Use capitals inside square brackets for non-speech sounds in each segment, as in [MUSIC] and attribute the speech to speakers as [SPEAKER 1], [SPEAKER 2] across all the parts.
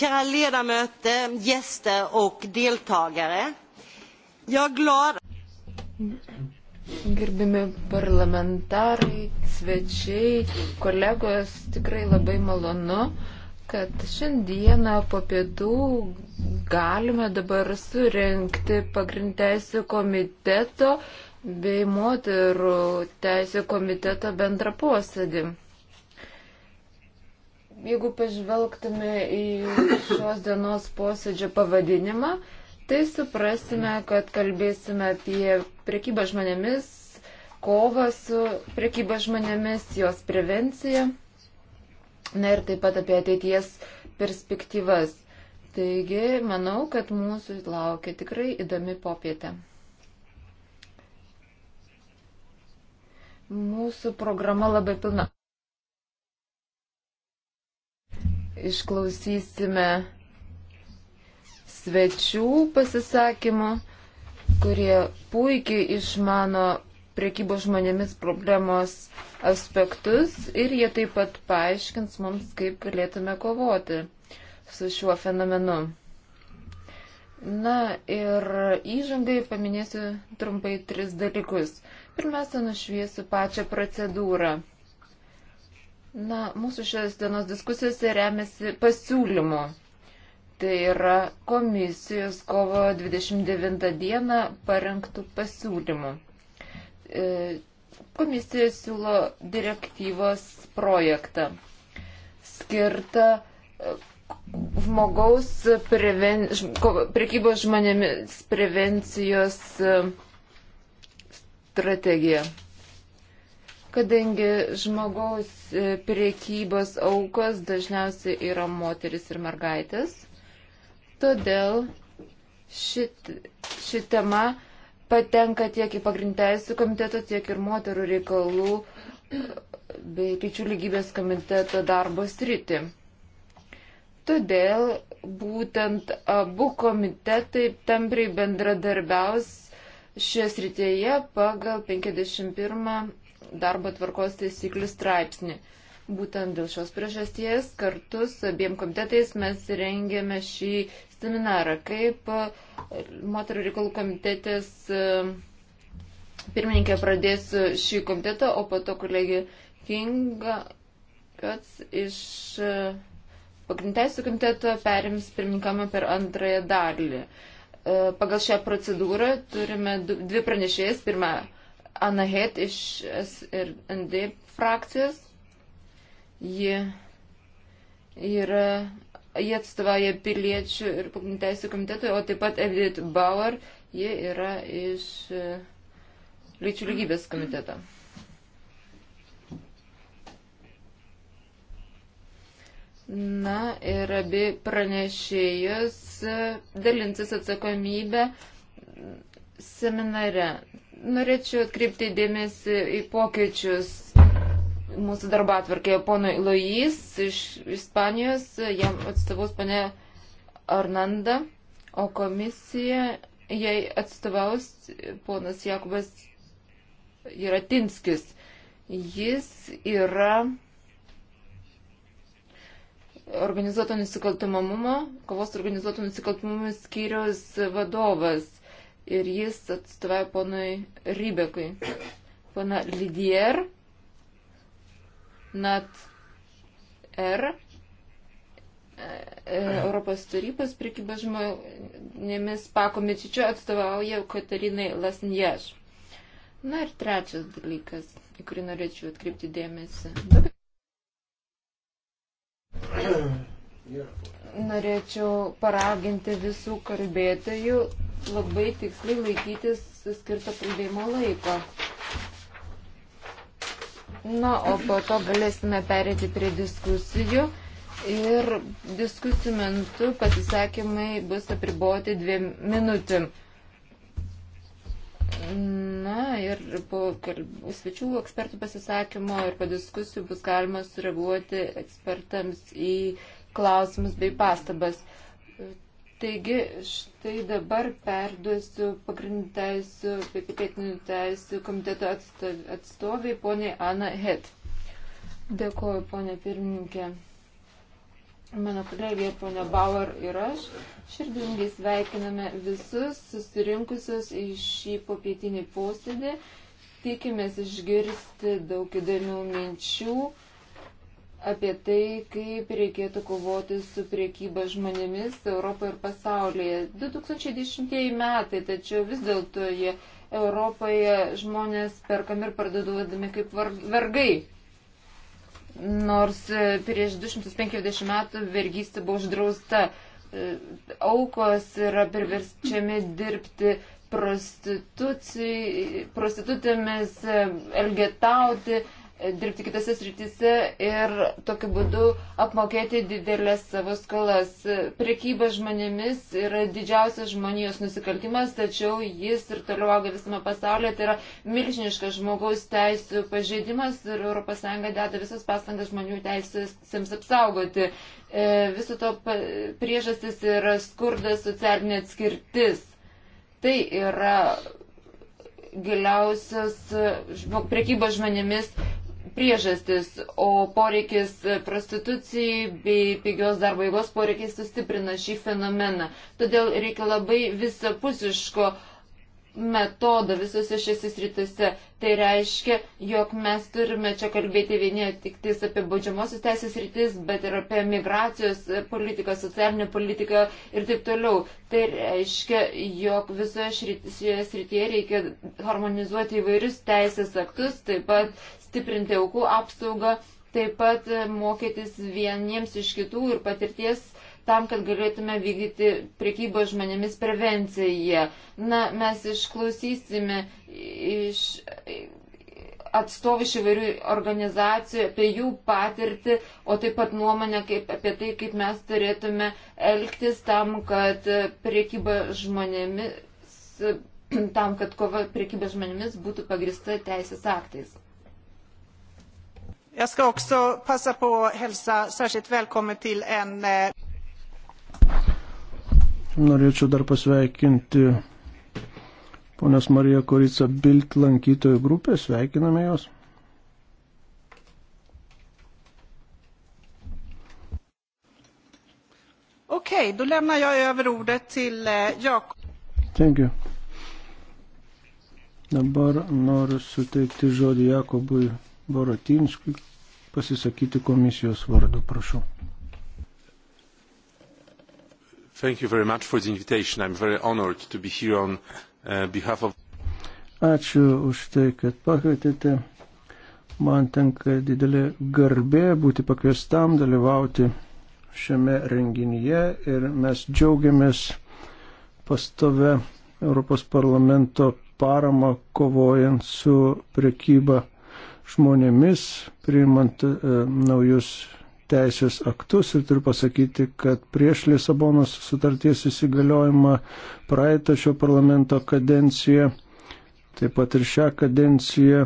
[SPEAKER 1] Kära ledamöter, gäster och deltagare.
[SPEAKER 2] Jag är glad. Gerbimi parlamentarai, svečiai, kolegos, tikrai labai malonu, kad šiandieną po pietų galime dabar surinkti pagrindteisų komiteto bei moterų teisų komiteto bendrą posėdį jeigu pažvelgtume į šios dienos posėdžio pavadinimą, tai suprasime, kad kalbėsime apie prekybą žmonėmis, kovą su prekyba žmonėmis, jos prevenciją, na ir taip pat apie ateities perspektyvas. Taigi, manau, kad mūsų laukia tikrai įdomi popietė. Mūsų programa labai pilna. Išklausysime svečių pasisakymų, kurie puikiai išmano priekybos žmonėmis problemos aspektus ir jie taip pat paaiškins mums, kaip galėtume kovoti su šiuo fenomenu. Na ir įžangai paminėsiu trumpai tris dalykus. Pirmiausia, nušviesiu pačią procedūrą. Na, mūsų šios dienos diskusijose remiasi pasiūlymu. Tai yra komisijos kovo 29 dieną parengtų pasiūlymų. E, komisija siūlo direktyvos projektą skirtą e, žmogaus preven... prekybos žmonėmis prevencijos e, strategiją kadangi žmogaus e, priekybos aukos dažniausiai yra moteris ir mergaitės. Todėl šit, ši tema patenka tiek į pagrindteisų komiteto, tiek ir moterų reikalų bei lyčių lygybės komiteto darbo sritį. Todėl būtent abu komitetai tampriai bendradarbiaus šioje srityje pagal 51 darbo tvarkos taisyklių straipsnį. Būtent dėl šios priežasties kartu su abiem komitetais mes rengėme šį seminarą, kaip e, moterų reikalų komitetės e, pirmininkė pradės šį komitetą, o po to kolegė Kinga Kats iš e, pagrindinėsio komiteto perims pirmininkamą per antrąją dalį. Pagal šią procedūrą turime dvi pranešėjas. Pirmą Anahet iš S ir ND frakcijos. Ji yra, jie atstovauja piliečių ir pagrindinių teisų komitetui, o taip pat Edith Bauer, ji yra iš e, lyčių lygybės komiteto. Na ir abi pranešėjus e, dalinsis atsakomybę seminare. Norėčiau atkreipti dėmesį į pokyčius mūsų darbo atvarkėje. Pono Ilojys iš Ispanijos, jam atstovaus pane Arnanda, o komisija jai atstovaus ponas Jakubas Jiratinskis. Jis yra organizuoto nusikaltamamumo, kovos organizuoto nusikaltamamumo skyriaus vadovas ir jis atstovauja ponui Rybekui. Pana Lidier, Nat R, e, Europos tarybos prikyba žmonėmis pakomitečiu atstovauja Katarinai Lasnjež. Na ir trečias dalykas, į kurį norėčiau atkreipti dėmesį.
[SPEAKER 3] [COUGHS]
[SPEAKER 2] Norėčiau paraginti visų kalbėtojų labai tiksliai laikytis skirto kalbėjimo laiko. Na, o po to galėsime perėti prie diskusijų. Ir diskusijų metu pasisakymai bus apriboti dviem minutėm. Na ir po svečių ekspertų pasisakymo ir po diskusijų bus galima sureaguoti ekspertams į klausimus bei pastabas. Taigi štai dabar perduosiu pagrindinių teisų, pietinių teisų komiteto atstoviai poniai Ana Het. Dėkuoju, ponė pirmininkė. Mano kolegė ponė Bauer ir aš širdingai sveikiname visus susirinkusius į šį popietinį posėdį. Tikimės išgirsti daug įdomių minčių apie tai, kaip reikėtų kovoti su priekyba žmonėmis Europoje ir pasaulyje. 2010 metai, tačiau vis dėlto jie Europoje žmonės perkami ir parduodami kaip vergai. Nors e, prieš 250 metų vergystė buvo uždrausta. E, aukos yra priverčiami dirbti prostitutėmis, e, elgetauti dirbti kitose srityse ir tokiu būdu apmokėti didelės savo skolas. Prekyba žmonėmis yra didžiausias žmonijos nusikaltimas, tačiau jis ir toliau auga visame pasaulyje. Tai yra milžiniškas žmogaus teisų pažeidimas ir ES deda visas pastangas žmonių teisėms apsaugoti. E, viso to priežastis yra skurdas, socialinė atskirtis. Tai yra giliausias žmog, prekybos žmonėmis priežastis, o poreikis prostitucijai bei pigios darbo jėgos poreikiai sustiprina šį fenomeną. Todėl reikia labai visapusiško metodo visose šiose sritise. Tai reiškia, jog mes turime čia kalbėti vieni tik tais apie baudžiamosios teisės rytis, bet ir apie migracijos politiką, socialinę politiką ir taip toliau. Tai reiškia, jog visoje šioje srityje reikia harmonizuoti įvairius teisės aktus, taip pat stiprinti aukų apsaugą, taip pat e, mokytis vieniems iš kitų ir patirties tam, kad galėtume vykdyti prekybos žmonėmis prevenciją. Na, mes išklausysime iš e, atstovų iš įvairių organizacijų apie jų patirtį, o taip pat nuomonę kaip, apie tai, kaip mes turėtume elgtis tam, kad priekyba žmonėmis, tam, kad kova priekyba žmonėmis būtų pagrista teisės aktais.
[SPEAKER 1] Jag ska också passa på att hälsa särskilt välkommen till en... Eh,
[SPEAKER 3] Norėčiau dar pasveikinti ponios Marija Korica Bilt lankytojų grupę, sveikiname jos.
[SPEAKER 1] Okej, okay, då lämnar jag över ordet till eh, Jakob.
[SPEAKER 3] Thank you. Dabar noriu suteikti žodį Jakobui Borotinskui pasisakyti komisijos vardu, prašau.
[SPEAKER 2] Thank you very much for the invitation. I'm very honored to be here on uh, behalf of.
[SPEAKER 3] Ačiū už tai, kad pakvietėte. Man tenka didelė garbė būti pakviestam dalyvauti šiame renginyje ir mes džiaugiamės pastovę Europos parlamento paramą kovojant su prekyba žmonėmis, priimant e, naujus teisės aktus ir turiu pasakyti, kad prieš Lisabonos sutarties įsigaliojimą praeitą šio parlamento kadenciją, taip pat ir šią kadenciją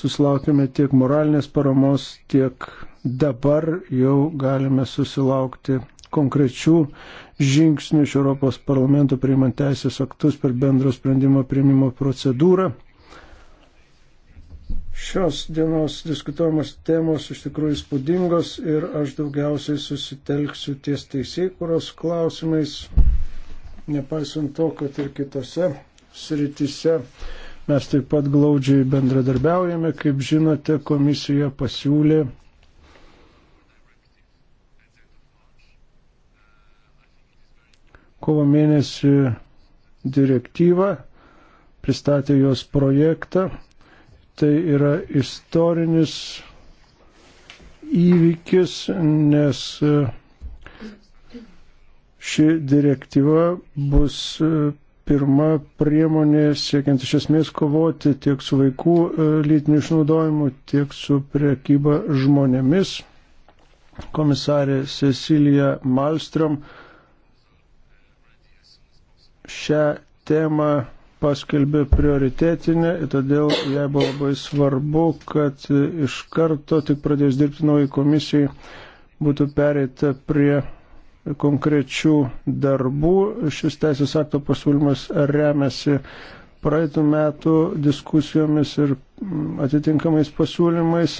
[SPEAKER 3] susilaukime tiek moralinės paramos, tiek dabar jau galime susilaukti konkrečių žingsnių iš Europos parlamento priimant teisės aktus per bendro sprendimo priimimo procedūrą. Šios dienos diskutuojamos temos iš tikrųjų spūdingos ir aš daugiausiai susitelksiu ties teisėkuros klausimais, nepaisant to, kad ir kitose sritise mes taip pat glaudžiai bendradarbiaujame. Kaip žinote, komisija pasiūlė kovo mėnesį direktyvą, pristatė jos projektą Tai yra istorinis įvykis, nes e, ši direktyva bus e, pirma priemonė siekiant iš esmės kovoti tiek su vaikų e, lytiniu išnaudojimu, tiek su priekyba žmonėmis. Komisarė Cecilija Malstrom šią temą paskelbė prioritetinę, todėl jai buvo labai svarbu, kad iš karto tik pradės dirbti naujai komisijai būtų pereita prie konkrečių darbų. Šis teisės akto pasiūlymas remiasi praeitų metų diskusijomis ir mm, atitinkamais pasiūlymais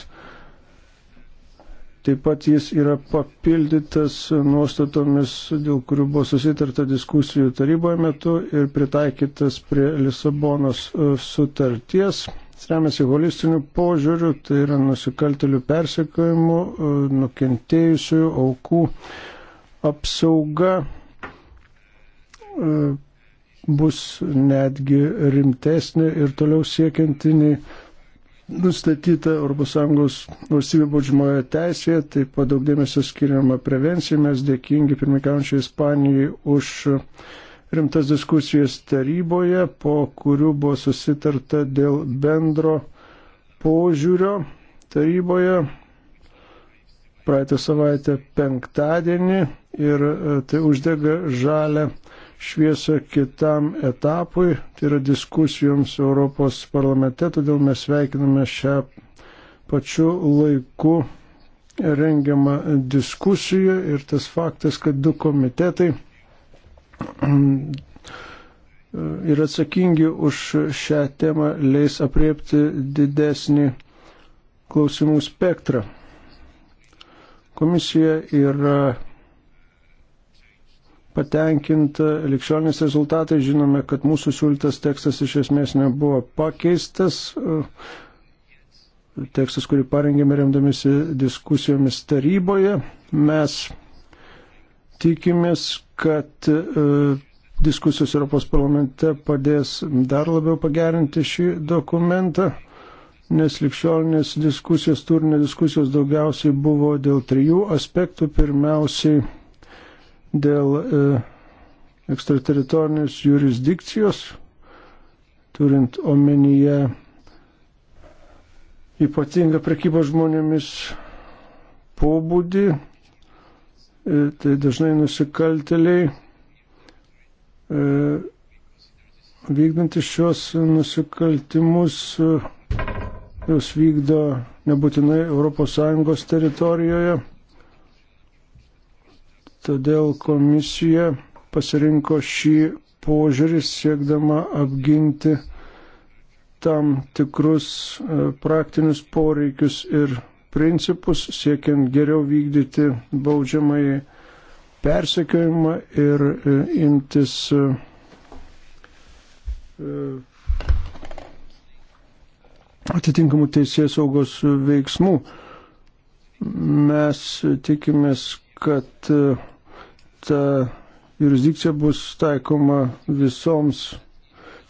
[SPEAKER 3] Taip pat jis yra papildytas nuostatomis, dėl kurių buvo susitarta diskusijų taryboje metu ir pritaikytas prie Lisabonos e, sutarties. Jis remiasi holistiniu požiūriu, tai yra nusikaltelių persiekojimu, e, nukentėjusiųjų aukų apsauga e, bus netgi rimtesnė ir toliau siekiantinė nustatyta ES valstybių baudžiamoje teisėje, taip pat daug dėmesio skiriama prevencijai. Mes dėkingi pirmikaujančiai Ispanijai už rimtas diskusijas taryboje, po kurių buvo susitarta dėl bendro požiūrio taryboje praeitą savaitę penktadienį ir e, tai uždega žalę šviesą kitam etapui, tai yra diskusijoms Europos parlamente, todėl mes sveikiname šią pačiu laiku rengiamą diskusiją ir tas faktas, kad du komitetai mm, ir atsakingi už šią temą leis apriepti didesnį klausimų spektrą. Komisija yra patenkinta likščionis rezultatai. Žinome, kad mūsų siūlytas tekstas iš esmės nebuvo pakeistas. E, tekstas, kurį parengėme remdamėsi diskusijomis taryboje, mes tikimės, kad e, diskusijos Europos parlamente padės dar labiau pagerinti šį dokumentą, nes likščioninės diskusijos, turinio diskusijos daugiausiai buvo dėl trijų aspektų. Pirmiausiai dėl e, ekstrateritorinės jurisdikcijos, turint omenyje ypatingą prekybos žmonėmis pobūdį, e, tai dažnai nusikalteliai e, vykdantis šios nusikaltimus jos vykdo nebūtinai ES teritorijoje Todėl komisija pasirinko šį požiūrį siekdama apginti tam tikrus e, praktinius poreikius ir principus, siekiant geriau vykdyti baudžiamai persekiojimą ir e, imtis e, atitinkamų teisės saugos veiksmų. Mes tikimės, kad e, ta jurisdikcija bus taikoma visoms,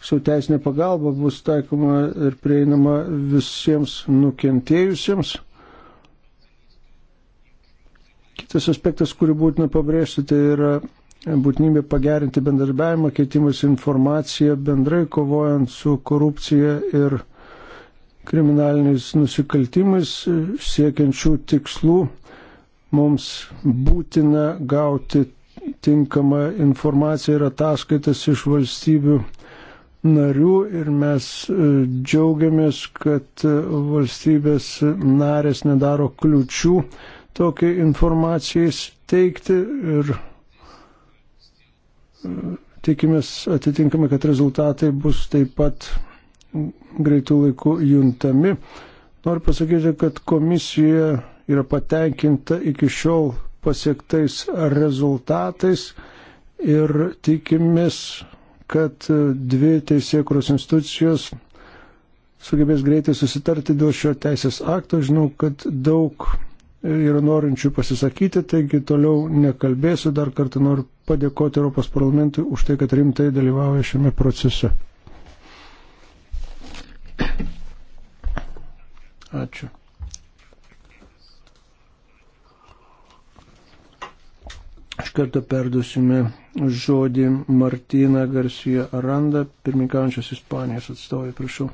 [SPEAKER 3] su teisinė pagalba bus taikoma ir prieinama visiems nukentėjusiems. Kitas aspektas, kurį būtina pabrėžti, tai yra būtinybė pagerinti bendarbiavimą, keitimus informaciją, bendrai kovojant su korupcija ir kriminaliniais nusikaltimais, siekiančių tikslų. Mums būtina gauti tinkamą informaciją ir ataskaitas iš valstybių narių ir mes e, džiaugiamės, kad e, valstybės narės nedaro kliučių tokiai informacijai steigti ir e, tikimės atitinkamai, kad rezultatai bus taip pat greitų laikų juntami. Noriu pasakyti, kad komisija yra patenkinta iki šiol pasiektais rezultatais ir tikimės, kad dvi teisėkuros institucijos sugebės greitai susitarti dėl šio teisės akto. Žinau, kad daug yra norinčių pasisakyti, taigi toliau nekalbėsiu. Dar kartą noriu padėkoti Europos parlamentui už tai, kad rimtai dalyvauja šiame procese. Ačiū. Iš karto perdusime žodį Martina Garcia Aranda, pirmininkaujančios Ispanijos atstovai, prašau.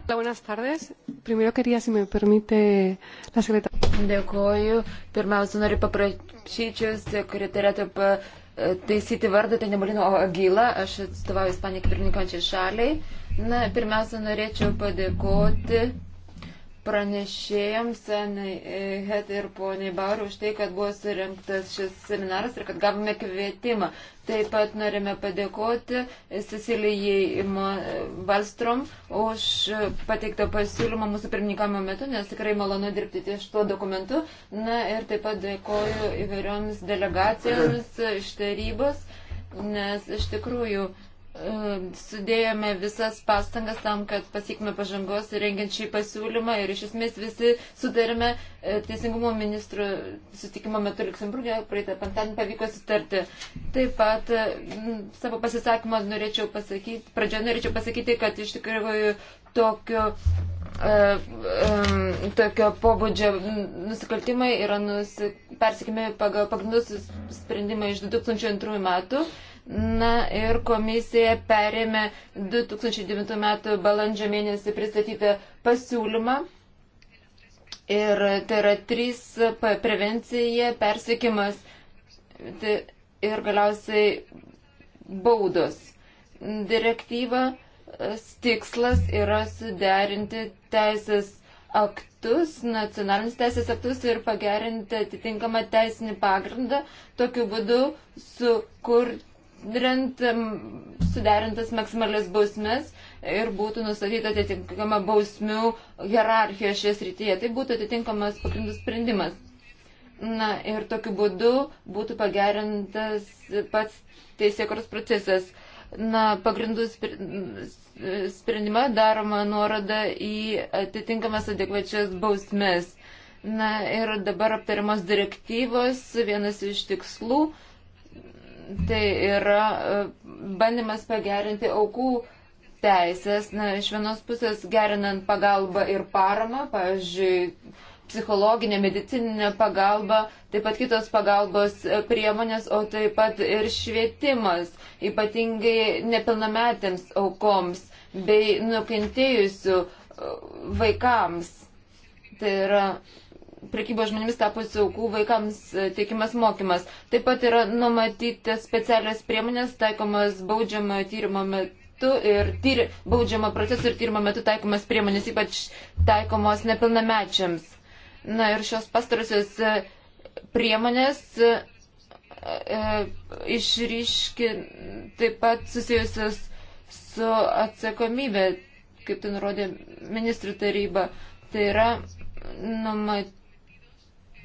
[SPEAKER 2] Dėkoju. Pirmiausia, noriu paprašyti sekretariato e, taisyti vardą, tai nemalino Agila, aš atstovauju Ispaniją kaip pirmininkaujančiai šaliai. Na, pirmiausia, norėčiau padėkoti pranešėjams, e, Het ir poniai Baru, už tai, kad buvo surinktas šis seminaras ir kad gavome kvietimą. Taip pat norime padėkoti Cecilijai Valstrom už pateiktą pasiūlymą mūsų pirmininkamo metu, nes tikrai malonu dirbti ties tuo dokumentu. Na ir taip pat dėkoju įvairioms delegacijoms iš tarybos, nes iš tikrųjų. Uh, sudėjome visas pastangas tam, kad pasiekime pažangos rengiant šį pasiūlymą ir iš esmės visi sutarėme e, Teisingumo ministrų sutikimo metu Luxemburgė, praeitą penktadienį pavyko sutarti. Taip pat e, savo pasisakymą norėčiau pasakyti, pradžioje norėčiau pasakyti, kad iš tikrųjų tokio e, tokio pobūdžio nusikaltimai yra nusik... persikimi pagal pagrindus sprendimą iš 2002 metų Na ir komisija perėmė 2009 m. balandžio mėnesį pristatytą pasiūlymą. Ir tai yra trys prevencija, persikimas tai, ir galiausiai baudos. Direktyva tikslas yra suderinti teisės aktus, nacionalinius teisės aktus ir pagerinti atitinkamą teisinį pagrindą, tokiu būdu sukurti rent suderintas maksimalis bausmes ir būtų nustatyta atitinkama bausmių hierarchija šioje srityje. Tai būtų atitinkamas pagrindų sprendimas. Na ir tokiu būdu būtų pagerintas pats teisėkros procesas. Na, pagrindų sprendime daroma nuoroda į atitinkamas adekvačias bausmes. Na ir dabar aptariamos direktyvos, vienas iš tikslų tai yra e, bandymas pagerinti aukų teisės, na, iš vienos pusės gerinant pagalbą ir paramą, pavyzdžiui, psichologinė, medicininė pagalba, taip pat kitos pagalbos e, priemonės, o taip pat ir švietimas, ypatingai nepilnametėms aukoms bei nukentėjusių e, vaikams. Tai yra prekybos žmonėmis tapusių aukų vaikams e, teikimas mokymas. Taip pat yra numatytas specialios priemonės taikomas baudžiamojo tyrimo metu ir tyri, baudžiamo proceso ir tyrimo metu taikomas priemonės, ypač taikomos nepilnamečiams. Na ir šios pastarusios e, priemonės e, e, išryški taip pat susijusios su atsakomybė, kaip tai nurodė ministrų taryba. Tai yra numat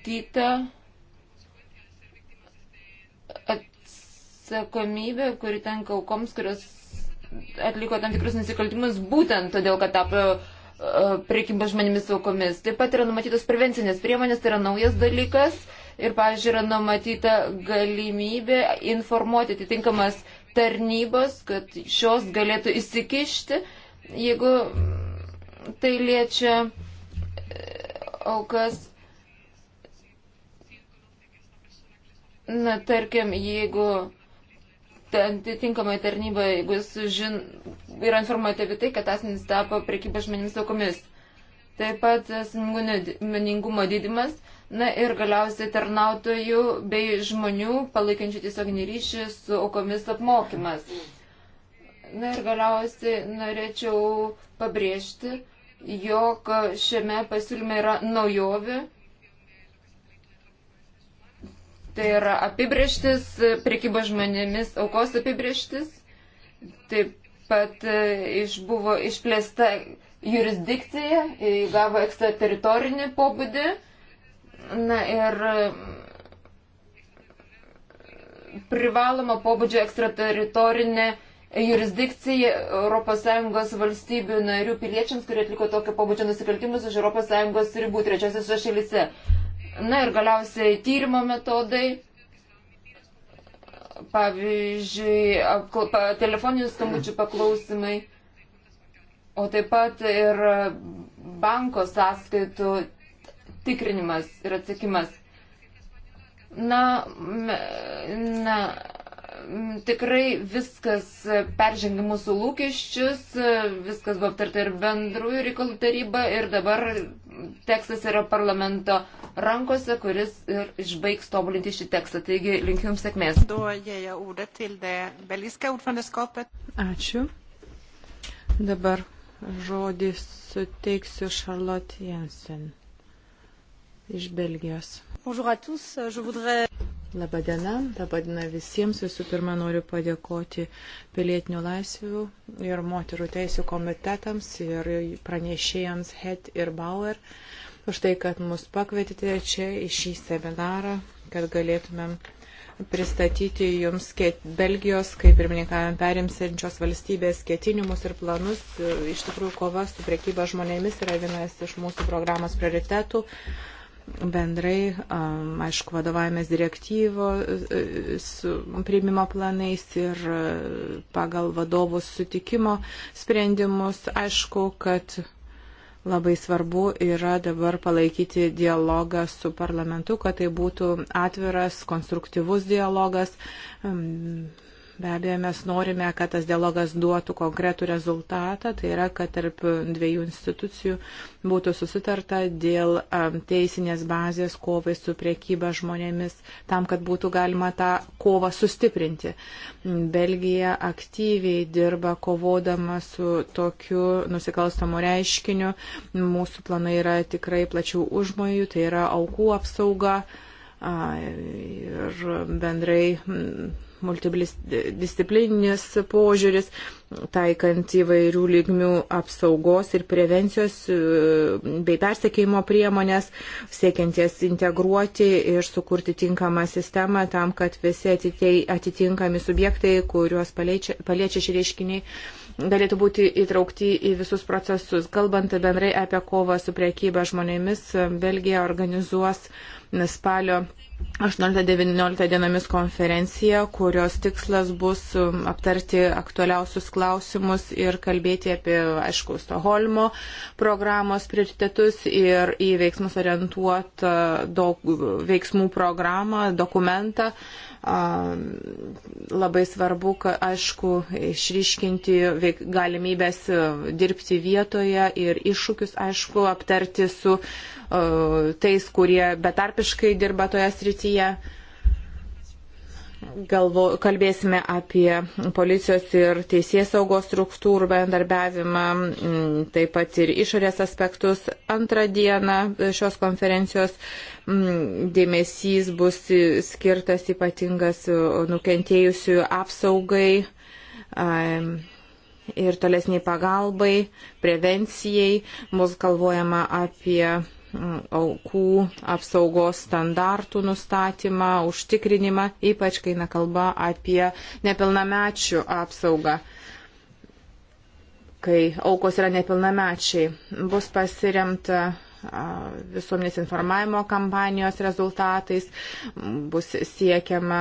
[SPEAKER 2] numatyta atsakomybė, kuri tenka aukoms, kurios atliko tam tikrus nusikaltimus būtent todėl, kad tapo e, priekybos žmonėmis aukomis. Taip pat yra numatytos prevencinės priemonės, tai yra naujas dalykas ir, pavyzdžiui, yra numatyta galimybė informuoti atitinkamas tarnybos, kad šios galėtų įsikišti, jeigu tai liečia e, aukas Na, tarkim, jeigu atitinkamai tarnyba, jeigu sužin, yra informuoti apie tai, kad asmenys tapo priekybės žmonėmis aukomis. Taip pat samoningumo didimas, na ir galiausiai tarnautojų bei žmonių palaikančių tiesioginį ryšį su aukomis apmokymas. Na ir galiausiai norėčiau pabrėžti, jog šiame pasiūlyme yra naujovi Tai yra apibrieštis, prekyba žmonėmis, aukos apibrieštis. Taip pat e, iš buvo išplėsta jurisdikcija, e, įgavo ekstrateritorinį pobūdį. Na ir e, privaloma pobūdžio ekstrateritorinė jurisdikcija ES valstybių narių piliečiams, kurie atliko tokio pobūdžio nusikaltimus už ES ribų trečiosios šalyse. Na ir galiausiai tyrimo metodai. Pavyzdžiui, telefoninių skambučių paklausimai, o taip pat ir banko sąskaitų tikrinimas ir atsakymas. Na, na tikrai viskas peržengia mūsų lūkesčius, viskas buvo aptarta ir bendrųjų reikalų taryba ir dabar tekstas yra parlamento rankose, kuris ir išbaigs tobulinti šį tekstą. Taigi linkiu Jums sėkmės.
[SPEAKER 1] Ačiū.
[SPEAKER 4] Dabar žodį suteiksiu Charlotte Jensen iš Belgijos.
[SPEAKER 1] Bonjour à tous, je voudrais
[SPEAKER 4] Labadiena, labadiena visiems. Visų pirma, noriu padėkoti pilietinių laisvių ir moterų teisų komitetams ir pranešėjams Het ir Bauer už tai, kad mus pakvietėte čia į šį seminarą, kad galėtumėm pristatyti jums Belgijos, kaip pirmininkavim perimsinčios valstybės ketinimus ir planus. Iš tikrųjų, kova su priekyba žmonėmis yra vienas iš mūsų programos prioritetų bendrai, aišku, vadovavimės direktyvos e, priimimo planais ir e, pagal vadovų sutikimo sprendimus. Aišku, kad labai svarbu yra dabar palaikyti dialogą su parlamentu, kad tai būtų atviras, konstruktyvus dialogas. Be abejo, mes norime, kad tas dialogas duotų konkretų rezultatą, tai yra, kad tarp dviejų institucijų būtų susitarta dėl teisinės bazės kovai su priekyba žmonėmis, tam, kad būtų galima tą kovą sustiprinti. Belgija aktyviai dirba kovodama su tokiu nusikalstamu reiškiniu. Mūsų planai yra tikrai plačių užmojų, tai yra aukų apsauga ir bendrai multidisciplininis požiūris, taikant įvairių lygmių apsaugos ir prevencijos e, bei persekėjimo priemonės, siekiant jas integruoti ir sukurti tinkamą sistemą tam, kad visi atitinkami subjektai, kuriuos paliečia, paliečia šie reiškiniai, galėtų būti įtraukti į visus procesus. Kalbant bendrai apie kovą su priekyba žmonėmis, Belgija organizuos spalio 18-19 dienomis konferencija, kurios tikslas bus um, aptarti aktualiausius klausimus ir kalbėti apie, aišku, Stoholmo programos prioritetus ir į veiksmus orientuotą dok, veiksmų programą, dokumentą. Um, labai svarbu, kad, aišku, išryškinti veik, galimybės uh, dirbti vietoje ir iššūkius, aišku, aptarti su uh, tais, kurie betarpiškai dirba toje srityje. Galvo, kalbėsime apie policijos ir teisės saugos struktūrų bendarbiavimą, taip pat ir išorės aspektus. Antrą dieną šios konferencijos dėmesys bus skirtas ypatingas nukentėjusių apsaugai ir tolesniai pagalbai, prevencijai. Bus galvojama apie aukų apsaugos standartų nustatymą, užtikrinimą, ypač kai eina kalba apie nepilnamečių apsaugą kai aukos yra nepilnamečiai. Bus pasiremta visuomenės informavimo kampanijos rezultatais, bus siekiama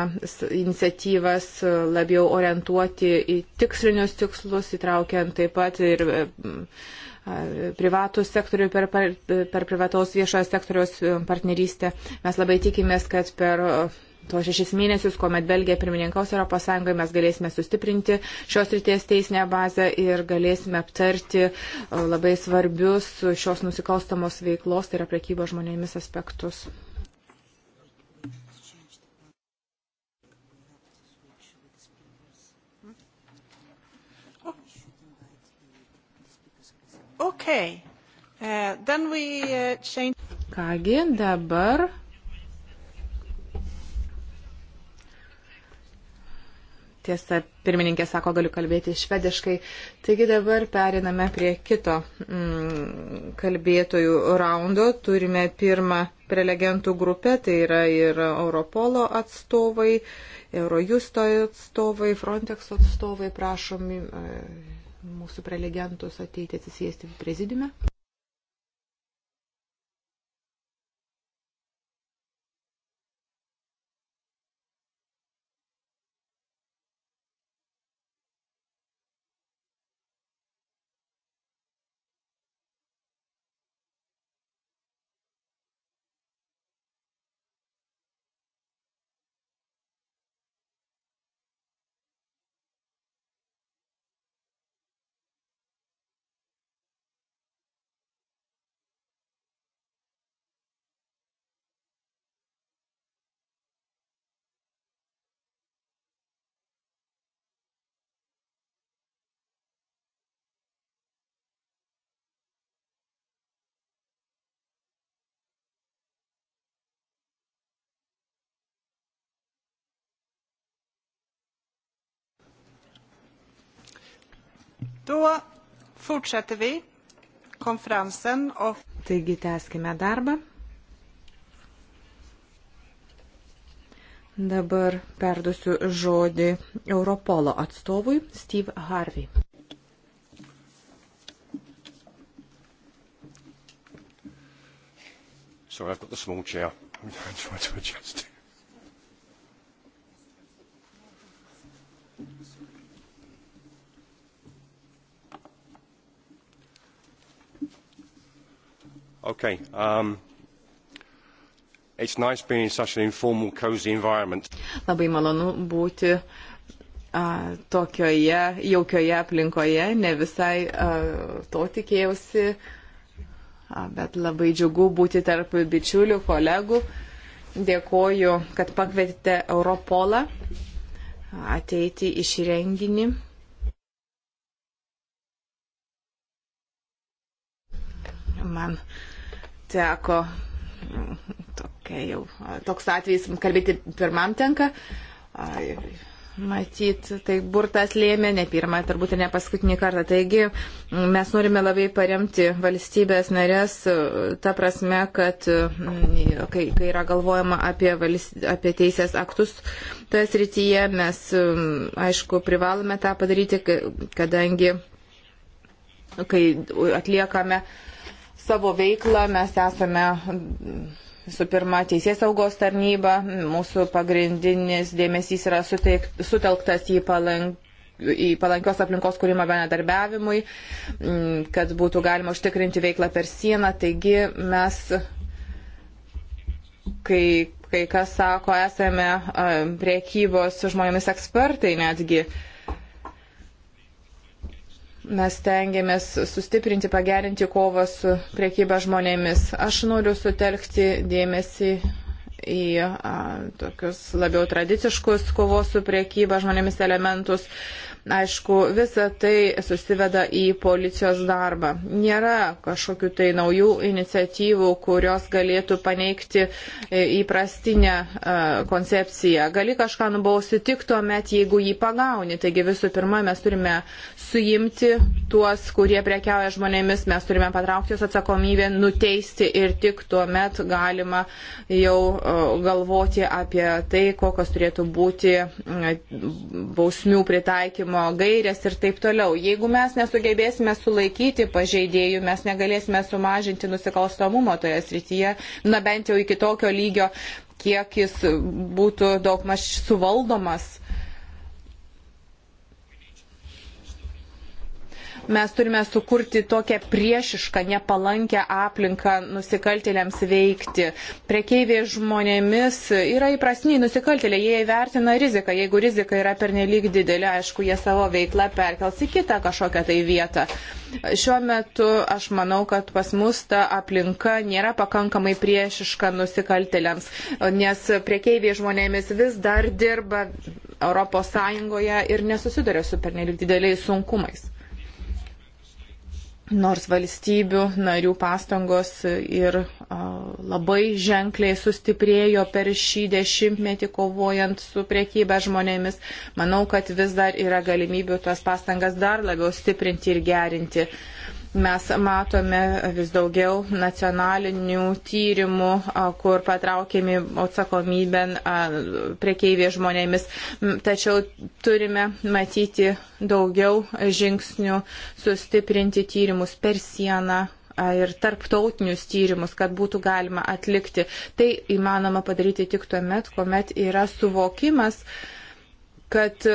[SPEAKER 4] iniciatyvas labiau orientuoti į tikslinius tikslus, įtraukiant taip pat ir privatų sektorių per, per, per privataus viešojo sektoriaus e, partnerystę. Mes labai tikimės, kad per e, tuos šešis mėnesius, kuomet Belgija pirmininkaus ES, mes galėsime sustiprinti šios ryties teisinę bazę ir galėsime aptarti e, labai svarbius šios nusikalstamos veiklos, tai yra prekybo žmonėmis aspektus.
[SPEAKER 1] Okay. Uh, we, uh, change...
[SPEAKER 4] Kągi, dabar Tiesa, pirmininkė sako, galiu kalbėti švediškai. Taigi dabar periname prie kito mm, kalbėtojų raundo. Turime pirmą prelegentų grupę, tai yra ir Europolo atstovai, Eurojusto atstovai, Frontex atstovai, prašom uh, mūsų prelegentus ateiti atsisėsti prezidiume.
[SPEAKER 1] Tuo fortsätter vi konferensen och...
[SPEAKER 4] Taigi tęskime darbą. Dabar perdusiu žodį Europolo atstovui Steve Harvey.
[SPEAKER 3] Sorry, I've got the small chair. [LAUGHS] I'm trying to adjust it.
[SPEAKER 1] Okay. Um, it's nice being in such an informal, cozy environment.
[SPEAKER 4] Labai malonu būti a, tokioje jaukioje aplinkoje, ne visai a, to tikėjausi, a, bet labai džiugu būti tarp bičiulių, kolegų. Dėkoju, kad pakvietėte Europolą ateiti į šį renginį. Man uh, teko tokia jau, toks atvejis, kalbėti pirmam tenka. Matyt, tai burtas lėmė ne pirmą, turbūt ne paskutinį kartą. Taigi mes norime labai paremti valstybės narės, ta prasme, kad kai, kai yra galvojama apie, valst, apie teisės aktus toje srityje, mes aišku privalome tą padaryti, kadangi kai atliekame uh, savo veiklą mes esame mm, visų pirma Teisės saugos tarnyba, mūsų pagrindinis dėmesys yra suteik, sutelktas į palank į palankios aplinkos kūrimą bendradarbiavimui, mm, kad būtų galima užtikrinti veiklą per sieną. Taigi mes, kai, kai kas sako, esame priekybos žmonėmis ekspertai netgi. Uh, mes tengiamės sustiprinti, pagerinti kovą su priekyba žmonėmis. Aš noriu sutelkti dėmesį į a, tokius labiau tradiciškus kovos su priekyba žmonėmis elementus. A, Aišku, visa tai susiveda į policijos darbą. Nėra kažkokių tai naujų iniciatyvų, kurios galėtų paneigti e, įprastinę e, koncepciją. Gali kažką nubausti tik tuo met, jeigu jį pagauni. Taigi visų pirma, mes turime suimti tuos, kurie prekiauja žmonėmis, mes turime patraukti jos atsakomybę, nuteisti ir tik tuo met galima jau e, galvoti apie tai, kokios turėtų būti bausmių pritaikymas valdymo gairės ir taip toliau. Jeigu mes nesugebėsime sulaikyti pažeidėjų, mes negalėsime sumažinti nusikalstamumo toje srityje, na bent jau iki tokio lygio, kiek jis būtų daugmaž suvaldomas. Mes turime sukurti tokią priešišką, nepalankę aplinką nusikaltėliams veikti. Prekeiviai žmonėmis yra įprasniai nusikaltėliai, jie įvertina riziką. Jeigu rizika yra pernelyg didelė, aišku, jie savo veiklą perkels į kitą kažkokią tai vietą. Šiuo metu aš manau, kad pas mus ta aplinka nėra pakankamai priešiška nusikaltėliams, nes priekeiviai žmonėmis vis dar dirba ES ir nesusiduria su pernelik dideliais sunkumais. Nors valstybių narių pastangos ir labai ženkliai sustiprėjo per šį dešimtmetį kovojant su priekybe žmonėmis, manau, kad vis dar yra galimybių tas pastangas dar labiau stiprinti ir gerinti. Mes matome vis daugiau nacionalinių tyrimų, kur patraukiami atsakomybę priekeiviai žmonėmis, tačiau turime matyti daugiau žingsnių sustiprinti tyrimus per sieną ir tarptautinius tyrimus, kad būtų galima atlikti. Tai įmanoma padaryti tik tuo met, kuomet yra suvokimas, kad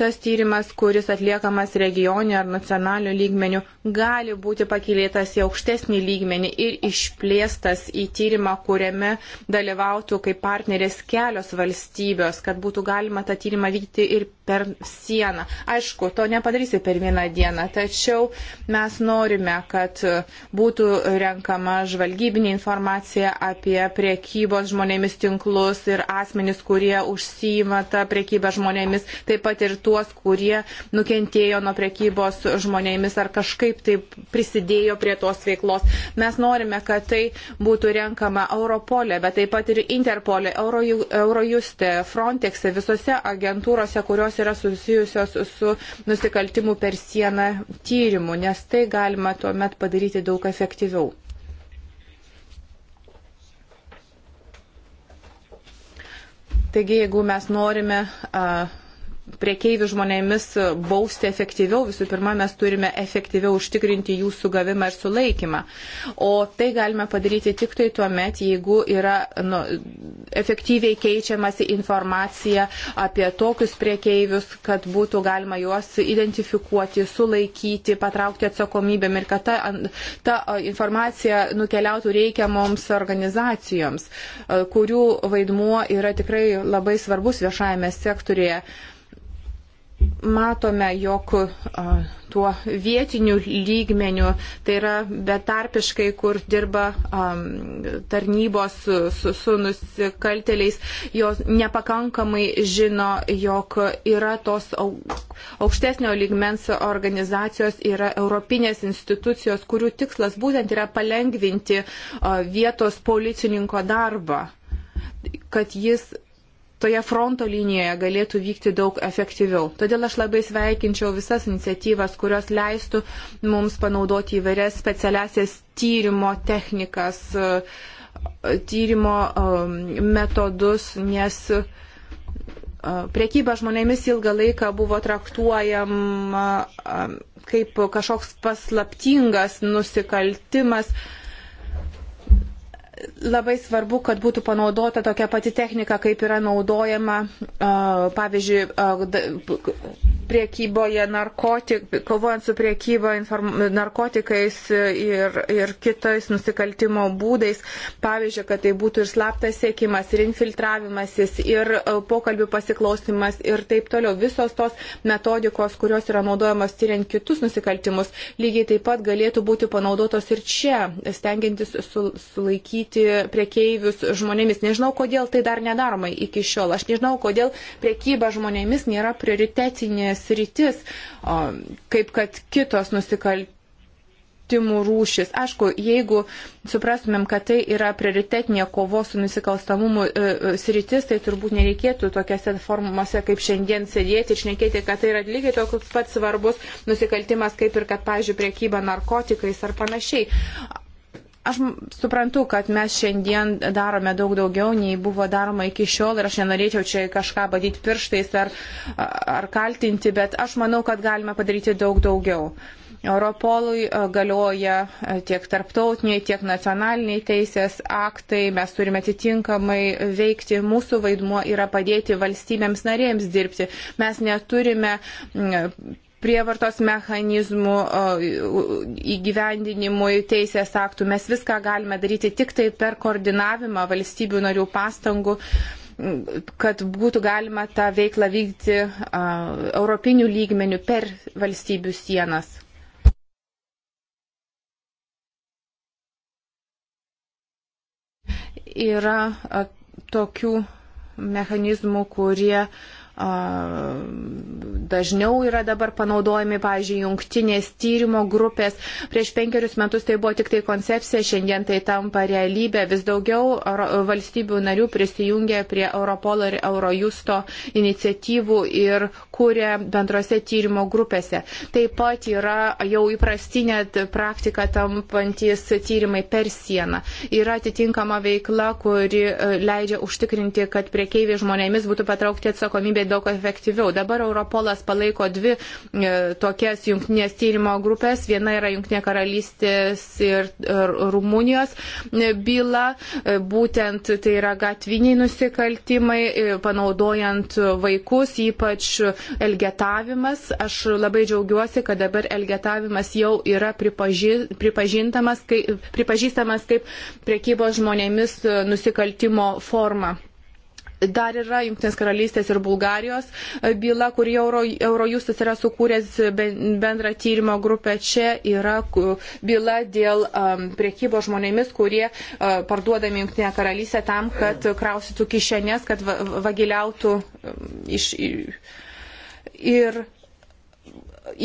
[SPEAKER 4] tas tyrimas, kuris atliekamas regioniu ar nacionaliu lygmeniu, gali būti pakilėtas į aukštesnį lygmenį ir išplėstas į tyrimą, kuriame dalyvautų kaip partnerės kelios valstybės, kad būtų galima tą tyrimą vykti ir per sieną. Aišku, to nepadarysi per vieną dieną, tačiau mes norime, kad būtų renkama žvalgybinė informacija apie priekybos žmonėmis tinklus ir asmenys, kurie užsima tą priekybę žmonėmis, taip pat ir tuos, kurie nukentėjo nuo priekybos žmonėmis ar kažkaip taip prisidėjo prie tos veiklos. Mes norime, kad tai būtų renkama Europolė, bet taip pat ir Interpolė, Eurojuste, Frontexe, visose agentūrose, kurios jos yra susijusios su nusikaltimu per sieną tyrimu, nes tai galima tuomet padaryti daug efektyviau. Taigi, jeigu mes norime uh, priekeivių žmonėmis bausti efektyviau, visų pirma, mes turime efektyviau užtikrinti jų sugavimą ir sulaikymą. O tai galime padaryti tik tai tuo met, jeigu yra nu, efektyviai keičiamasi informacija apie tokius priekeivius, kad būtų galima juos identifikuoti, sulaikyti, patraukti atsakomybėm ir kad ta, ta informacija nukeliautų reikiamoms organizacijoms, kurių vaidmuo yra tikrai labai svarbus viešajame sektorėje. Uh, matome, jog tuo vietiniu lygmeniu, tai yra betarpiškai, kur dirba tarnybos su, su nusikalteliais, jos nepakankamai žino, jog yra tos aukštesnio lygmens organizacijos, yra europinės institucijos, kurių tikslas būtent yra palengvinti vietos policininko darbą kad jis toje fronto linijoje galėtų vykti daug efektyviau. Todėl aš labai sveikinčiau visas iniciatyvas, kurios leistų mums panaudoti įvairias specialiasias tyrimo technikas, e, tyrimo e, metodus, nes e, priekyba žmonėmis ilgą laiką buvo traktuojama kaip kažkoks paslaptingas nusikaltimas labai svarbu, kad būtų panaudota tokia pati technika, kaip yra naudojama, pavyzdžiui, priekyboje narkotik, kovojant su priekyba inform, narkotikais ir, ir kitais nusikaltimo būdais. Pavyzdžiui, kad tai būtų ir slaptas sėkimas, ir infiltravimasis, ir pokalbių pasiklausimas ir taip toliau. Visos tos metodikos, kurios yra naudojamos tyriant kitus nusikaltimus, lygiai taip pat galėtų būti panaudotos ir čia, stengiantis su, sulaikyti apsaugoti priekeivius žmonėmis. Nežinau, kodėl tai dar nedaroma iki šiol. Aš nežinau, kodėl priekyba žmonėmis nėra prioritetinės rytis, kaip kad kitos nusikaltimus nusikaltimų rūšis. Aišku, jeigu suprastumėm, kad tai yra prioritetinė kovos su nusikalstamumu e, e sritis, tai turbūt nereikėtų tokiuose formose kaip šiandien sėdėti ir šnekėti, kad tai yra lygiai toks pats svarbus nusikaltimas, kaip ir kad, pavyzdžiui, priekyba narkotikais ar panašiai. Aš suprantu, kad mes šiandien darome daug daugiau, nei buvo daroma iki šiol ir aš nenorėčiau čia kažką badyti pirštais ar, ar kaltinti, bet aš manau, kad galime padaryti daug daugiau. Europolui e, galioja e, tiek tarptautiniai, tiek nacionaliniai teisės aktai, mes turime atitinkamai veikti, mūsų vaidmuo yra padėti valstybėms narėms dirbti. Mes neturime prievartos mechanizmų įgyvendinimui teisės aktų. Mes viską galime daryti tik tai per koordinavimą valstybių narių pastangų kad būtų galima tą veiklą vykdyti uh, europinių lygmenių per valstybių sienas. Yra uh, tokių mechanizmų, kurie uh, dažniau yra dabar panaudojami, pavyzdžiui, jungtinės tyrimo grupės. Prieš penkerius metus tai buvo tik tai koncepcija, šiandien tai tampa realybė. Vis daugiau valstybių narių prisijungia prie Europolo ir Eurojusto iniciatyvų ir kūrė bendrose tyrimo grupėse. Taip pat yra jau įprastinė praktika tampantis tyrimai per sieną. Yra atitinkama veikla, kuri e, leidžia užtikrinti, kad priekeiviai žmonėmis būtų patraukti atsakomybė ženkliai daug efektyviau. Dabar Europolas palaiko dvi e, tokias jungtinės tyrimo grupės. Viena yra Junktinė karalystės ir Rumunijos e, byla. E, būtent tai yra gatviniai nusikaltimai, panaudojant vaikus, ypač elgetavimas. Aš labai džiaugiuosi, kad dabar elgetavimas jau yra pripaži, pripažintamas kaip, pripažįstamas kaip priekybos žmonėmis nusikaltimo forma. Dar yra Junktinės karalystės ir Bulgarijos e, byla, kurį Euro, Eurojustas yra sukūręs bendrą tyrimo grupę. Čia yra byla dėl um, priekybo žmonėmis, kurie uh, parduodami Junktinę karalystę tam, kad krausytų kišenės, kad va, vagiliautų e, iš. Ir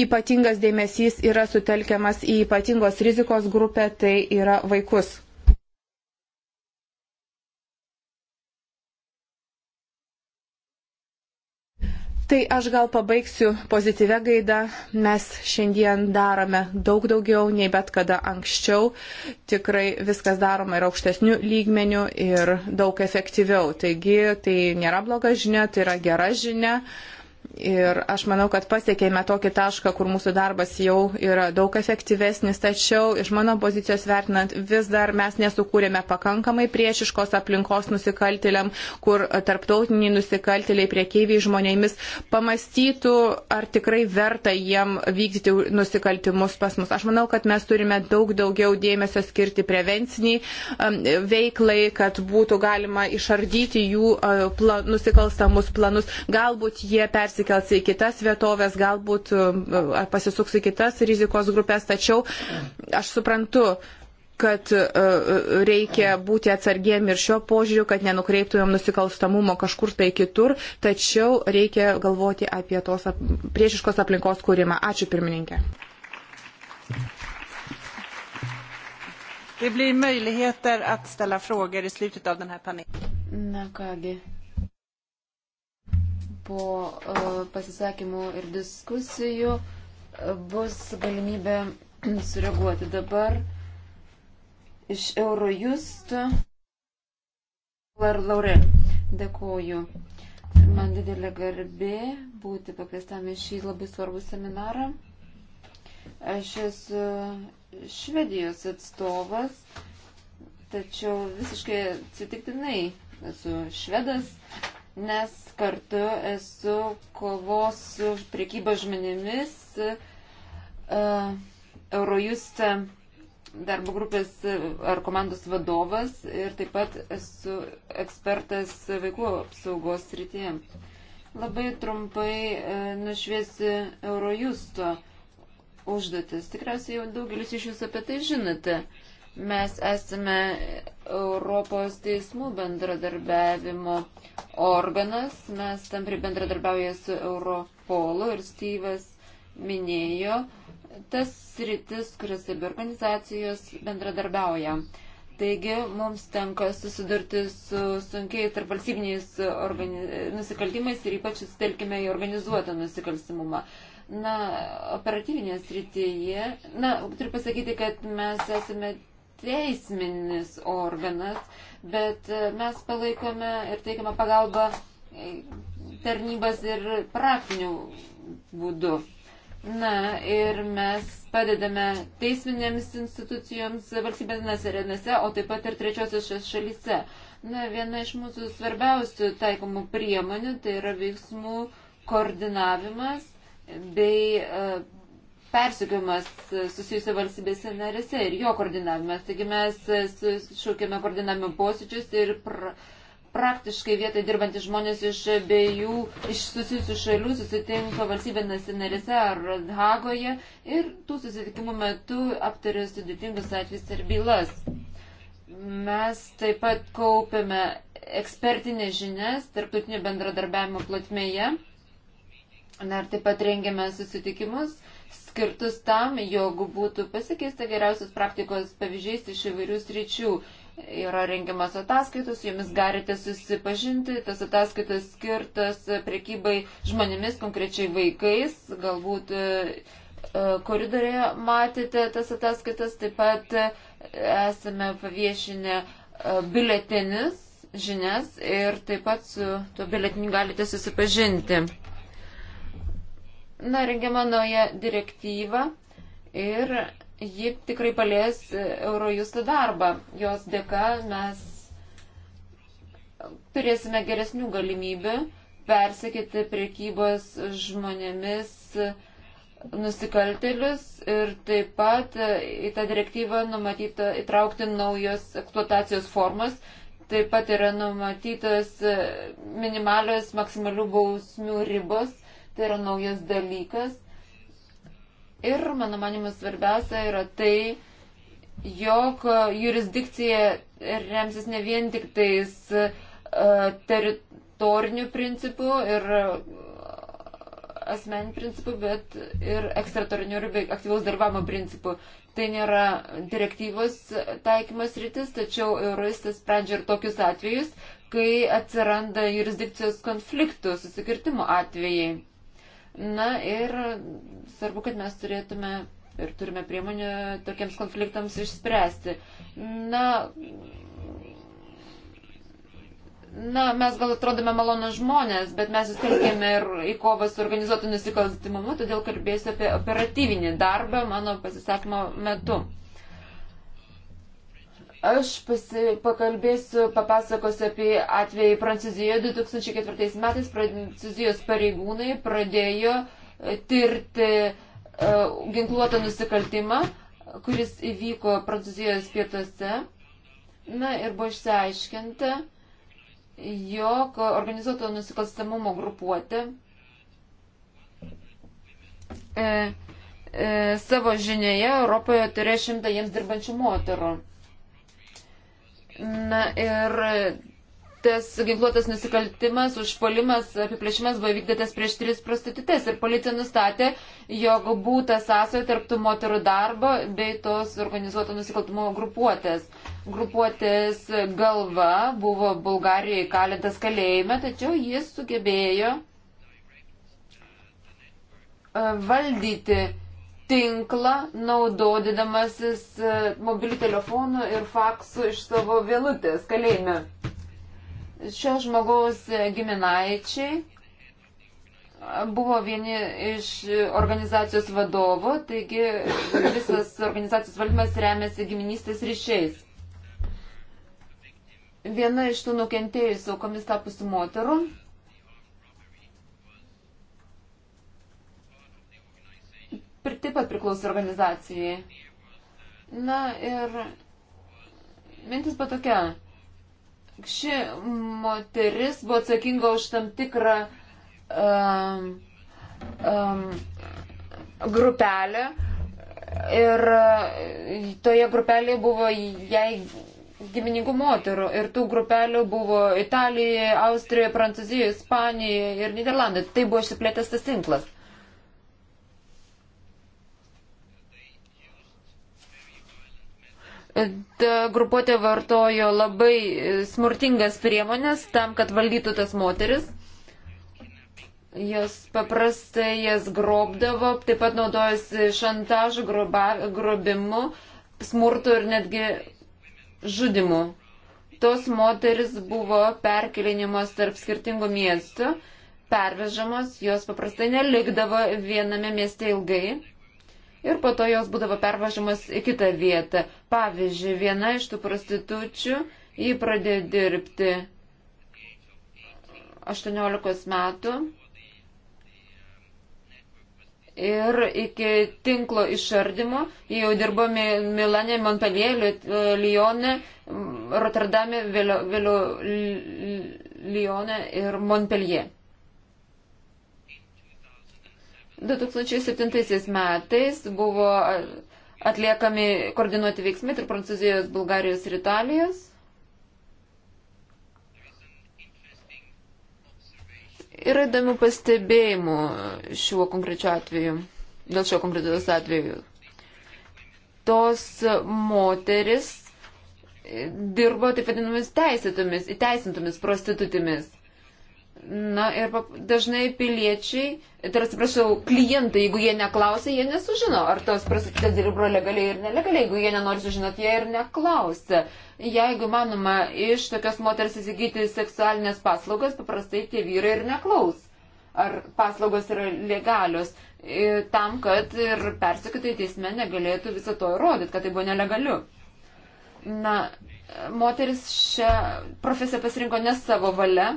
[SPEAKER 4] ypatingas dėmesys yra sutelkiamas į ypatingos rizikos grupę, tai yra vaikus. Tai aš gal pabaigsiu pozityvę gaidą. Mes šiandien darome daug daugiau nei bet kada anksčiau. Tikrai viskas daroma ir aukštesnių lygmenių ir daug efektyviau. Taigi tai nėra bloga žinia, tai yra gera žinia. Uh, Ir aš manau, kad pasiekėme tokį tašką, kur mūsų darbas jau yra daug efektyvesnis, tačiau iš mano pozicijos vertinant vis dar mes nesukūrėme pakankamai priešiškos aplinkos nusikaltėliam, kur tarptautiniai nusikaltėliai priekeiviai žmonėmis pamastytų, ar tikrai verta jiem vykdyti nusikaltimus pas mus. Aš manau, kad mes turime daug daugiau dėmesio skirti prevenciniai um, veiklai, kad būtų galima išardyti jų uh, plan, nusikalstamus planus. Galbūt jie persikėlė persikels į kitas vietovės, galbūt um, pasisuks į kitas rizikos grupės, tačiau aš suprantu, kad uh, uh, reikia būti atsargiem ir šio požiūriu, kad nenukreiptumėm nusikalstamumo kažkur tai kitur, tačiau reikia galvoti apie tos priešiškos aplinkos kūrimą. Ačiū pirmininkė.
[SPEAKER 1] Det blir möjligheter att ställa frågor i slutet av den här panelen.
[SPEAKER 2] Na kągi, po e, pasisakymų ir diskusijų e, bus galimybė [CLEARS THROAT] sureaguoti. Dabar iš Eurojust ir Laurel. Dėkuoju. Man didelė garbė būti pakviestam į šį labai svarbų seminarą. Aš esu Švedijos atstovas, tačiau visiškai atsitiktinai esu švedas nes kartu esu kovos su priekyba žmonėmis e, Eurojust darbo grupės e, ar komandos vadovas ir taip pat esu ekspertas vaikų apsaugos srityje. Labai trumpai e, nušviesi Eurojusto užduotis. Tikriausiai jau daugelis iš jūsų apie tai žinote. Mes esame Europos teismų bendradarbiavimo organas, mes tampri bendradarbiauja su Europolu ir Styvas minėjo tas sritis, kurias abi organizacijos bendradarbiauja. Taigi mums tenka susidurti su sunkiai tarpvalstybiniais nusikaltimais ir ypač sutelkime į organizuotą nusikalstimumą. Na, operatyvinėje srityje, na, turiu pasakyti, kad mes esame teisminis organas, bet e, mes palaikome ir teikiame pagalbą e, tarnybas ir praktinių būdų. Na ir mes padedame teisminėms institucijoms valstybės arenose, o taip pat ir trečiosios šalyse. Na, viena iš mūsų svarbiausių taikomų priemonių tai yra veiksmų koordinavimas bei uh, persikiojimas e, susijusio valstybėse narėse ir jo koordinavimas. Taigi mes e, šaukėme koordinavimo posėdžius ir pra, praktiškai vietai dirbantys žmonės iš abiejų, iš susijusių šalių susitinka valstybėse narėse ar Hagoje ir tų susitikimų metu aptarė sudėtingus atvejus ir bylas. Mes taip pat kaupėme ekspertinės žinias tarptautinio bendradarbiavimo platmėje. Dar taip pat rengiame susitikimus skirtus tam, jog būtų pasikeista geriausios praktikos pavyzdžiais iš įvairių sričių. Yra rengiamas ataskaitos, jomis galite susipažinti, tas ataskaitos skirtas prekybai žmonėmis, konkrečiai vaikais, galbūt e, e, koridorėje matėte tas ataskaitas, taip pat e, esame paviešinę biuletenis žinias ir taip pat su tuo biuletiniu galite susipažinti. Na, rengiama nauja direktyva ir ji tikrai palies Eurojusto darbą. Jos dėka mes turėsime geresnių galimybių persekyti priekybos žmonėmis nusikaltelius ir taip pat į tą direktyvą numatyta įtraukti naujos eksploatacijos formas. Taip pat yra numatytos minimalios maksimalių bausmių ribos tai yra naujas dalykas. Ir, mano manimas, svarbiausia yra tai, jog jurisdikcija remsis ne vien tik tais e, teritoriniu principu ir e, asmeniniu principu, bet ir ekstratoriniu ir aktyvaus darbamo principu. Tai nėra direktyvos taikymas rytis, tačiau Euroistas sprendžia ir tokius atvejus, kai atsiranda jurisdikcijos konfliktų susikirtimo atvejai. Na ir svarbu, kad mes turėtume ir turime priemonių tokiems konfliktams išspręsti. Na, na, mes gal atrodome malonų žmonės, bet mes įsteigėme ir į kovą su organizuotu nusikalstimumu, todėl kalbėsiu apie operatyvinį darbą mano pasisakymo metu. Mm. Aš pasi, pakalbėsiu, papasakosiu apie atvejį Prancūzijoje. 2004 metais Prancūzijos pareigūnai pradėjo e, tirti uh, ginkluotą nusikaltimą, kuris įvyko Prancūzijos pietuose. Na ir buvo išsiaiškinta, jog organizuoto nusikalstamumo grupuotė e, e, savo žinioje Europoje turėjo šimtą jiems dirbančių moterų. Na ir tas ginkluotas nusikaltimas, užpolimas, apiplėšimas buvo vykdytas prieš tris prostitutės ir policija nustatė, jog būta sąsojo tarptų moterų darbo bei tos organizuoto nusikaltimo grupuotės. Grupuotės galva buvo Bulgarijoje įkalintas kalėjime, tačiau jis sugebėjo e, valdyti tinklą, naudodamasis e, mobilių telefonų ir faksų iš savo vėlutės kalėjime. Šio žmogaus giminaičiai buvo vieni iš organizacijos vadovų, taigi visas organizacijos valdymas remiasi giminystės ryšiais. Viena iš tų nukentėjusių aukomis tapusių moterų taip pat priklauso organizacijai. Na ir mintis buvo tokia. Ši moteris buvo atsakinga už tam tikrą um, um, grupelę ir uh, toje grupelėje buvo jai giminingų moterų ir tų grupelių buvo Italijoje, Austrijoje, Prancūzijoje, Ispanijoje ir Niderlandai. Tai buvo išsiplėtęs tas tinklas. ta grupuotė vartojo labai e, smurtingas priemonės tam, kad valdytų tas moteris. Jos paprastai jas grobdavo, taip pat naudojosi šantažu, groba, grobimu, smurtu ir netgi žudimu. Tos moteris buvo perkelinimas tarp skirtingų miestų, pervežamos, jos paprastai nelikdavo viename mieste ilgai ir po to jos būdavo pervažiamas į kitą vietą. Pavyzdžiui, viena iš tų prostitučių jį pradėjo dirbti 18 metų ir iki tinklo išardymo jau dirbo Milane, Montpellier, Lyone, Rotterdame, vėliau Lyone ir Montpellier. 2007 metais buvo atliekami koordinuoti veiksmai tarp Prancūzijos, Bulgarijos ir Italijos. Yra įdomių pastebėjimų šiuo konkrečiu atveju, dėl šio konkretaus atveju. Tos moteris dirbo taip vadinamomis teisėtomis, įteisintomis prostitutėmis. Na ir dažnai piliečiai, tai atsiprašau, klientai, jeigu jie neklausia, jie nesužino, ar tos prostitutės dirbo legaliai ir nelegaliai, jeigu jie nenori sužinoti, jie ir neklausia. Jeigu manoma iš tokios moters įsigyti seksualinės paslaugas, paprastai tie vyrai ir neklaus, ar paslaugos yra legalios, tam, kad ir persikitai teisme negalėtų viso to įrodyti, kad tai buvo nelegaliu. Na, moteris šią profesiją pasirinko ne savo valia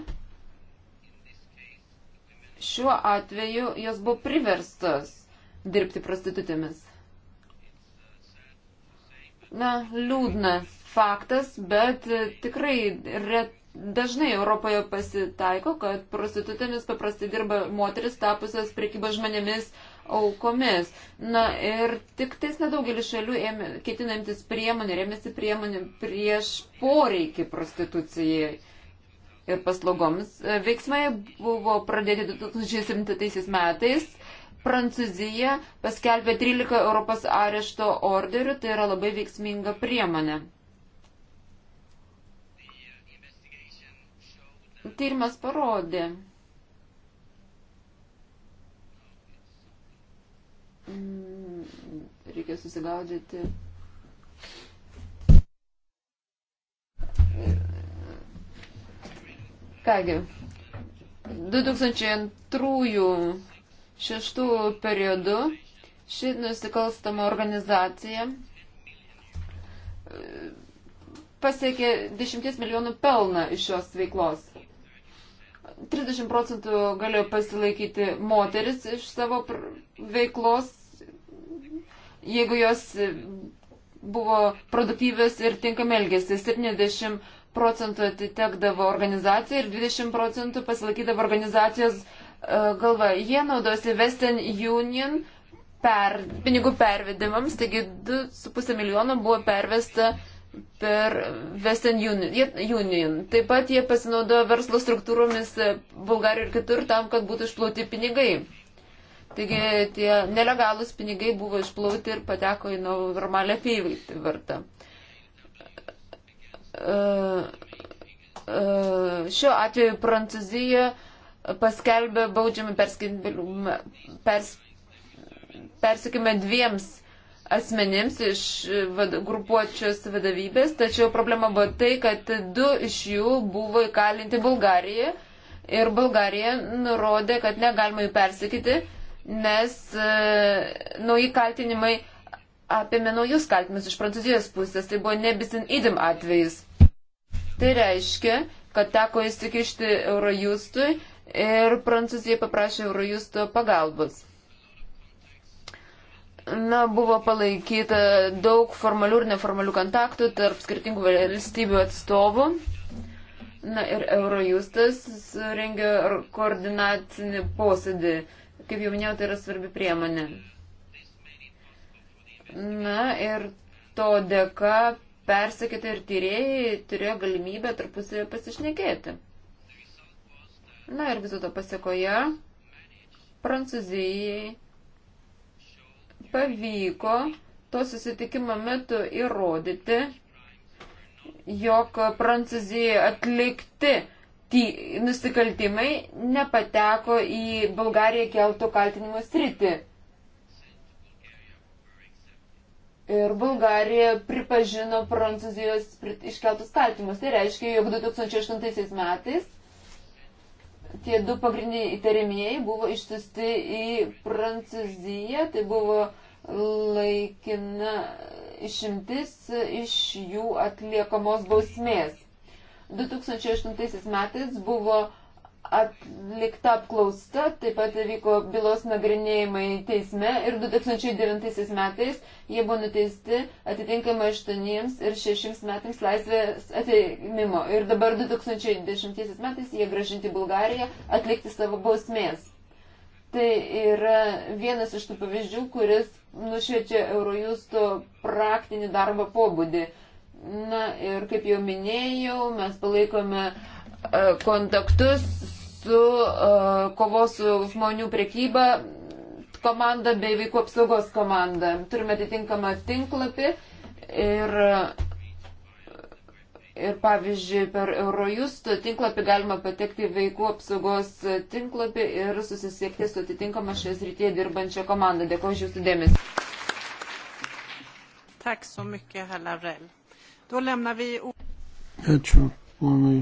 [SPEAKER 2] šiuo atveju jos buvo priverstos dirbti prostitutėmis. Na, liūdnas faktas, bet tikrai ret, dažnai Europoje pasitaiko, kad prostitutėmis paprastai dirba moteris tapusios priekybos žmonėmis aukomis. Na ir tik tais nedaugelis šalių ėmė, ketinantis priemonių, rėmėsi priemonių prieš poreikį prostitucijai ir paslaugoms. E, veiksmai buvo pradėti 2007 metais. Prancūzija paskelbė 13 Europos arešto orderių, tai yra labai veiksminga priemonė. Tyrimas parodė. Mm, reikia susigaudyti Kągi, 2002-2006 periodu ši nusikalstama organizacija e, pasiekė 10 milijonų pelną iš šios veiklos. 30 procentų galėjo pasilaikyti moteris iš savo veiklos, jeigu jos e, buvo produktyvios ir tinkamai elgėsi. 70 procentų atitekdavo organizacijai ir 20 procentų pasilakydavo organizacijos e, galva. Jie naudosi Western Union per, pinigų pervedimams, taigi 2,5 milijono buvo pervesta per Western Union. Taip pat jie pasinaudojo verslo struktūromis e, Bulgarijoje ir kitur tam, kad būtų išplauti pinigai. Taigi tie nelegalūs pinigai buvo išplauti ir pateko į normalią apyvartą šiuo atveju Prancūzija paskelbė baudžiamą pers, persikimą dviems asmenims iš vad, grupuočios vadovybės, tačiau problema buvo tai, kad du iš jų buvo įkalinti Bulgarijoje ir Bulgarija nurodė, kad negalima jų persikyti, nes e, nauji kaltinimai apėmė naujus kaltinimus iš Prancūzijos pusės, tai buvo nebisin idim atvejis. Tai reiškia, kad teko įsikišti Eurojustui ir Prancūzija paprašė Eurojusto pagalbos. Na, buvo palaikyta daug formalių ir neformalių kontaktų tarp skirtingų valstybių atstovų. Na ir Eurojustas rengė koordinacinį posėdį. Kaip jau minėjau, tai yra svarbi priemonė. Na ir to dėka persekėtai ir tyrėjai turėjo galimybę tarpusavį pasišnekėti. Na ir viso to pasiekoje Prancūzijai pavyko to susitikimo metu įrodyti, jog Prancūzijai atlikti ty, nusikaltimai nepateko į Bulgariją keltų kaltinimų sritį. Ir Bulgarija pripažino Prancūzijos iškeltus kaltimus. Tai reiškia, jog 2008 metais tie du pagrindiniai įtariamieji buvo išsiusti į Prancūziją. Tai buvo laikina išimtis iš jų atliekamos bausmės. 2008 metais buvo atlikta apklausta, taip pat vyko bylos nagrinėjimai teisme ir 2009 metais jie buvo nuteisti atitinkamai 8 ir 6 metams laisvės ateimimo. Ir dabar 2010 metais jie gražinti Bulgariją atlikti savo bausmės. Tai yra vienas iš tų pavyzdžių, kuris nušviečia Eurojusto praktinį darbo pobūdį. Na ir kaip jau minėjau, mes palaikome e, kontaktus su uh, kovos su žmonių prekyba komanda bei vaikų apsaugos komanda. Turime atitinkamą tinklapį ir, ir pavyzdžiui, per Eurojust tinklapį galima patekti į vaikų apsaugos tinklapį ir susisiekti su atitinkama šioje srityje dirbančia komanda. Dėkuoju už jūsų dėmesį.
[SPEAKER 3] Ačiū, ponai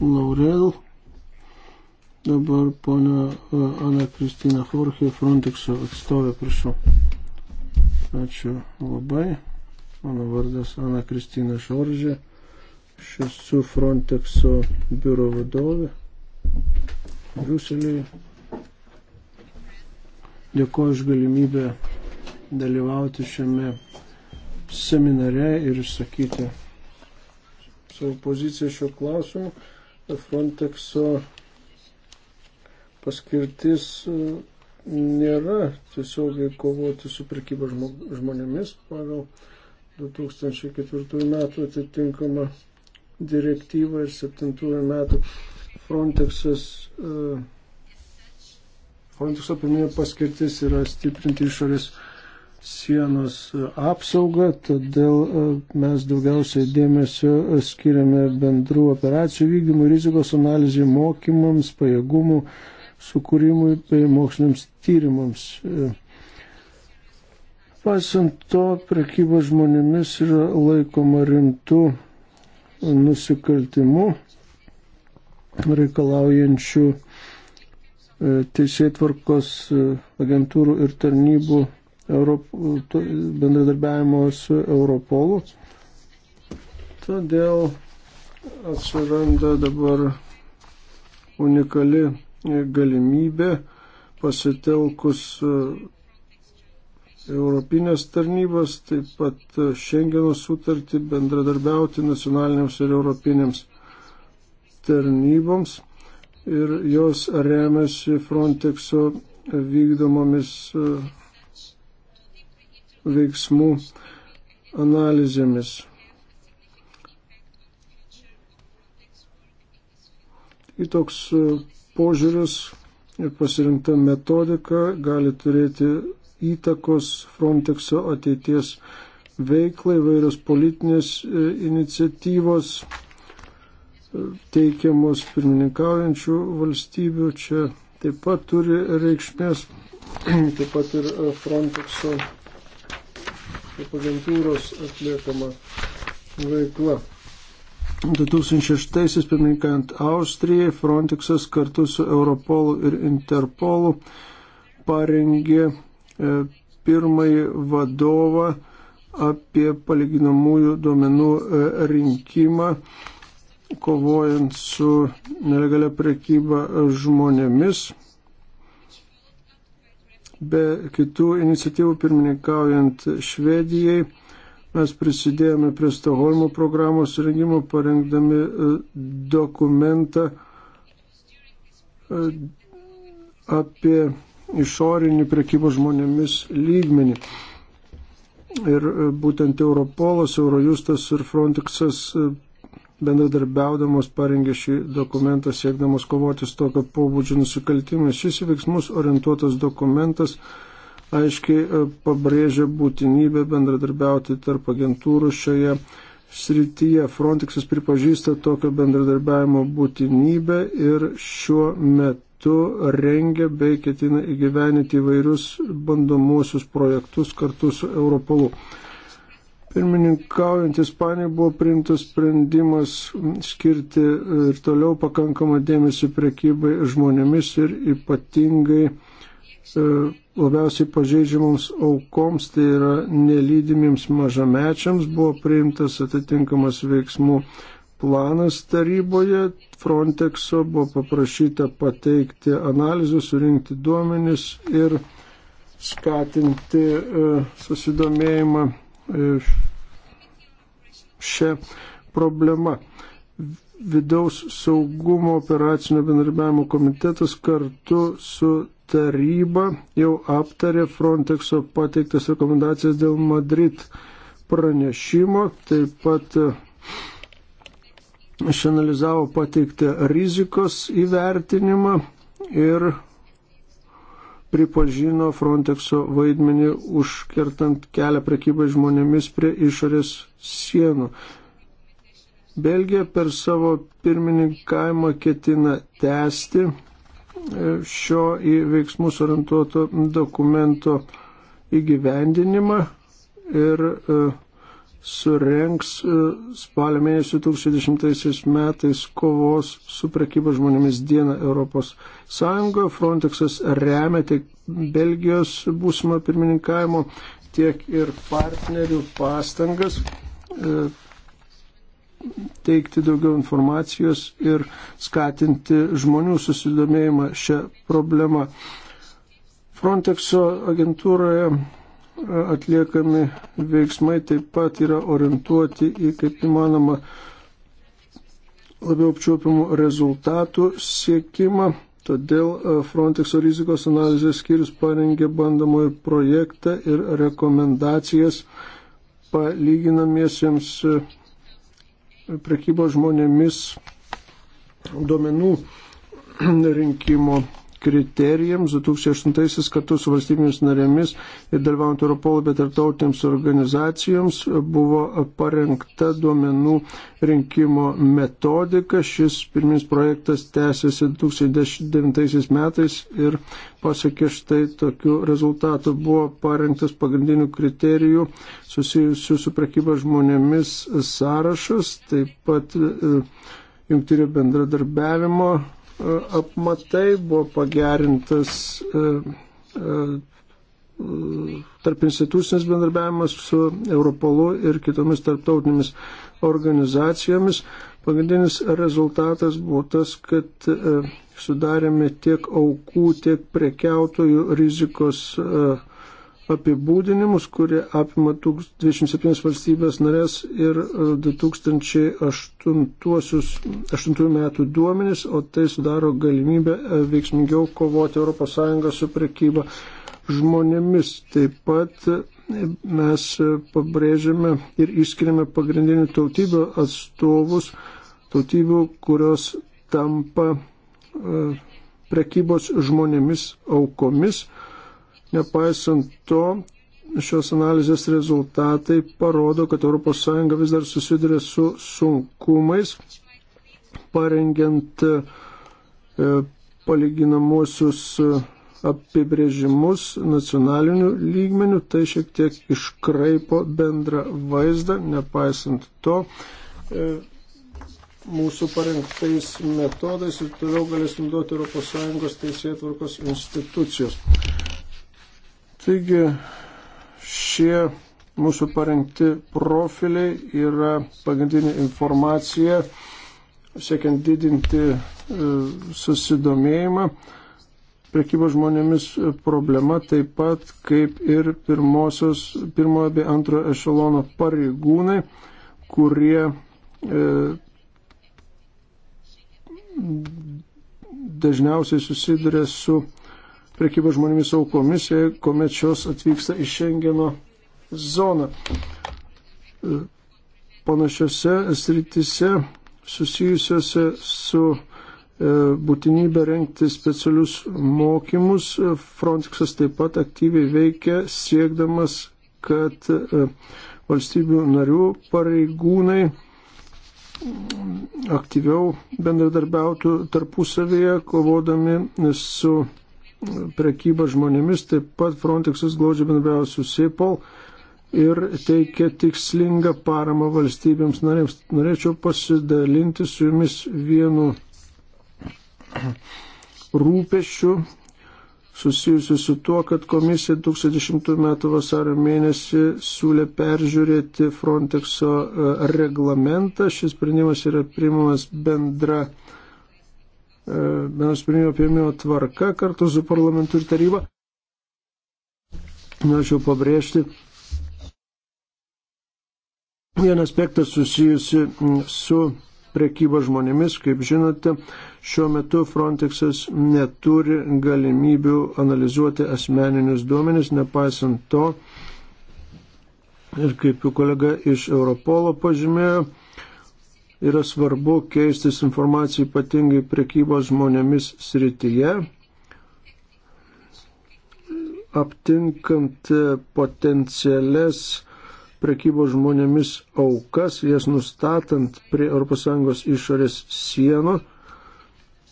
[SPEAKER 3] Laurel. Dabar ponia e, Ana Kristina Jorge, Frontexo atstovė, prašau. Ačiū labai. Mano vardas Ana Kristina Šoržė. Aš esu Frontexo biuro vadovė Briuselėje. Dėkuoju už galimybę dalyvauti šiame seminare ir išsakyti savo poziciją šio klausimu. Frontexo paskirtis e, nėra tiesiogiai kovoti su prekyba žmonėmis pagal 2004 metų atitinkamą direktyvą ir 2007 metų Frontexas. E, Frontexo pirminė paskirtis yra stiprinti išorės sienos apsaugą, todėl e, mes daugiausiai dėmesio skiriame bendrų operacijų vykdymui, rizikos analizai, mokymams, pajėgumų sukūrimui bei moksliniams tyrimams. E, Pasant to, prekyba žmonėmis yra laikoma rimtų nusikaltimų, reikalaujančių e, teisėtvarkos agentūrų ir tarnybų bendradarbiavimo su Europolu. Todėl atsiranda dabar unikali galimybė pasitelkus e, Europinės tarnybos, taip pat e, Šengeno sutartį bendradarbiauti nacionaliniams ir europinėms tarnyboms ir jos remiasi Frontexo vykdomomis e, veiksmų analizėmis. Į toks e, požiūris ir pasirinkta metodika gali turėti įtakos Frontexo ateities veiklai, vairios politinės e, iniciatyvos e, teikiamos pirmininkaujančių valstybių čia taip pat turi reikšmės, [CLEARS THROAT] taip pat ir Frontexo kaip agentūros atliekama veikla. 2006 pirmininkant Austrijai Frontexas kartu su Europolu ir Interpolu parengė e, pirmąjį vadovą apie palyginamųjų duomenų e, rinkimą, kovojant su nelegalia prekyba žmonėmis. Be kitų iniciatyvų pirmininkaujant Švedijai mes prisidėjome prie Stoholmo programos rengimo, parengdami e, dokumentą e, apie išorinį prekybos žmonėmis lygmenį. Ir e, būtent Europolas, Eurojustas ir Frontexas bendradarbiaudamos parengė šį dokumentą siekdamos kovoti su tokio pobūdžio nusikaltimais. Šis veiksmus orientuotas dokumentas aiškiai e, pabrėžia būtinybę bendradarbiauti tarp agentūrų šioje srityje. Frontexas pripažįsta tokio bendradarbiavimo būtinybę ir šiuo metu rengia bei ketina įgyveninti įvairius bandomuosius projektus kartu su Europolu. Pirmininkaujant Ispanijai buvo priimtas sprendimas skirti ir toliau pakankamą dėmesį prekybai žmonėmis ir ypatingai e, labiausiai pažeidžiamoms aukoms, tai yra nelydimiems mažamečiams, buvo priimtas atitinkamas veiksmų planas taryboje. Frontexo buvo paprašyta pateikti analizę, surinkti duomenis ir skatinti e, susidomėjimą šią problemą. Vidaus saugumo operacinio bendarbiavimo komitetas kartu su taryba jau aptarė Frontexo pateiktas rekomendacijas dėl Madrid pranešimo, taip pat išanalizavo pateiktą rizikos įvertinimą ir pripažino Frontexo vaidmenį užkertant kelią prekybą žmonėmis prie išorės sienų. Belgija per savo pirmininkavimą ketina tęsti e, šio į veiksmus orientuoto dokumento įgyvendinimą ir uh, surenks e, spalio mėnesį 2010 metais kovos su prekyba žmonėmis dieną Europos Sąjungoje. Frontexas remia tiek Belgijos būsimo pirmininkavimo, tiek ir partnerių pastangas e, teikti daugiau informacijos ir skatinti žmonių susidomėjimą šią problemą. Frontexo agentūroje atliekami veiksmai taip pat yra orientuoti į kaip įmanoma labiau apčiuopimų rezultatų siekimą. Todėl e, Frontexo rizikos analizės skyrius parengė bandomąjį projektą ir rekomendacijas palyginamiesiems e, prekybos žmonėmis duomenų rinkimo kriterijams 2008 kartu su valstybėmis narėmis ir dalyvaujant Europolui, bet ir tautėms organizacijoms buvo parengta duomenų rinkimo metodika. Šis pirminis projektas tęsiasi 2009 metais ir pasiekė štai tokių rezultatų. Buvo parengtas pagrindinių kriterijų susijusių su prekyba žmonėmis sąrašas, taip pat e, jungtinio bendradarbiavimo E, apmatai buvo pagerintas e, e, tarp institucinis bendarbiavimas su Europolu ir kitomis tarptautinėmis organizacijomis. Pagrindinis rezultatas buvo tas, kad sudarėme tiek aukų, tiek prekiautojų rizikos apibūdinimus, kurie apima 27 valstybės narės ir 2008 e, metų duomenis, o tai sudaro galimybę e, veiksmingiau kovoti ES su prekyba žmonėmis. Taip pat e, mes pabrėžiame ir išskiriame pagrindinių tautybių atstovus, tautybių, kurios tampa prekybos žmonėmis aukomis Nepaisant to, šios analizės rezultatai parodo, kad ES vis dar susiduria su sunkumais, parengiant e, palyginamosius e, apibrėžimus nacionalinių lygmenių, tai šiek tiek iškraipo bendrą vaizdą, nepaisant to. E, mūsų parengtais metodais ir toliau galės naudoti ES teisėtvarkos institucijos. Taigi šie mūsų parengti profiliai yra pagrindinė informacija, siekiant didinti e, susidomėjimą prekybos žmonėmis e, problema taip pat kaip ir pirmosios, pirmojo bei antrojo ešelono pareigūnai, kurie e, dažniausiai susiduria su priekybos žmonėmis aukomis, kuomet šios atvyksta iš Šengeno zoną. E, panašiose sritise susijusiose su e, būtinybė renkti specialius mokymus. E, Frontexas taip pat aktyviai veikia siekdamas, kad valstybių narių pareigūnai aktyviau bendradarbiautų tarpusavėje, kovodami su prekybą žmonėmis, taip pat Frontexas glaudžiai bendravo su SEPOL ir teikia tikslingą paramą valstybėms narėms. Norėčiau pasidalinti su jumis vienu rūpešiu susijusiu su tuo, kad komisija 2010 m. vasario mėnesį siūlė peržiūrėti Frontexo e, reglamentą. Šis sprendimas yra primamas bendra bendro sprendimo prieimimo tvarka kartu su parlamentu ir taryba. Norėčiau pabrėžti vieną aspektą susijusi su prekyba žmonėmis. Kaip žinote, šiuo metu Frontexas neturi galimybių analizuoti asmeninius duomenis, nepaisant to, ir kaip jų kolega iš Europolo pažymėjo, yra svarbu keistis informaciją ypatingai prekybos žmonėmis srityje, aptinkant potencialias prekybos žmonėmis aukas, jas nustatant prie ES išorės sienų.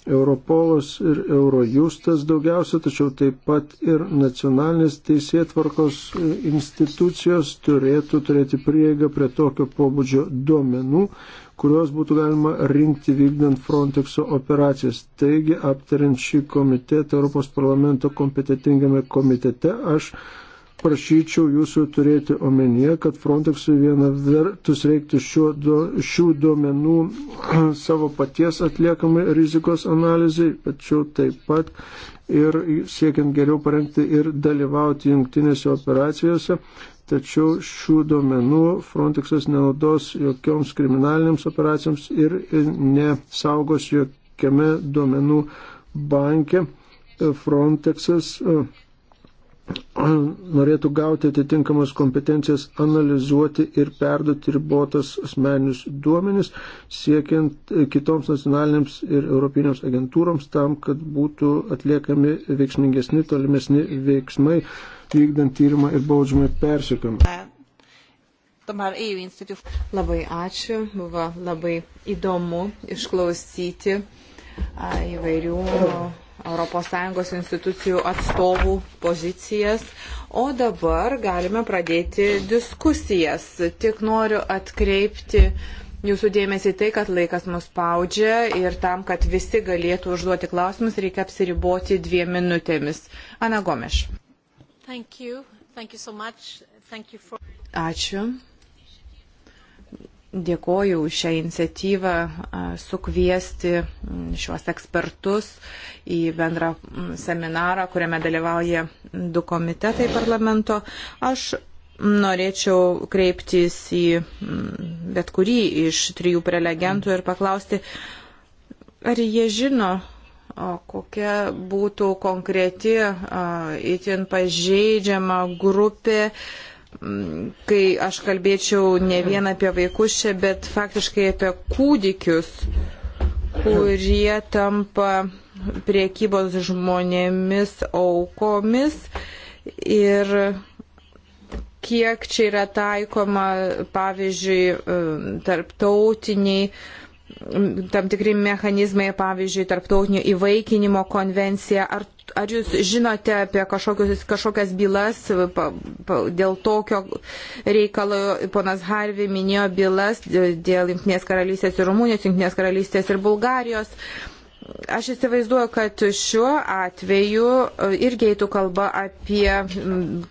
[SPEAKER 3] Europolas ir Eurojustas daugiausia, tačiau taip pat ir nacionalinės teisėtvarkos institucijos turėtų turėti prieigą prie tokio pobūdžio duomenų, kuriuos būtų galima rinkti vykdant Frontexo operacijas. Taigi, aptariant šį komitetą Europos parlamento kompetitingame komitete, aš prašyčiau jūsų turėti omenyje, kad Frontexui viena vertus reiktų šiuo, do, šių duomenų [CLEARS THROAT] savo paties atliekamai rizikos analizai, tačiau taip pat ir siekiant geriau parengti ir dalyvauti jungtinėse operacijose, tačiau šių duomenų Frontexas nenaudos jokioms kriminalinėms operacijoms ir nesaugos jokiame duomenų banke. Frontexas e, norėtų gauti atitinkamas kompetencijas analizuoti ir perduoti ribotas asmeninius duomenis, siekiant e, kitoms nacionalinėms ir europinėms agentūroms tam, kad būtų atliekami veiksmingesni, tolimesni veiksmai vykdant tyrimą ir baudžiamą persikimą. E,
[SPEAKER 1] e labai ačiū, buvo
[SPEAKER 4] labai įdomu išklausyti e, įvairių ES institucijų atstovų pozicijas, o dabar galime pradėti diskusijas. Tik noriu atkreipti jūsų dėmesį tai, kad laikas mus spaudžia ir tam, kad visi galėtų užduoti klausimus, reikia apsiriboti dviem minutėmis. Ana Gomeš.
[SPEAKER 1] Thank you. Thank you so much. Thank you for...
[SPEAKER 4] Ačiū. Dėkoju už šią iniciatyvą sukviesti šiuos ekspertus į bendrą seminarą, kuriame dalyvauja du komitetai parlamento. Aš norėčiau kreiptis į bet kurį iš trijų prelegentų ir paklausti, ar jie žino, kokia būtų konkreti, įtin pažeidžiama grupė, mm, kai aš kalbėčiau ne vien apie vaikus čia, bet faktiškai apie kūdikius, kurie tampa priekybos žmonėmis aukomis ir kiek čia yra taikoma, pavyzdžiui, tarptautiniai tam tikri mechanizmai, pavyzdžiui, tarptautinio įvaikinimo konvencija. Ar, ar jūs žinote apie kažkokius, kažkokias bylas pa, pa, dėl tokio reikalo? Ponas Harvi minėjo bylas dėl Junktinės karalystės ir Rumunijos, Junktinės karalystės ir Bulgarijos. Uh, Aš įsivaizduoju, kad šiuo atveju e, irgi eitų kalba apie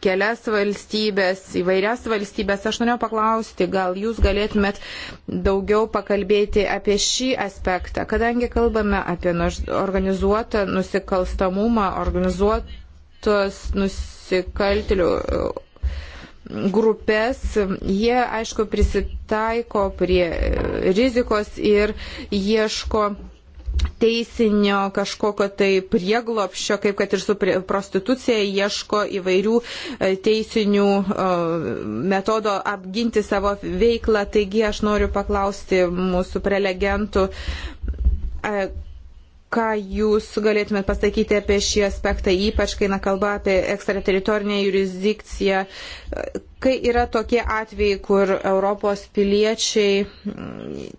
[SPEAKER 4] kelias valstybės, įvairias valstybės. Aš norėjau paklausti, gal jūs galėtumėt daugiau pakalbėti apie šį aspektą, kadangi kalbame apie organizuotą nusikalstamumą, organizuotos nusikaltelių e, grupės, jie aišku prisitaiko prie e, rizikos ir ieško teisinio kažkokio tai prieglopščio, kaip kad ir su prostitucija, ieško įvairių e, teisinių e, metodo apginti savo veiklą. Taigi aš noriu paklausti mūsų prelegentų, e, ką jūs galėtumėt pasakyti apie šį aspektą, ypač kai na kalba apie ekstrateritorinę jurisdikciją, kai yra tokie atvejai, kur Europos piliečiai mm,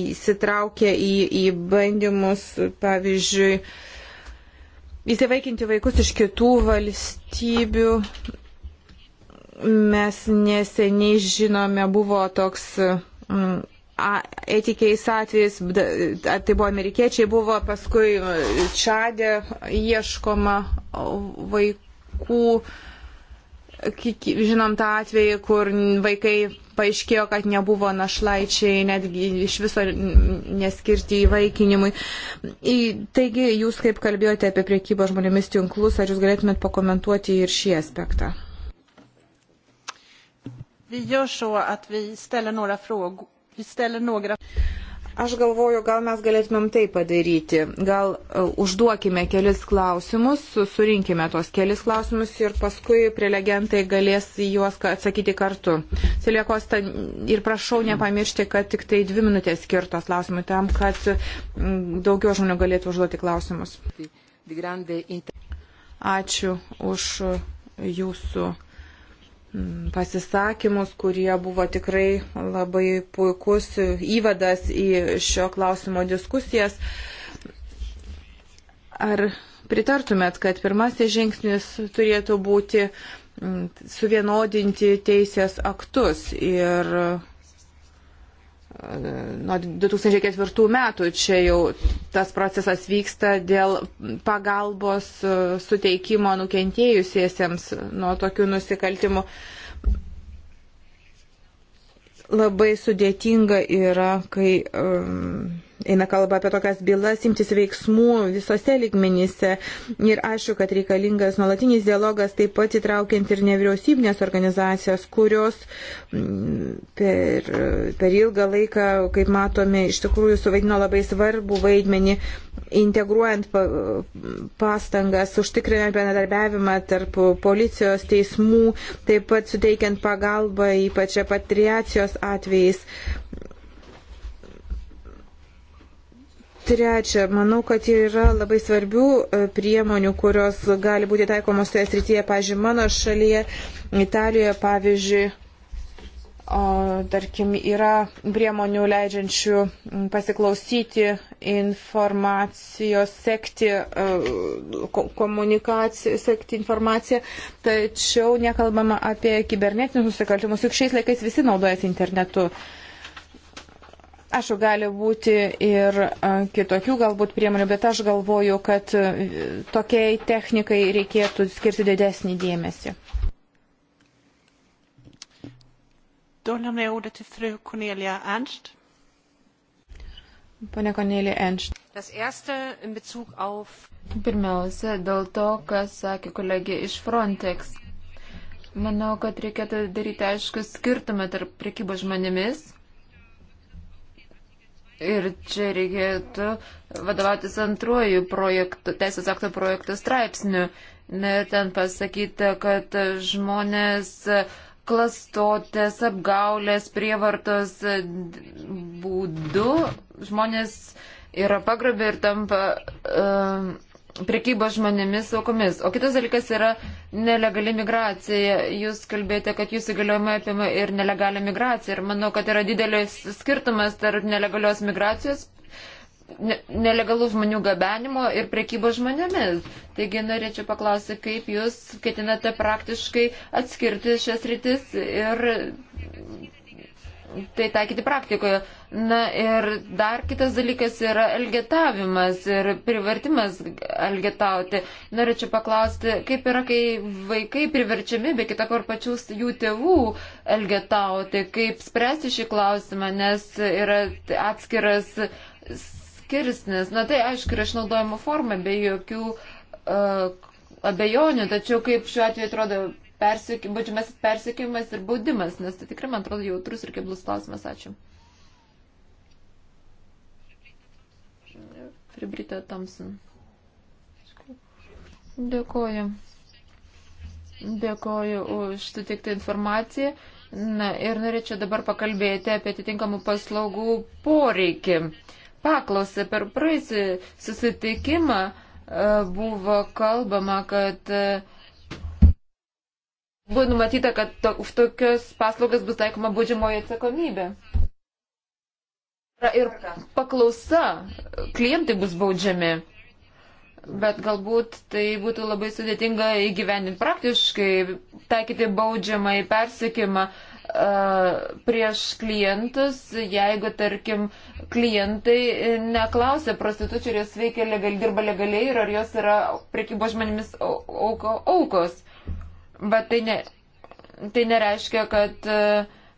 [SPEAKER 4] įsitraukia į, į bandymus, pavyzdžiui, įsivaikinti vaikus iš kitų valstybių. Mes neseniai žinome, buvo toks mm, etikiais atvejais, ar tai buvo amerikiečiai, buvo paskui Čadė ieškoma vaikų. Žinom tą atvejį, kur vaikai paaiškėjo, kad nebuvo našlaičiai, netgi iš viso neskirti įvaikinimui. Į, taigi, jūs kaip kalbėjote apie priekybą žmonėmis tinklus, ar jūs galėtumėt pakomentuoti ir šį aspektą?
[SPEAKER 1] Vi gör så att vi ställer några frågor
[SPEAKER 4] Aš galvoju, gal mes galėtumėm tai padaryti. Gal e, užduokime kelis klausimus, surinkime tos kelis klausimus ir paskui prelegentai galės juos atsakyti kartu. Siliekos, ir prašau nepamiršti, kad tik tai dvi minutės skirtos klausimui tam, kad daugiau žmonių galėtų užduoti klausimus. Ačiū už e, jūsų pasisakymus, kurie buvo tikrai labai puikus įvadas į šio klausimo diskusijas. Ar pritartumėt, kad pirmasis žingsnis turėtų būti mm, suvienodinti teisės aktus ir nuo 2004 metų čia jau tas procesas vyksta dėl pagalbos e, suteikimo nukentėjusiesiems nuo tokių nusikaltimų. Labai sudėtinga yra, kai um, eina kalba apie tokias bylas, imtis veiksmų visose ligmenyse. Ir aišku, kad reikalingas nuolatinis dialogas, taip pat įtraukiant ir nevyriausybinės organizacijas, kurios
[SPEAKER 1] mm,
[SPEAKER 4] per, per ilgą laiką, kaip matome, iš tikrųjų suvaidino labai svarbų vaidmenį, integruojant pastangas, užtikrinant bendradarbiavimą tarp policijos, teismų, taip pat suteikiant pagalbą, ypač repatriacijos atvejais. Trečia, manau, kad yra labai svarbių e, priemonių, kurios gali būti taikomos toje srityje. Pavyzdžiui, mano šalyje, Italijoje, pavyzdžiui, o, tarkim, yra priemonių leidžiančių pasiklausyti informacijos, sekti e, komunikaciją, sekti informaciją, tačiau nekalbama apie kibernetinius nusikaltimus, juk šiais laikais visi naudojasi internetu. Uh, Aišku, gali būti ir e, kitokių galbūt priemonių, bet aš galvoju, kad e, tokiai technikai reikėtų skirti didesnį dėmesį.
[SPEAKER 2] Pane Kornelija Ernst. Pirmiausia, dėl to, kas sakė kolegė iš Frontex. Manau, kad reikėtų daryti aišku skirtumą tarp prekybos žmonėmis Ir čia reikėtų vadovautis antruoju projektu, teisės akto projektų straipsniu. Ne, ten pasakyta, kad žmonės klastotės, apgaulės, prievartos būdu žmonės yra pagrobė ir tampa uh, prekybos žmonėmis aukomis. O kitas dalykas yra nelegali migracija. Jūs kalbėjote, kad jūsų įgaliojimai apima ir nelegalią migraciją. Ir manau, kad yra didelis skirtumas tarp nelegalios migracijos, ne, nelegalų žmonių gabenimo ir prekybos žmonėmis. Taigi norėčiau paklausyti, kaip jūs ketinate praktiškai atskirti šias rytis ir tai taikyti praktikoje. Na ir dar kitas dalykas yra elgetavimas ir privertimas elgetauti. Norėčiau paklausti, kaip yra, kai vaikai priverčiami, be kita kur pačius jų tėvų elgetauti, kaip spręsti šį klausimą, nes yra atskiras skirsnis. Na tai aišku, yra išnaudojimo forma be jokių uh, abejonių, tačiau kaip šiuo atveju atrodo persiekim, baudžiamasis persiekimas ir baudimas, nes tai tikrai, man atrodo, jautrus ir keblus klausimas. Ačiū. Fribrita Thompson. Dėkoju. Dėkoju už sutiktą informaciją. Na ir norėčiau dabar pakalbėti apie atitinkamų paslaugų poreikį. Paklausė per praeisį susitikimą e, buvo kalbama, kad uh, buvo numatyta, kad to, už tokias paslaugas bus taikoma baudžiamoji atsakomybė. Ir paklausa, klientai bus baudžiami. Bet galbūt tai būtų labai sudėtinga įgyveninti praktiškai, taikyti baudžiamą į persikimą e, prieš klientus, jeigu, tarkim, klientai neklausia prostitučių, ar jos veikia legal, dirba legaliai ir ar jos yra prekybo žmonėmis aukos. Bet tai, ne, tai nereiškia, kad e,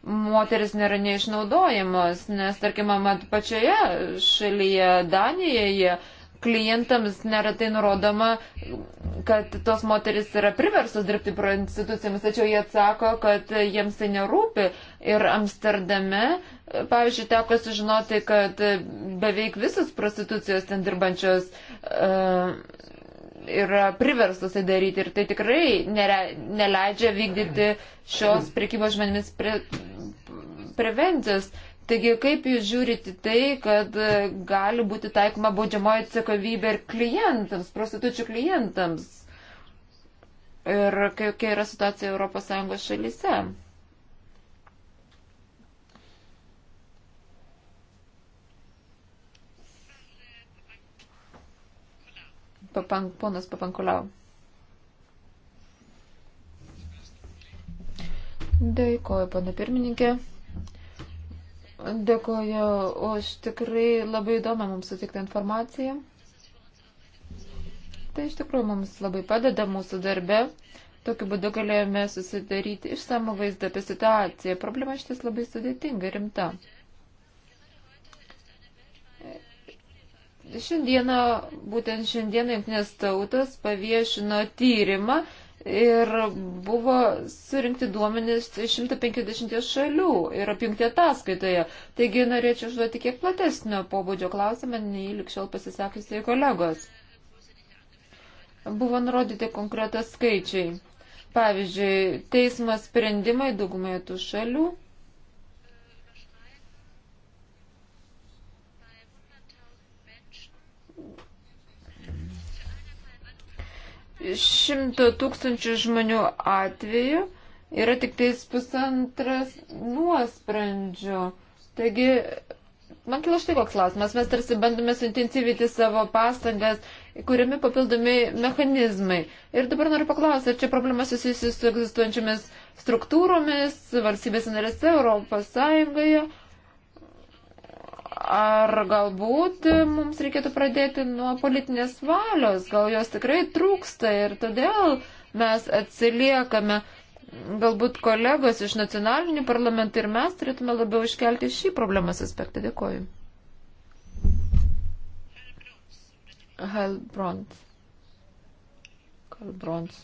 [SPEAKER 2] moteris nėra neišnaudojamos, nes, tarkim, mat pačioje šalyje, Danijoje, klientams neretai nurodoma, kad tos moteris yra priversos dirbti prostitucijomis, tačiau jie atsako, kad jiems tai nerūpi. Ir Amsterdame, pavyzdžiui, teko sužinoti, kad beveik visos prostitucijos ten dirbančios uh, yra priverstas tai daryti ir tai tikrai nere, neleidžia vykdyti šios prekybos žmonėmis pre, prevencijos. Taigi, kaip jūs žiūrite tai, kad gali būti taikoma baudžiamoji atsakomybė ir klientams, prostitučių klientams? Ir kokia yra situacija ES šalyse? Papank, ponas Papankulau. Dėkoju, pana pirmininkė. Dėkoju už tikrai labai įdomią mums sutiktą informaciją. Tai iš tikrųjų mums labai padeda mūsų darbe. Tokiu būdu galėjome susidaryti išsamų vaizdą apie situaciją. Problema šitas labai sudėtinga ir rimta. Šiandieną, būtent šiandieną Junktinės tautos paviešino tyrimą ir buvo surinkti duomenys 150 šalių ir apjungti ataskaitoje. Taigi norėčiau užduoti kiek platesnio pobūdžio klausimą nei likščiau pasisakysiai kolegos. Buvo nurodyti konkretas skaičiai. Pavyzdžiui, teismo sprendimai daugumoje tų šalių šimto tūkstančių žmonių atveju yra tik tais pusantras nuosprendžio. Taigi, man kilo štai koks klausimas, mes tarsi bandome suintensyvinti savo pastangas, kuriami papildomi mechanizmai. Ir dabar noriu paklausti, ar čia problema susijusi su egzistuojančiamis struktūromis, valstybės narėse, Europos Sąjungoje, Ar galbūt e, mums reikėtų pradėti nuo politinės valios, gal jos tikrai trūksta ir todėl mes atsiliekame. Galbūt kolegos iš nacionalinių parlamentų ir mes turėtume labiau iškelti šį problemos aspektą. Dėkoju. Helbrons. Helbrons.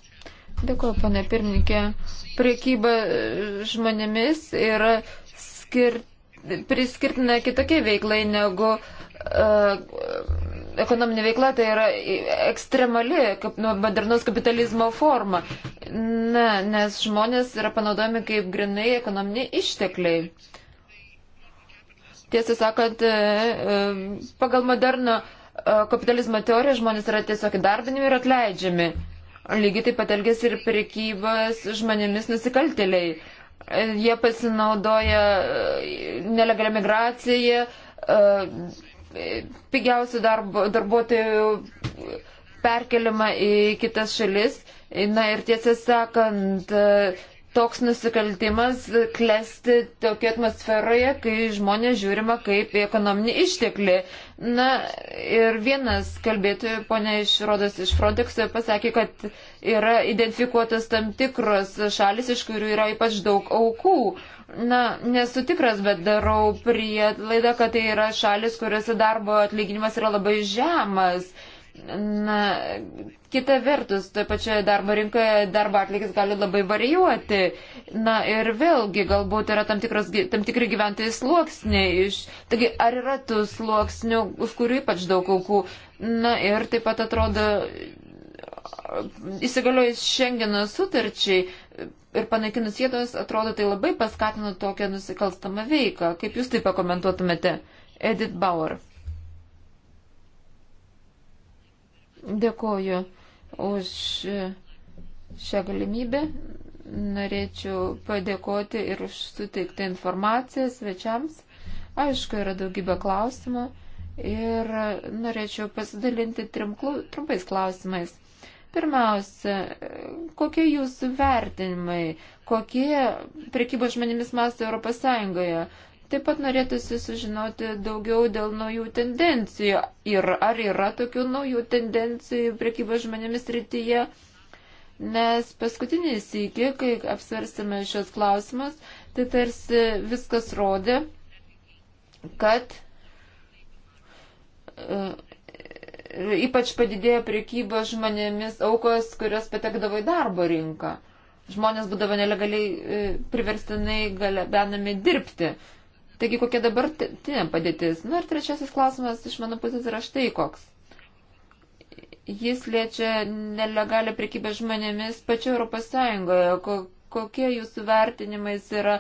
[SPEAKER 2] Dėkuoju, pane pirmininkė. Priekyba žmonėmis yra skirti priskirtina kitokiai veiklai negu uh, ekonominė veikla, tai yra ekstremali kaip, nu, modernaus kapitalizmo forma, Na, nes žmonės yra panaudojami kaip grinai ekonominiai ištekliai. Tiesą sakant, e, e, pagal moderno kapitalizmo teoriją žmonės yra tiesiog įdarbinimi ir atleidžiami. Lygiai taip pat elgesi ir prekybos žmonėmis nusikaltėliai jie pasinaudoja e, nelegalią migraciją, e, pigiausių darbo, darbuotojų perkelimą į kitas šalis. Na ir tiesą sakant, e, toks nusikaltimas klesti tokioje atmosferoje, kai žmonės žiūrima kaip į ekonominį išteklį. Na ir vienas kalbėtojų, ponia Išrodas iš Frontexo, pasakė, kad yra identifikuotas tam tikros šalis, iš kurių yra ypač daug aukų. Na, nesu tikras, bet darau prielaidą, kad tai yra šalis, kuriuose darbo atlyginimas yra labai žemas. Uh, Na, kita vertus, toje pačioje darbo rinkoje darbo atlygis gali labai varijuoti. Na ir vėlgi, galbūt yra tam, tikros, tam tikri gyventojai sluoksniai. Iš, taigi, ar yra tų sluoksnių, už kurių ypač daug aukų? Na ir taip pat atrodo, įsigaliojus Šengeno sutarčiai ir panaikinus jėdos, atrodo, tai labai paskatino tokią nusikalstamą veiką. Kaip jūs tai pakomentuotumėte, Edith Bauer? Dėkoju už šią galimybę. Norėčiau padėkoti ir už suteiktą informaciją svečiams. Aišku, yra daugybė klausimų ir norėčiau pasidalinti trim trumpais klausimais. Pirmiausia, kokie jūsų vertinimai, kokie prekybos žmonėmis mastai Europos Sąjungoje, Taip pat norėtųsi sužinoti daugiau dėl naujų tendencijų ir ar yra tokių naujų tendencijų priekybos žmonėmis rytyje, nes paskutinį sįkį, kai apsvarstėme šios klausimus, tai tarsi viskas rodė, kad e, ypač padidėjo priekybos žmonėmis aukos, kurios patekdavo į darbo rinką žmonės būdavo nelegaliai e, priverstinai gabenami dirbti. Taigi, kokia dabar tinė padėtis? Na nu, ir trečiasis klausimas iš mano pusės yra štai koks. Jis liečia nelegalią prekybę žmonėmis pačio Europos Sąjungoje. Kokie jūsų vertinimais yra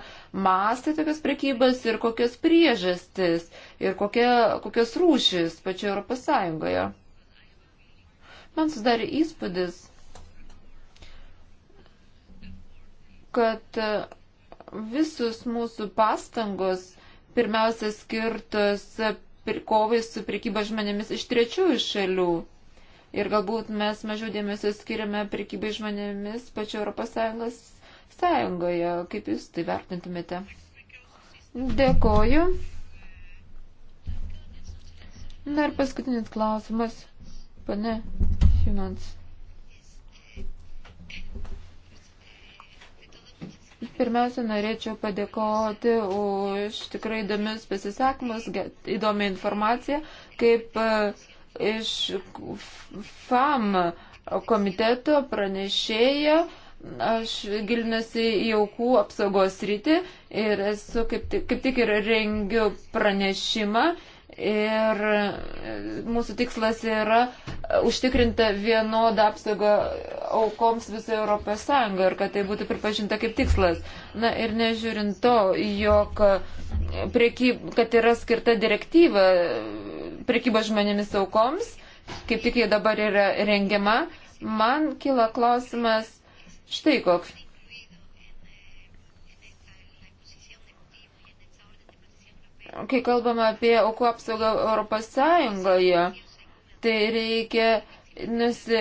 [SPEAKER 2] mastai tokios prekybos ir kokios priežastis ir kokie, kokios rūšis pačio Europos Sąjungoje? Man sudarė įspūdis, kad visus mūsų pastangos pirmiausia skirtos kovai su prekyba žmonėmis iš trečiųjų šalių. Ir galbūt mes mažiau dėmesio skiriame prekybai žmonėmis pačio ES sąjungoje. Kaip Jūs tai vertintumėte? Dėkoju. Na ir paskutinis klausimas. Pane Humans. Pirmiausia, norėčiau padėkoti už tikrai įdomius pasisakymus, įdomią informaciją, kaip e, iš FAM komiteto pranešėjo. Aš gilinuosi į aukų apsaugos rytį ir esu kaip tik, kaip tik ir rengiu pranešimą. Ir e, mūsų tikslas yra e, užtikrinta vienodą apsaugą aukoms visoje Europos Sąjungoje ir kad tai būtų pripažinta kaip tikslas. Na ir nežiūrint to, jog priekyb, kad yra skirta direktyva priekybos žmonėmis aukoms, kaip tik jie dabar yra rengiama, man kyla klausimas štai koks. Kai kalbame apie aukų apsaugą Europos Sąjungoje, tai reikia nusi,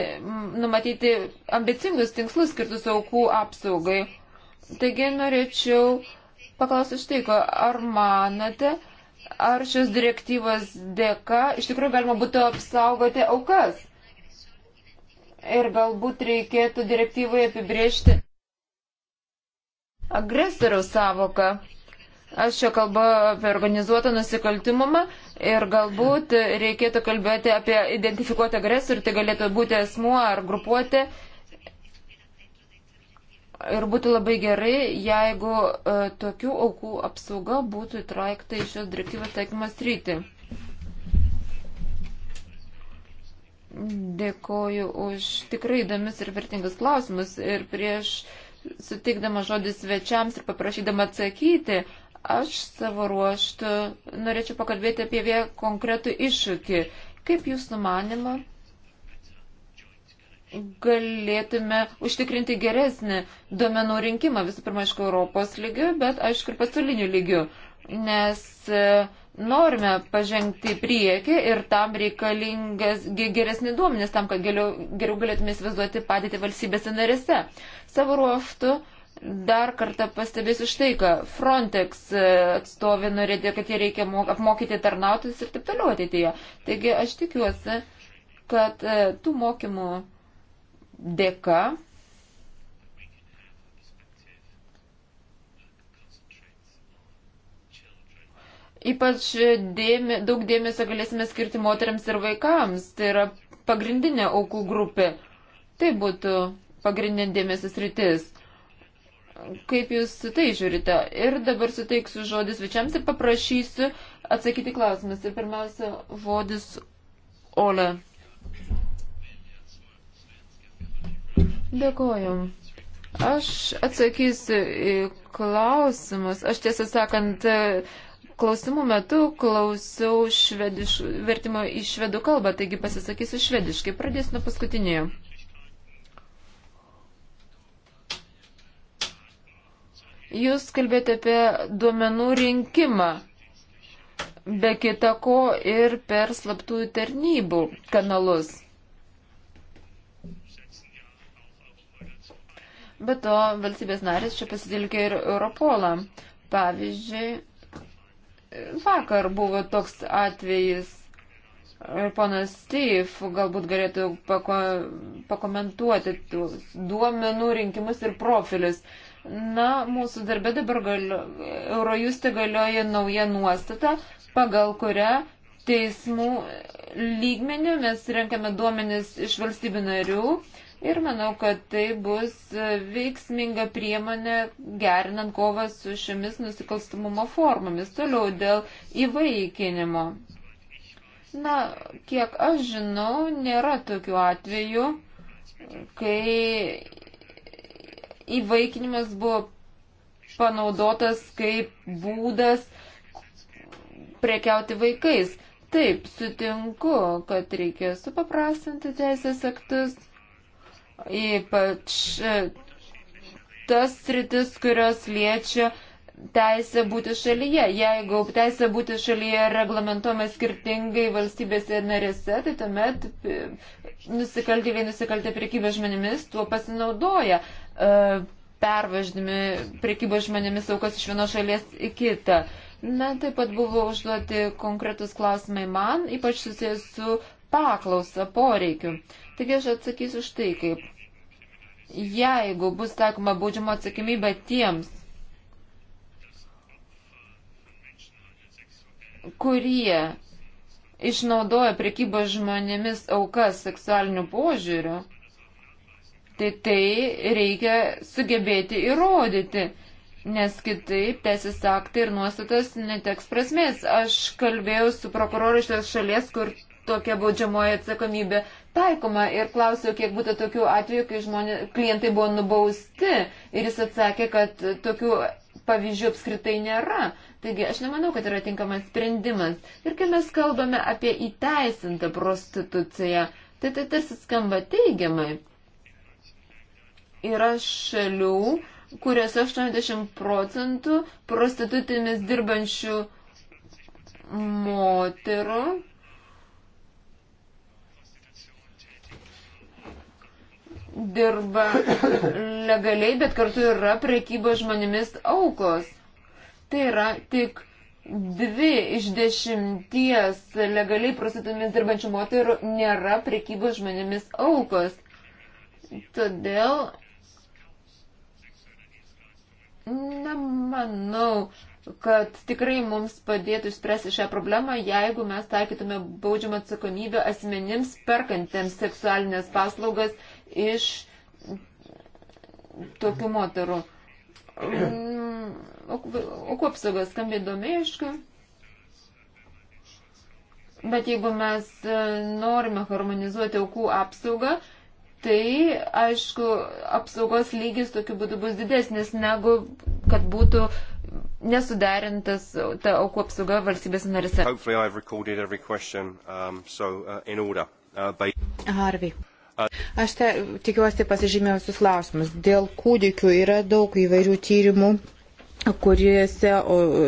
[SPEAKER 2] numatyti ambicingus tinkslus skirtus aukų apsaugai. Taigi norėčiau paklausti štai ko, ar manote, ar šios direktyvos dėka iš tikrųjų galima būtų apsaugoti aukas? Ir galbūt reikėtų direktyvai apibriežti agresoriaus savoką. Aš čia kalbu apie organizuotą nusikaltimumą Ir galbūt reikėtų kalbėti apie identifikuotą agresorių, tai galėtų būti asmuo ar grupuotė. Ir būtų labai gerai, jeigu uh, tokių aukų apsauga būtų įtraukta į šios direktyvos taikymas rytį. Dėkoju už tikrai įdomius ir vertingus klausimus. Ir prieš sutikdama žodį svečiams ir paprašydama atsakyti, Aš savo ruoštų norėčiau pakalbėti apie vien konkretų iššūkį. Kaip jūsų manima galėtume užtikrinti geresnį duomenų rinkimą, visų pirma, aišku, Europos lygių, bet aišku ir pasaulinių lygių, nes e, norime pažengti priekį ir tam reikalingas geresni duomenys, tam, kad geriau, geriau galėtume įsivaizduoti padėti valstybėse narėse. Savo ruoštų Dar kartą pastebėsiu štai, kad Frontex e, atstovė norėdė, kad jie reikia apmokyti tarnautis ir taip toliau ateityje. Taigi aš tikiuosi, kad e, tų mokymų dėka ypač dėmi, daug dėmesio galėsime skirti moteriams ir vaikams. Tai yra pagrindinė aukų grupė. Tai būtų pagrindinė dėmesio sritis kaip jūs tai žiūrite. Ir dabar suteiksiu žodį svečiams ir paprašysiu atsakyti klausimus. Ir pirmiausia, žodis Ole. Dėkoju. Aš atsakysiu į klausimus. Aš tiesą sakant, klausimų metu klausiau švediš, vertimo į švedų kalbą, taigi pasisakysiu švediškai. Pradėsiu nuo paskutinėjo. Jūs kalbėjote apie duomenų rinkimą, be kita ko ir per slaptųjų tarnybų kanalus. Be to, valstybės narės čia pasitelkė ir Europolą. Pavyzdžiui, vakar buvo toks atvejis. Ponas Steve galbūt galėtų pako, pakomentuoti duomenų rinkimus ir profilius. Uh, Na, mūsų darbė dabar galio, Eurojuste galioja nauja nuostata, pagal kurią teismų lygmenių mes renkame duomenis iš valstybių narių ir manau, kad tai bus veiksminga priemonė gerinant kovą su šiomis nusikalstamumo formomis. Toliau dėl įvaikinimo. Na, kiek aš žinau, nėra tokių atvejų, kai įvaikinimas buvo panaudotas kaip būdas prekiauti vaikais. Taip, sutinku, kad reikia supaprastinti teisės aktus, ypač e, tas sritis, kurios liečia teisę būti šalyje. Jeigu teisė būti šalyje reglamentuojama skirtingai valstybėse narėse, tai tuomet e, nusikaltėliai nusikaltė priekybę žmonėmis tuo pasinaudoja. E, pervaždami prekybos žmonėmis aukas iš vienos šalies į kitą. Na, taip pat buvo užduoti konkretus klausimai man, ypač susijęs su paklausa poreikiu. Taigi aš atsakysiu štai kaip. Jeigu bus taikoma baudžiamo atsakymybė tiems, kurie išnaudoja prekybos žmonėmis aukas seksualiniu požiūriu, tai tai reikia sugebėti įrodyti, nes kitaip teisės aktai ir nuostatos neteks prasmės. Aš kalbėjau su prokuroru iš tos šalies, kur tokia baudžiamoji atsakomybė taikoma ir klausiau, kiek būtų tokių atvejų, kai žmonė, klientai buvo nubausti ir jis atsakė, kad tokių pavyzdžių apskritai nėra. Taigi aš nemanau, kad yra tinkamas sprendimas. Ir kai mes kalbame apie įteisintą prostituciją, tai tai tarsi skamba teigiamai yra šalių, kuriuose 80 procentų prostitutėmis dirbančių moterų dirba legaliai, bet kartu yra prekyba žmonėmis aukos. Tai yra tik dvi iš dešimties legaliai prostitutėmis dirbančių moterų nėra prekybos žmonėmis aukos. Todėl Nemanau, kad tikrai mums padėtų išspręsti šią problemą, jeigu mes taikytume baudžiamą atsakomybę asmenims perkantiems seksualinės paslaugas iš tokių moterų. Mm, aukų apsaugas skambiai domėjiškai. Bet jeigu mes e, norime harmonizuoti aukų apsaugą, tai, aišku, apsaugos lygis tokiu būdu bus didesnis negu kad būtų nesuderintas ta aukų apsauga valstybės narise. Um,
[SPEAKER 1] so, uh, uh, by... Harvey. Uh,
[SPEAKER 2] Aš te,
[SPEAKER 4] tikiuosi pasižymėjau visus klausimus. Dėl kūdikių yra daug įvairių tyrimų kuriuose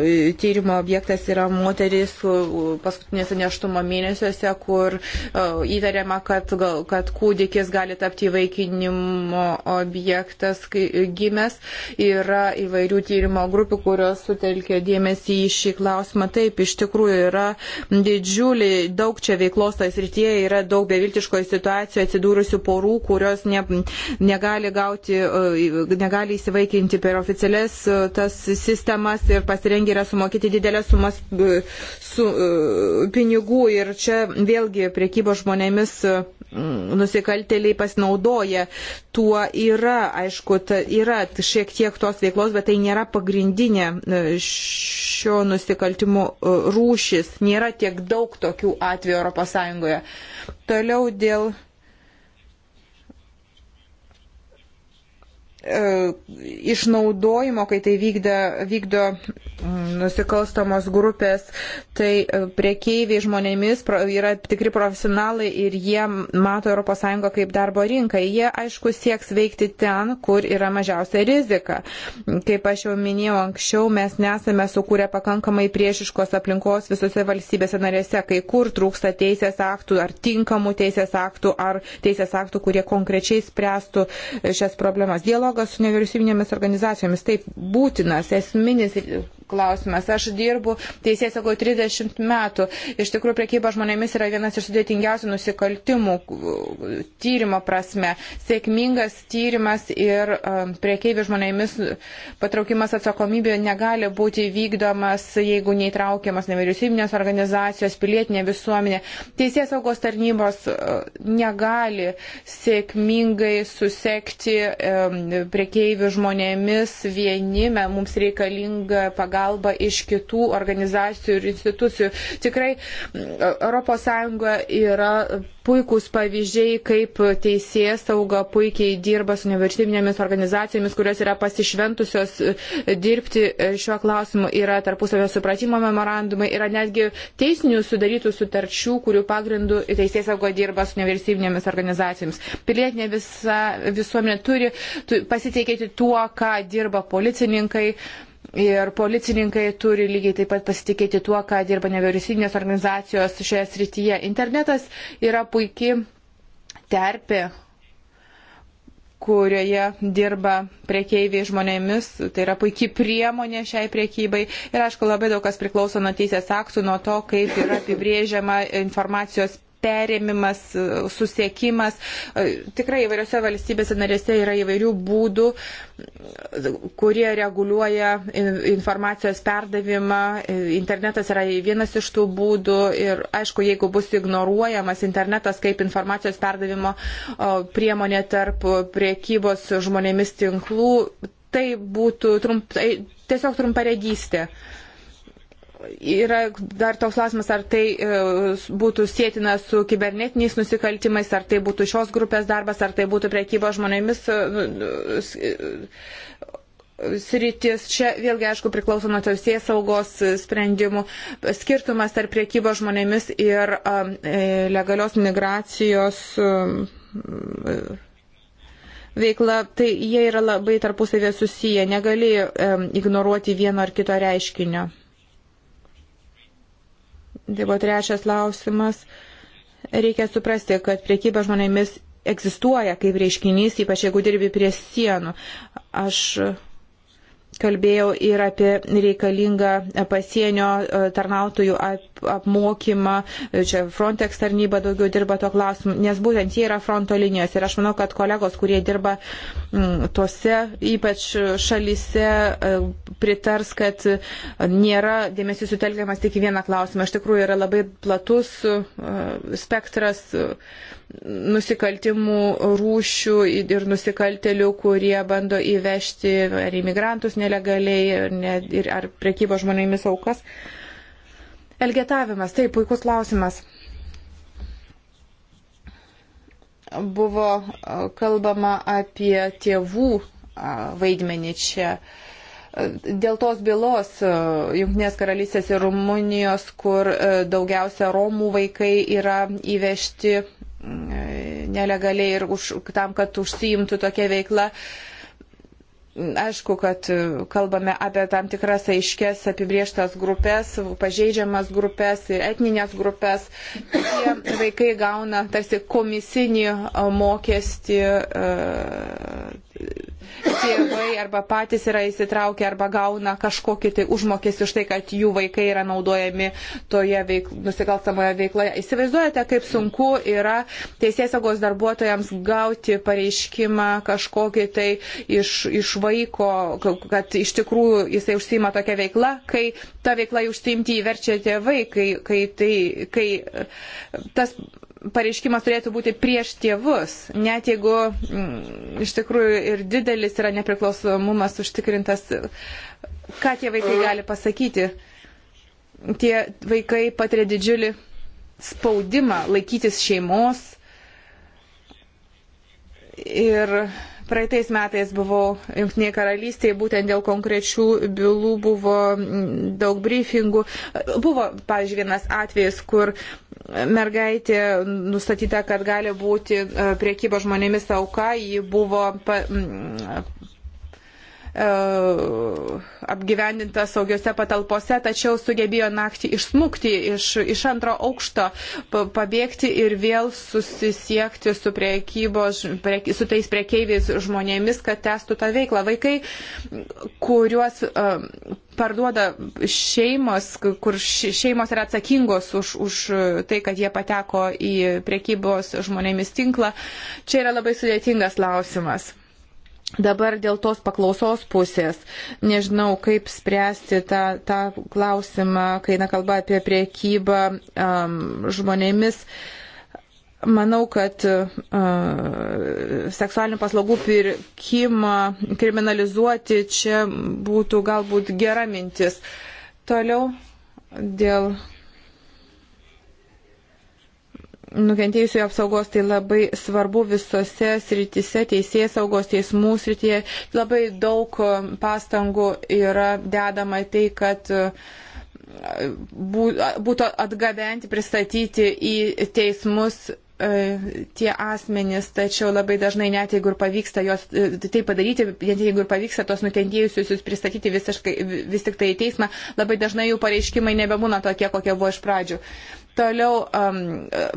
[SPEAKER 4] e, tyrimo objektas yra moteris paskutinėse neštumo mėnesiuose, kur įtariama, kad, kad kūdikis gali tapti įvaikinimo objektas e, gimęs. Yra įvairių tyrimo grupių, kurios sutelkia dėmesį į šį klausimą. Taip, iš tikrųjų yra didžiuliai, daug čia veiklos tas rytyje, yra daug beviltiškoje situacijoje atsidūrusių porų, kurios ne, negali, gauti, negali įsivaikinti per oficialias tas sistemas ir pasirengę yra sumokyti didelės sumas e, su, e, pinigų. Ir čia vėlgi priekybo žmonėmis e, nusikaltėliai pasinaudoja. Tuo yra, aišku, ta, yra šiek tiek tos veiklos, bet tai nėra pagrindinė šio nusikaltimo rūšis. Nėra tiek daug tokių atvejų ES. Toliau dėl E, išnaudojimo, kai tai vykda, vykdo mm, nusikalstamos grupės, tai e, priekeiviai žmonėmis yra tikri profesionalai ir jie mato ES kaip darbo rinką. Jie, aišku, sieks veikti ten, kur yra mažiausia rizika. Kaip aš jau minėjau anksčiau, mes nesame sukūrę pakankamai priešiškos aplinkos visose valstybėse narėse, kai kur trūksta teisės aktų ar tinkamų teisės aktų ar teisės aktų, kurie konkrečiai spręstų e, šias problemas. Dialog dialogas su nevyriausybinėmis organizacijomis taip būtinas, esminis klausimas. Aš dirbu teisės saugau 30 metų. Iš tikrųjų, priekyba žmonėmis yra vienas iš sudėtingiausių nusikaltimų tyrimo prasme. Sėkmingas tyrimas ir um, priekybi žmonėmis patraukimas atsakomybė negali būti vykdomas, jeigu neįtraukiamas nevyriausybinės organizacijos, pilietinė visuomenė. Teisės saugos tarnybos uh, negali sėkmingai susekti um, priekybių žmonėmis vieni, mums reikalinga pagalba pagalbą iš kitų organizacijų ir institucijų. Tikrai mm, ES yra puikūs pavyzdžiai, kaip teisės sauga puikiai dirba su nevertybinėmis organizacijomis, kurios yra pasišventusios e, dirbti e, šiuo klausimu. Yra tarpusavio supratimo memorandumai, yra netgi teisinių sudarytų sutarčių, kurių pagrindų teisės sauga dirba su nevertybinėmis organizacijomis. Pilietinė visa, visuomenė turi pasiteikėti tuo, ką dirba policininkai. Ir policininkai turi lygiai taip pat pasitikėti tuo, kad dirba nevyriausybinės organizacijos šioje srityje. Internetas yra puikiai terpė, kurioje dirba priekeiviai žmonėmis. Tai yra puikiai priemonė šiai priekybai. Ir aišku, labai daug kas priklauso nuo teisės aktų, nuo to, kaip yra apibrėžiama informacijos perėmimas, e, susiekimas. E, tikrai įvairiose valstybėse narėse yra įvairių būdų, e, kurie reguliuoja informacijos perdavimą. Internetas yra vienas iš tų būdų ir aišku, jeigu bus ignoruojamas internetas kaip informacijos perdavimo priemonė tarp priekybos žmonėmis tinklų, tai būtų trump, tai tiesiog trumparegystė. regystė. Yra dar toks klausimas, ar tai e, būtų sėtina su kibernetiniais nusikaltimais, ar tai būtų šios grupės darbas, ar tai būtų priekybo žmonėmis e, nu, nu, e, sritis. Čia vėlgi, aišku, priklauso nuo teisės saugos sprendimų. Skirtumas tarp priekybo žmonėmis ir legalios migracijos veikla, tai jie yra labai tarpusavė susiję. Negali ignoruoti vieno ar kito reiškinio. Tai buvo trečias klausimas. Reikia suprasti, kad priekyba žmonėmis egzistuoja kaip reiškinys, ypač jeigu dirbi prie sienų. Aš kalbėjau ir apie reikalingą pasienio e, tarnautojų apmokymą, čia Frontex tarnyba daugiau dirba to klausimu, nes būtent jie yra fronto linijos ir aš manau, kad kolegos, kurie dirba tose ypač šalyse e, pritars, kad nėra dėmesys sutelkiamas tik į vieną klausimą. Iš tikrųjų yra labai platus e, spektras e, nusikaltimų rūšių ir nusikaltelių, kurie bando įvežti ar imigrantus nelegaliai, ir ar prekybos žmonėmis aukas. Elgetavimas, tai puikus klausimas. buvo kalbama apie tėvų vaidmenį čia. Dėl tos bylos Junktinės karalystės ir Rumunijos, kur daugiausia Romų vaikai yra įvežti nelegaliai ir už, tam, kad užsiimtų tokia veikla, uh, Aišku, kad kalbame apie tam tikras aiškes apibrieštas grupės, pažeidžiamas grupės, etninės grupės. Tie vaikai gauna tarsi komisinį mokestį e, tėvai arba patys yra įsitraukę arba gauna kažkokį tai užmokestį už tai, kad jų vaikai yra naudojami toje veik, nusikalstamoje veikloje. Įsivaizduojate, kaip sunku yra teisėsaugos darbuotojams gauti pareiškimą kažkokį tai iš, iš vaiko, kad iš tikrųjų jisai užsima tokia veikla, kai ta veikla užsimti įverčia tėvai, kai, kai, tai, kai tas pareiškimas turėtų būti prieš tėvus, net jeigu m, mm, iš tikrųjų ir didelis yra nepriklausomumas užtikrintas, ką tie vaikai gali pasakyti. Tie vaikai patiria didžiulį spaudimą laikytis šeimos ir Praeitais metais buvau Junktinėje karalystėje, būtent dėl konkrečių bylų buvo daug briefingų. Buvo, pavyzdžiui, vienas atvejis, kur mergaitė nustatyta, kad gali būti e, priekybo žmonėmis auka, ji buvo pa, E, apgyvendinta saugiose patalpose, tačiau sugebėjo naktį išsmukti iš, iš antro aukšto, pabėgti ir vėl susisiekti su, priekybos, prie, su tais priekeiviais žmonėmis, kad testų tą veiklą. Vaikai, kuriuos e, parduoda šeimos, kur šeimos yra atsakingos už, už tai, kad jie pateko į priekybos žmonėmis tinklą, čia yra labai sudėtingas klausimas. Dabar dėl tos paklausos pusės, nežinau, kaip spręsti tą, tą klausimą, kai eina kalba apie priekybą um, žmonėmis. Manau, kad uh, seksualinių paslaugų pirkimą kriminalizuoti čia būtų galbūt gera mintis. Toliau dėl nukentėjusiųjų apsaugos, tai labai svarbu visose srityse, teisės saugos, teismų srityje. Labai daug um, pastangų yra dedama į tai, kad uh, būtų atgabenti, pristatyti į teismus uh, tie asmenys, tačiau labai dažnai net jeigu ir pavyksta jos uh, tai padaryti, net jeigu ir pavyksta tos nukentėjusius pristatyti visiškai, vis tik tai į teismą, labai dažnai jų pareiškimai nebebūna tokie, kokie buvo iš pradžių. Toliau um,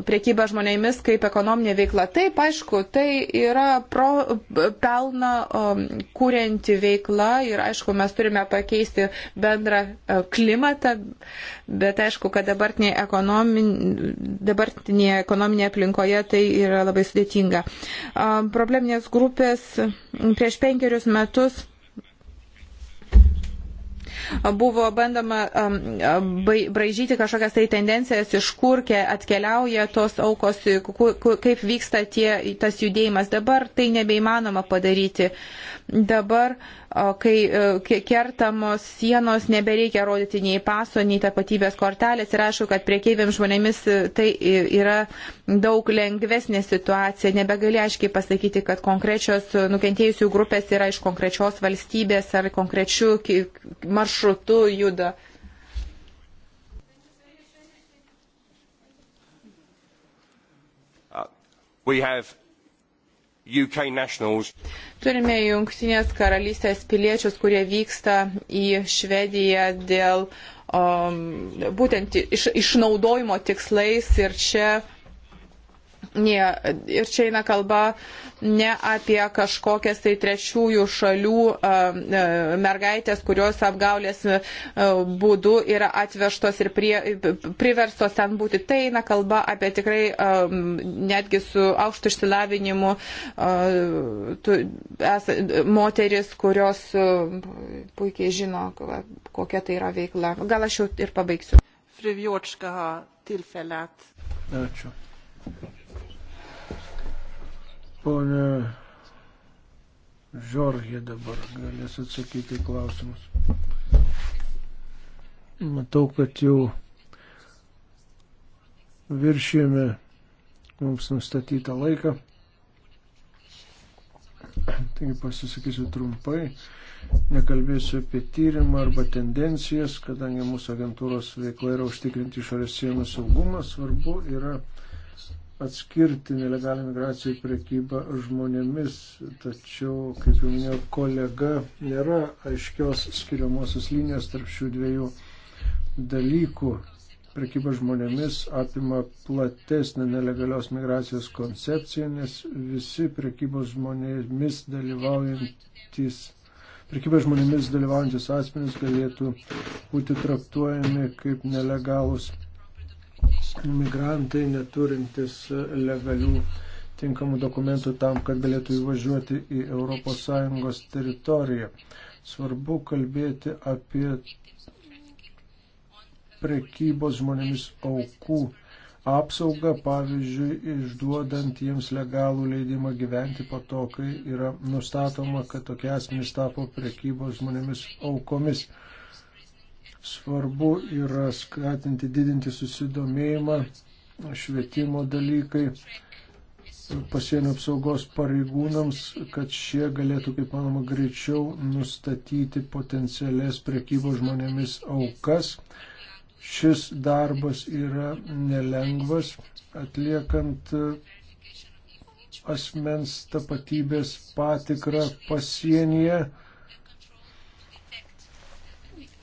[SPEAKER 4] priekyba žmonėmis kaip ekonominė veikla. Taip, aišku, tai yra pro, pelną um, kūrenti veikla ir, aišku, mes turime pakeisti bendrą uh, klimatą, bet, aišku, kad dabartinėje ekonomin, dabartinė ekonominėje aplinkoje tai yra labai sudėtinga. Um, probleminės grupės prieš penkerius metus buvo bandoma braižyti kažkokias tai tendencijas, iš kur atkeliauja tos aukos, kaip vyksta tie, tas judėjimas. Dabar tai nebeįmanoma padaryti. Dabar uh, kai e, kertamos sienos nebereikia rodyti nei paso, nei tapatybės kortelės ir aišku, kad priekeiviams žmonėmis e, tai yra daug lengvesnė situacija. Nebegali aiškiai pasakyti, kad konkrečios nukentėjusių grupės yra iš konkrečios valstybės ar konkrečių maršrutų juda.
[SPEAKER 1] Uh, we have UK nationals.
[SPEAKER 4] Turime Junktinės karalystės piliečius, kurie vyksta į Švediją dėl um, būtent iš, išnaudojimo tikslais ir čia Ir čia eina kalba ne apie kažkokias tai trečiųjų šalių e, e, mergaitės, kurios apgaulės e, būdu yra atvežtos ir prie, priverstos ten būti. Tai eina kalba apie tikrai netgi su aukštu išsilavinimu moteris, kurios puikiai žino, kokia tai yra veikla. Gal aš jau ir pabaigsiu.
[SPEAKER 1] Fru Hjort ska ha tillfälle att...
[SPEAKER 3] Ačiū. Pone Žorgė dabar galės atsakyti klausimus. Matau, kad jau viršėjome mums nustatytą laiką. Taigi pasisakysiu trumpai, nekalbėsiu apie tyrimą arba tendencijas, kadangi mūsų agentūros veikla yra užtikrinti išorės sienų saugumą, svarbu yra atskirti nelegalią migraciją ir prekybą žmonėmis, tačiau, kaip jau minėjo kolega, nėra aiškios skiriamosios linijos tarp šių dviejų dalykų. Prekyba žmonėmis apima platesnę nelegalios migracijos koncepciją, nes visi prekybos žmonėmis dalyvaujantis prekybą žmonėmis dalyvaujantis asmenys galėtų būti traktuojami kaip nelegalus migrantai neturintis legalių tinkamų dokumentų tam, kad galėtų įvažiuoti į ES teritoriją. Svarbu kalbėti apie prekybos žmonėmis aukų apsaugą, pavyzdžiui, išduodant jiems legalų leidimą gyventi po to, kai yra nustatoma, kad tokie asmenys tapo prekybos žmonėmis aukomis. Svarbu yra skatinti, didinti susidomėjimą švietimo dalykai pasienio apsaugos pareigūnams, kad šie galėtų, kaip manoma, greičiau nustatyti potencialias prekybos žmonėmis aukas. Šis darbas yra nelengvas, atliekant e, asmens tapatybės patikrą pasienyje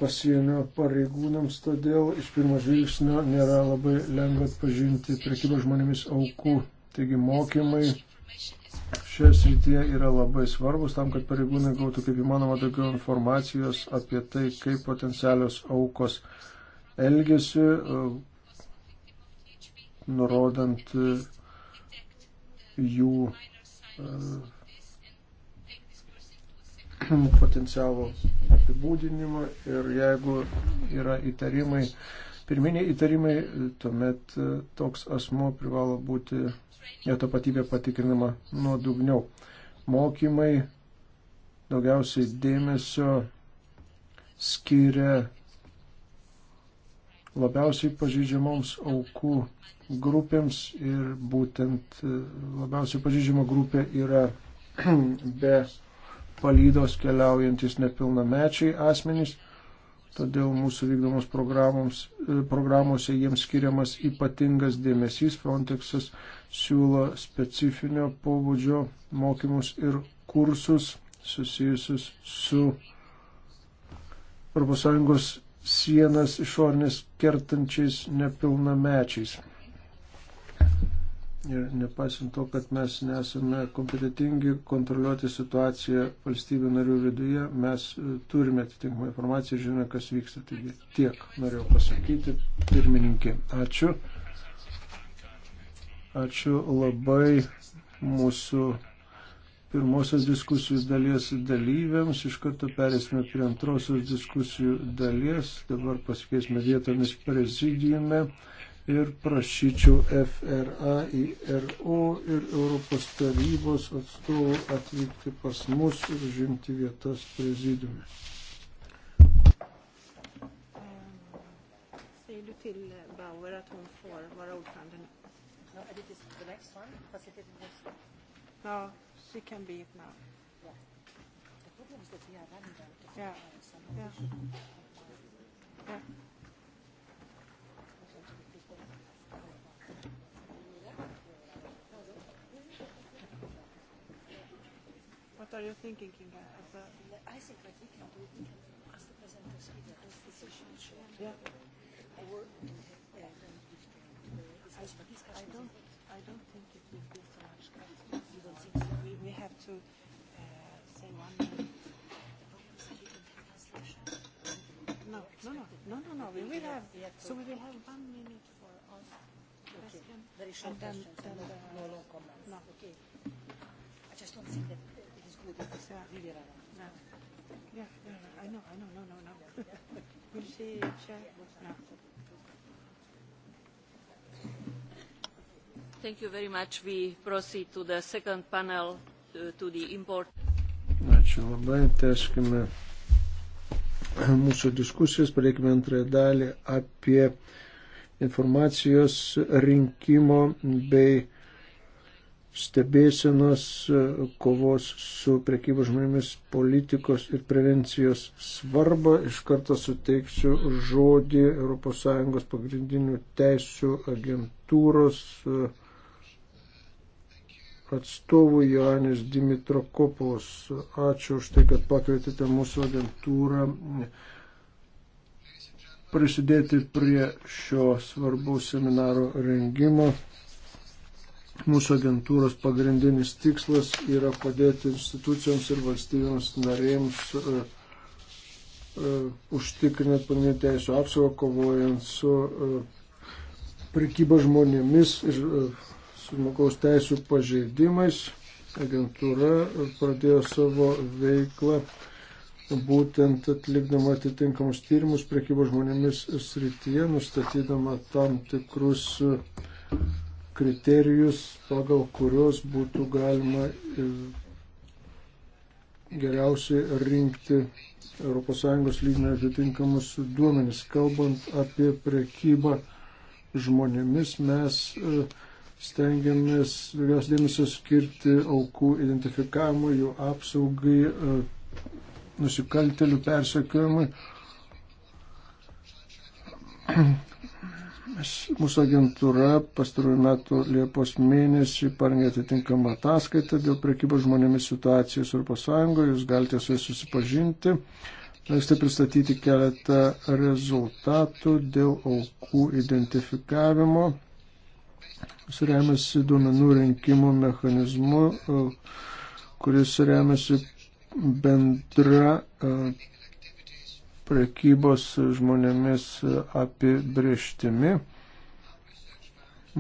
[SPEAKER 3] pasienio pareigūnams, todėl iš pirmo žvilgsnio nėra labai lengva pažinti prekybos žmonėmis aukų. Taigi mokymai šioje srityje yra labai svarbus tam, kad pareigūnai gautų kaip įmanoma daugiau informacijos apie tai, kaip potencialios aukos elgesi, nurodant e, jų e, potencialo apibūdinimą ir jeigu yra įtarimai, pirminiai įtarimai, tuomet e, toks asmo privalo būti jo tapatybė patikrinama nuodugniau. Mokymai daugiausiai dėmesio skiria labiausiai pažydžiamoms aukų grupėms ir būtent e, labiausiai pažydžiama grupė yra [CLEARS THROAT] be palydos keliaujantis nepilnamečiai asmenys, todėl mūsų vykdomos programuose e, jiems skiriamas ypatingas dėmesys. Frontexas siūlo specifinio pobūdžio mokymus ir kursus susijusius su ES sienas išornės kertančiais nepilnamečiais. Ir nepaisant to, kad mes nesame kompetitingi kontroliuoti situaciją valstybių narių viduje, mes e, turime atitinkamą informaciją ir žinome, kas vyksta. Taigi tiek norėjau pasakyti, pirmininkė. Ačiū. Ačiū labai mūsų pirmosios diskusijos dalies dalyviams. Iš karto perėsime prie antrosios diskusijų dalies. Dabar pasikeisime vietomis prezidijume ir prašyčiau FRA, IRO ir Europos tarybos atstovų atvykti pas mus ir žimti vietas prezidiume.
[SPEAKER 1] Eh, till eh, Bauer att hon får vara ordförande. No, it is the next one, because it didn't work. No, she can be it now. Yeah. The problem is that we are running out of yeah. time, so yeah. yeah. What are you thinking, Inga? Of the... I think what we can do, we can ask the presenters either as decision chair yeah. or uh, uh I, I don't. I don't think it will be so much cut. You don't think so? We, we have to uh, say one minute. No, no, no, no, no, no. We will have. So we will have one minute for us. Okay. Very short and then, questions. Then, uh, no long comments. No. Okay. I just don't think that. Uh, that it is uh, liberal. No. Yeah, yeah, I know, I know, no, no, no. Will she share? No.
[SPEAKER 2] Thank you very much. We proceed to the second panel to, uh, to the import.
[SPEAKER 3] Ačiū labai, teškime mūsų diskusijas, pradėkime antrąją dalį apie informacijos rinkimo bei stebėsenos, e, kovos su priekybos žmonėmis politikos ir prevencijos svarbą. Iš karto suteiksiu žodį ES pagrindinių teisų agentūros e, atstovų Joanis Dimitrokopos. Ačiū už tai, kad pakvietėte mūsų agentūrą prisidėti prie šio svarbaus seminaro rengimo. Mūsų agentūros pagrindinis tikslas yra padėti institucijoms ir valstybėms narėms uh, uh, užtikrinant pagrindinių teisų apsaugą, kovojant su uh, prekyba žmonėmis ir su žmogaus teisų pažeidimais. Agentūra pradėjo savo veiklą būtent atlikdama atitinkamus tyrimus prekybo žmonėmis srityje, nustatydama tam tikrus uh, kriterijus, pagal kurios būtų galima e, geriausiai rinkti ES lygmenį atitinkamus duomenys. Kalbant apie prekybą žmonėmis, mes e, stengiamės daugiausiai dėmesio skirti aukų identifikavimui, jų apsaugai, e, nusikaltelių persekiojimui. Mūsų agentūra pastarųjų metų Liepos mėnesį parengė atitinkamą ataskaitą dėl prekybos žmonėmis situacijos Europos Sąjungoje. Jūs galite su jais susipažinti. Leisite pristatyti keletą rezultatų dėl aukų identifikavimo. Suremėsi duomenų rinkimo mechanizmu, kuris suremėsi bendra prekybos žmonėmis apibrieštimi.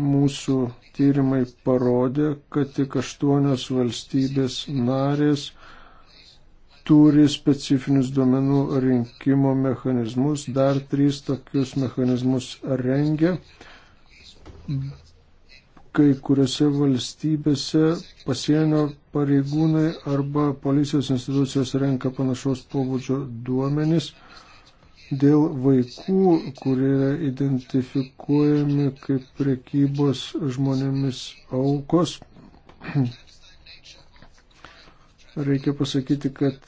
[SPEAKER 3] Mūsų tyrimai parodė, kad tik aštuonios valstybės narės turi specifinius duomenų rinkimo mechanizmus, dar trys tokius mechanizmus rengia. Kai kuriuose valstybėse pasienio pareigūnai arba policijos institucijos renka panašaus pobūdžio duomenis dėl vaikų, kurie yra identifikuojami kaip prekybos žmonėmis aukos. [CLEARS THROAT] Reikia pasakyti, kad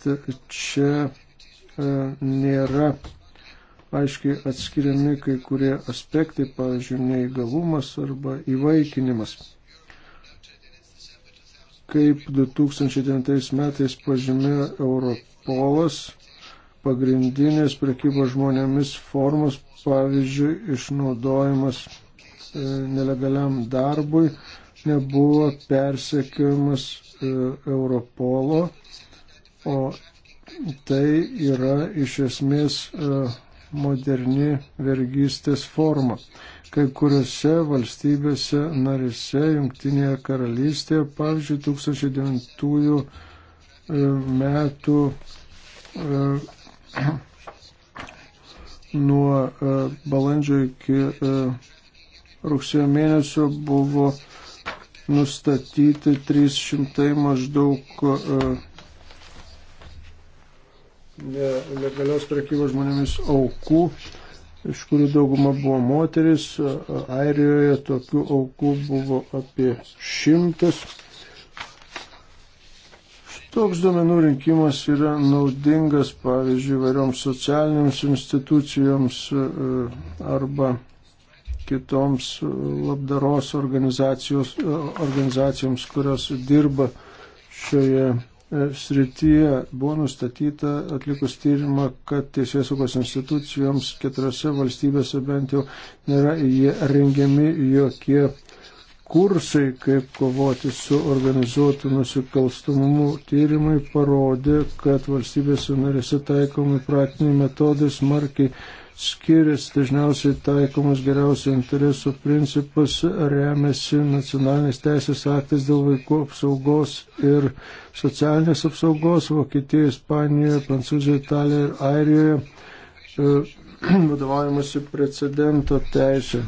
[SPEAKER 3] čia e, nėra aiškiai atskiriami kai kurie aspektai, pavyzdžiui, neįgalumas arba įvaikinimas kaip 2009 metais pažymėjo Europolas, pagrindinės prekybos žmonėmis formos, pavyzdžiui, išnaudojimas e, nelegaliam darbui nebuvo persekiamas e, Europolo, o tai yra iš esmės e, moderni vergystės forma kai kuriuose valstybėse narėse, Junktinėje karalystėje, pavyzdžiui, 2009 e, metų e, [CLEARS THROAT] nuo e, balandžio iki rugsėjo mėnesio buvo nustatyti 300 maždaug nelegalios prekybos žmonėmis aukų iš kurių dauguma buvo moteris. Airijoje tokių aukų buvo apie šimtas. Toks duomenų rinkimas yra naudingas, pavyzdžiui, varioms socialinėms institucijoms arba kitoms labdaros organizacijoms, kurios dirba šioje srityje buvo nustatyta atlikus tyrimą, kad teisės saugos institucijoms keturiose valstybėse bent jau nėra jie rengiami jokie kursai, kaip kovoti su organizuotu nusikalstumumu. Tyrimai parodė, kad valstybėse narėse taikomi praktiniai metodai smarkiai skiriasi, dažniausiai taikomas geriausių interesų principas remiasi nacionaliniais teisės aktais dėl vaikų apsaugos ir socialinės apsaugos Vokietijoje, Ispanijoje, Prancūzijoje, Italijoje ir Airijoje e, [CLEARS THROAT] vadovaujamasi precedento teisė.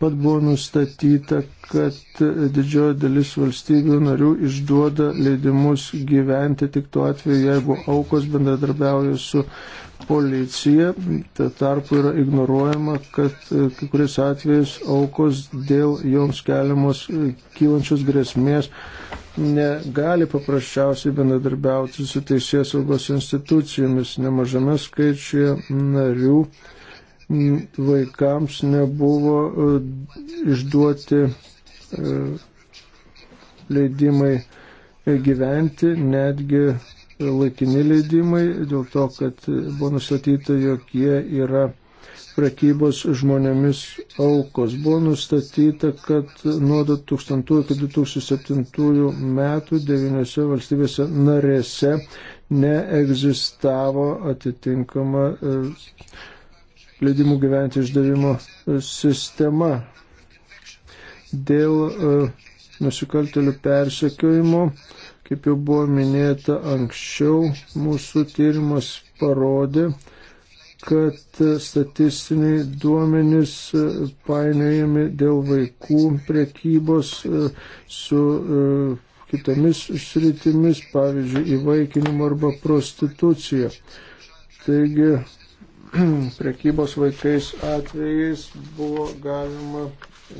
[SPEAKER 3] Pat buvo nustatyta, kad didžioji dalis valstybių narių išduoda leidimus gyventi tik tuo atveju, jeigu aukos bendradarbiauja su policija, ta tarpu yra ignoruojama, kad e, kai kuris atvejais aukos dėl joms keliamos e, kylančios grėsmės negali paprasčiausiai bendradarbiauti su teisės saugos institucijomis. Nemažame skaičiuje narių vaikams nebuvo e, išduoti leidimai gyventi, netgi laikini leidimai dėl to, kad buvo nustatyta, jog jie yra prekybos žmonėmis aukos. Buvo nustatyta, kad nuo 2000 iki 2007 metų devyniose valstybėse narėse neegzistavo atitinkama e, leidimų gyventi išdavimo e, sistema. Dėl e, nusikaltelių persekiojimo uh, Kaip jau buvo minėta anksčiau, mūsų tyrimas parodė, kad statistiniai duomenys painojami dėl vaikų priekybos e, su e, kitomis sritimis, pavyzdžiui, įvaikinimu arba prostitucija. Taigi, [CLEARS THROAT] priekybos vaikais atvejais buvo galima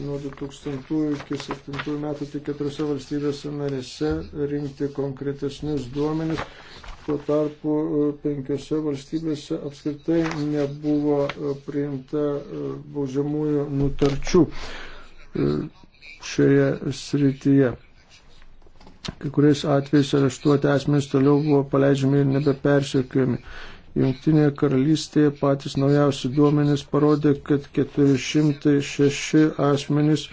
[SPEAKER 3] nuo 2000 iki 2007 metų tik keturiose valstybėse narėse rinkti konkretesnius duomenis. Tuo tarpu e, penkiose valstybėse apskritai nebuvo e, priimta e, baudžiamųjų nutarčių šioje srityje. Kai kuriais atvejais areštuoti asmenys toliau buvo paleidžiami ir nebepersiekėjami. Jungtinėje karalystėje patys naujausi duomenys parodė, kad 406 asmenys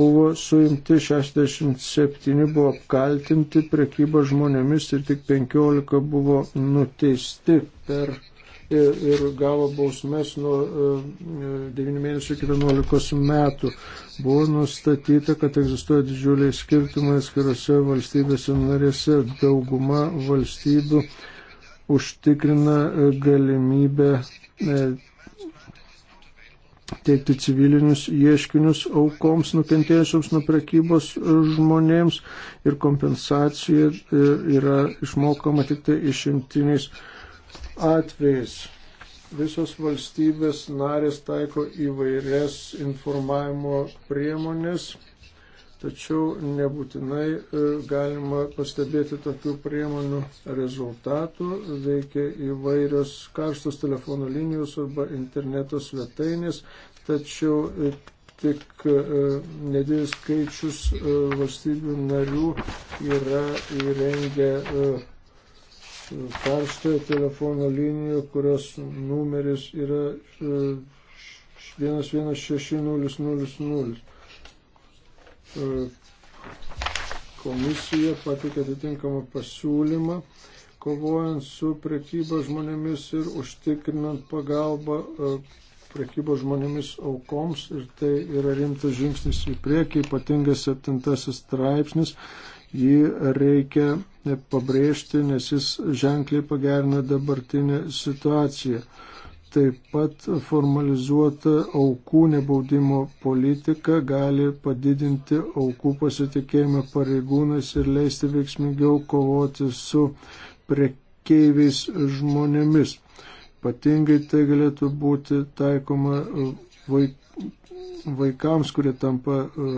[SPEAKER 3] buvo suimti, 67 buvo apkaltinti prekybą žmonėmis ir tik 15 buvo nuteisti per ir, ir gavo bausmes nuo 9 e, mėnesių iki 11 metų. Buvo nustatyta, kad egzistuoja didžiuliai skirtumai skiriose valstybėse narėse. Dauguma valstybių užtikrina e, galimybę e, teikti civilinius ieškinius aukoms nukentėjusiams nuo prekybos e, žmonėms ir kompensacija yra išmokama tik tai išimtiniais atvejais. Visos valstybės narės taiko įvairias informavimo priemonės tačiau nebūtinai e, galima pastebėti tokių priemonių rezultatų. Veikia įvairios karštos telefono linijos arba interneto svetainės, tačiau e, tik e, nedėlis skaičius valstybių narių yra įrengę karštąją telefono liniją, kurios numeris yra 11600. E, komisija patikė atitinkamą pasiūlymą, kovojant su prekyba žmonėmis ir užtikrinant pagalbą e, prekybo žmonėmis aukoms ir tai yra rimtas žingsnis į priekį, ypatingai septintasis straipsnis. Jį reikia pabrėžti, nes jis ženkliai pagerina dabartinę situaciją. Taip pat formalizuota aukų nebaudimo politika gali padidinti aukų pasitikėjimą pareigūnais ir leisti veiksmingiau kovoti su prekeiviais žmonėmis. Patingai tai galėtų būti taikoma vaik, vaikams, kurie tampa e,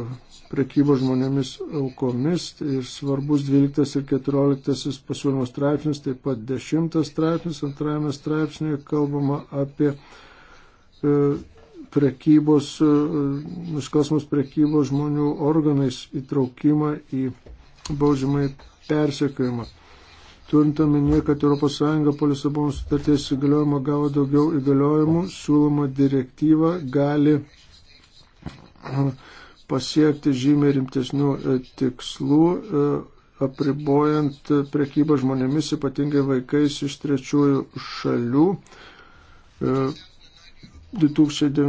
[SPEAKER 3] prekybo žmonėmis aukomis. Tai svarbus 12 ir 14 pasiūlymo straipsnis, taip pat 10 straipsnis, antrajame straipsnėje kalbama apie e, prekybos, e, nuskosmos prekybos žmonių organais įtraukimą į baudžiamai persekiojimą. Turint omenyje, kad ES po Lisabono sutarties įgaliojimo gavo daugiau įgaliojimų, siūloma direktyva gali pasiekti žymiai rimtesnių e, tikslų, e, apribojant e, prekybą žmonėmis, ypatingai vaikais iš trečiųjų šalių. 2009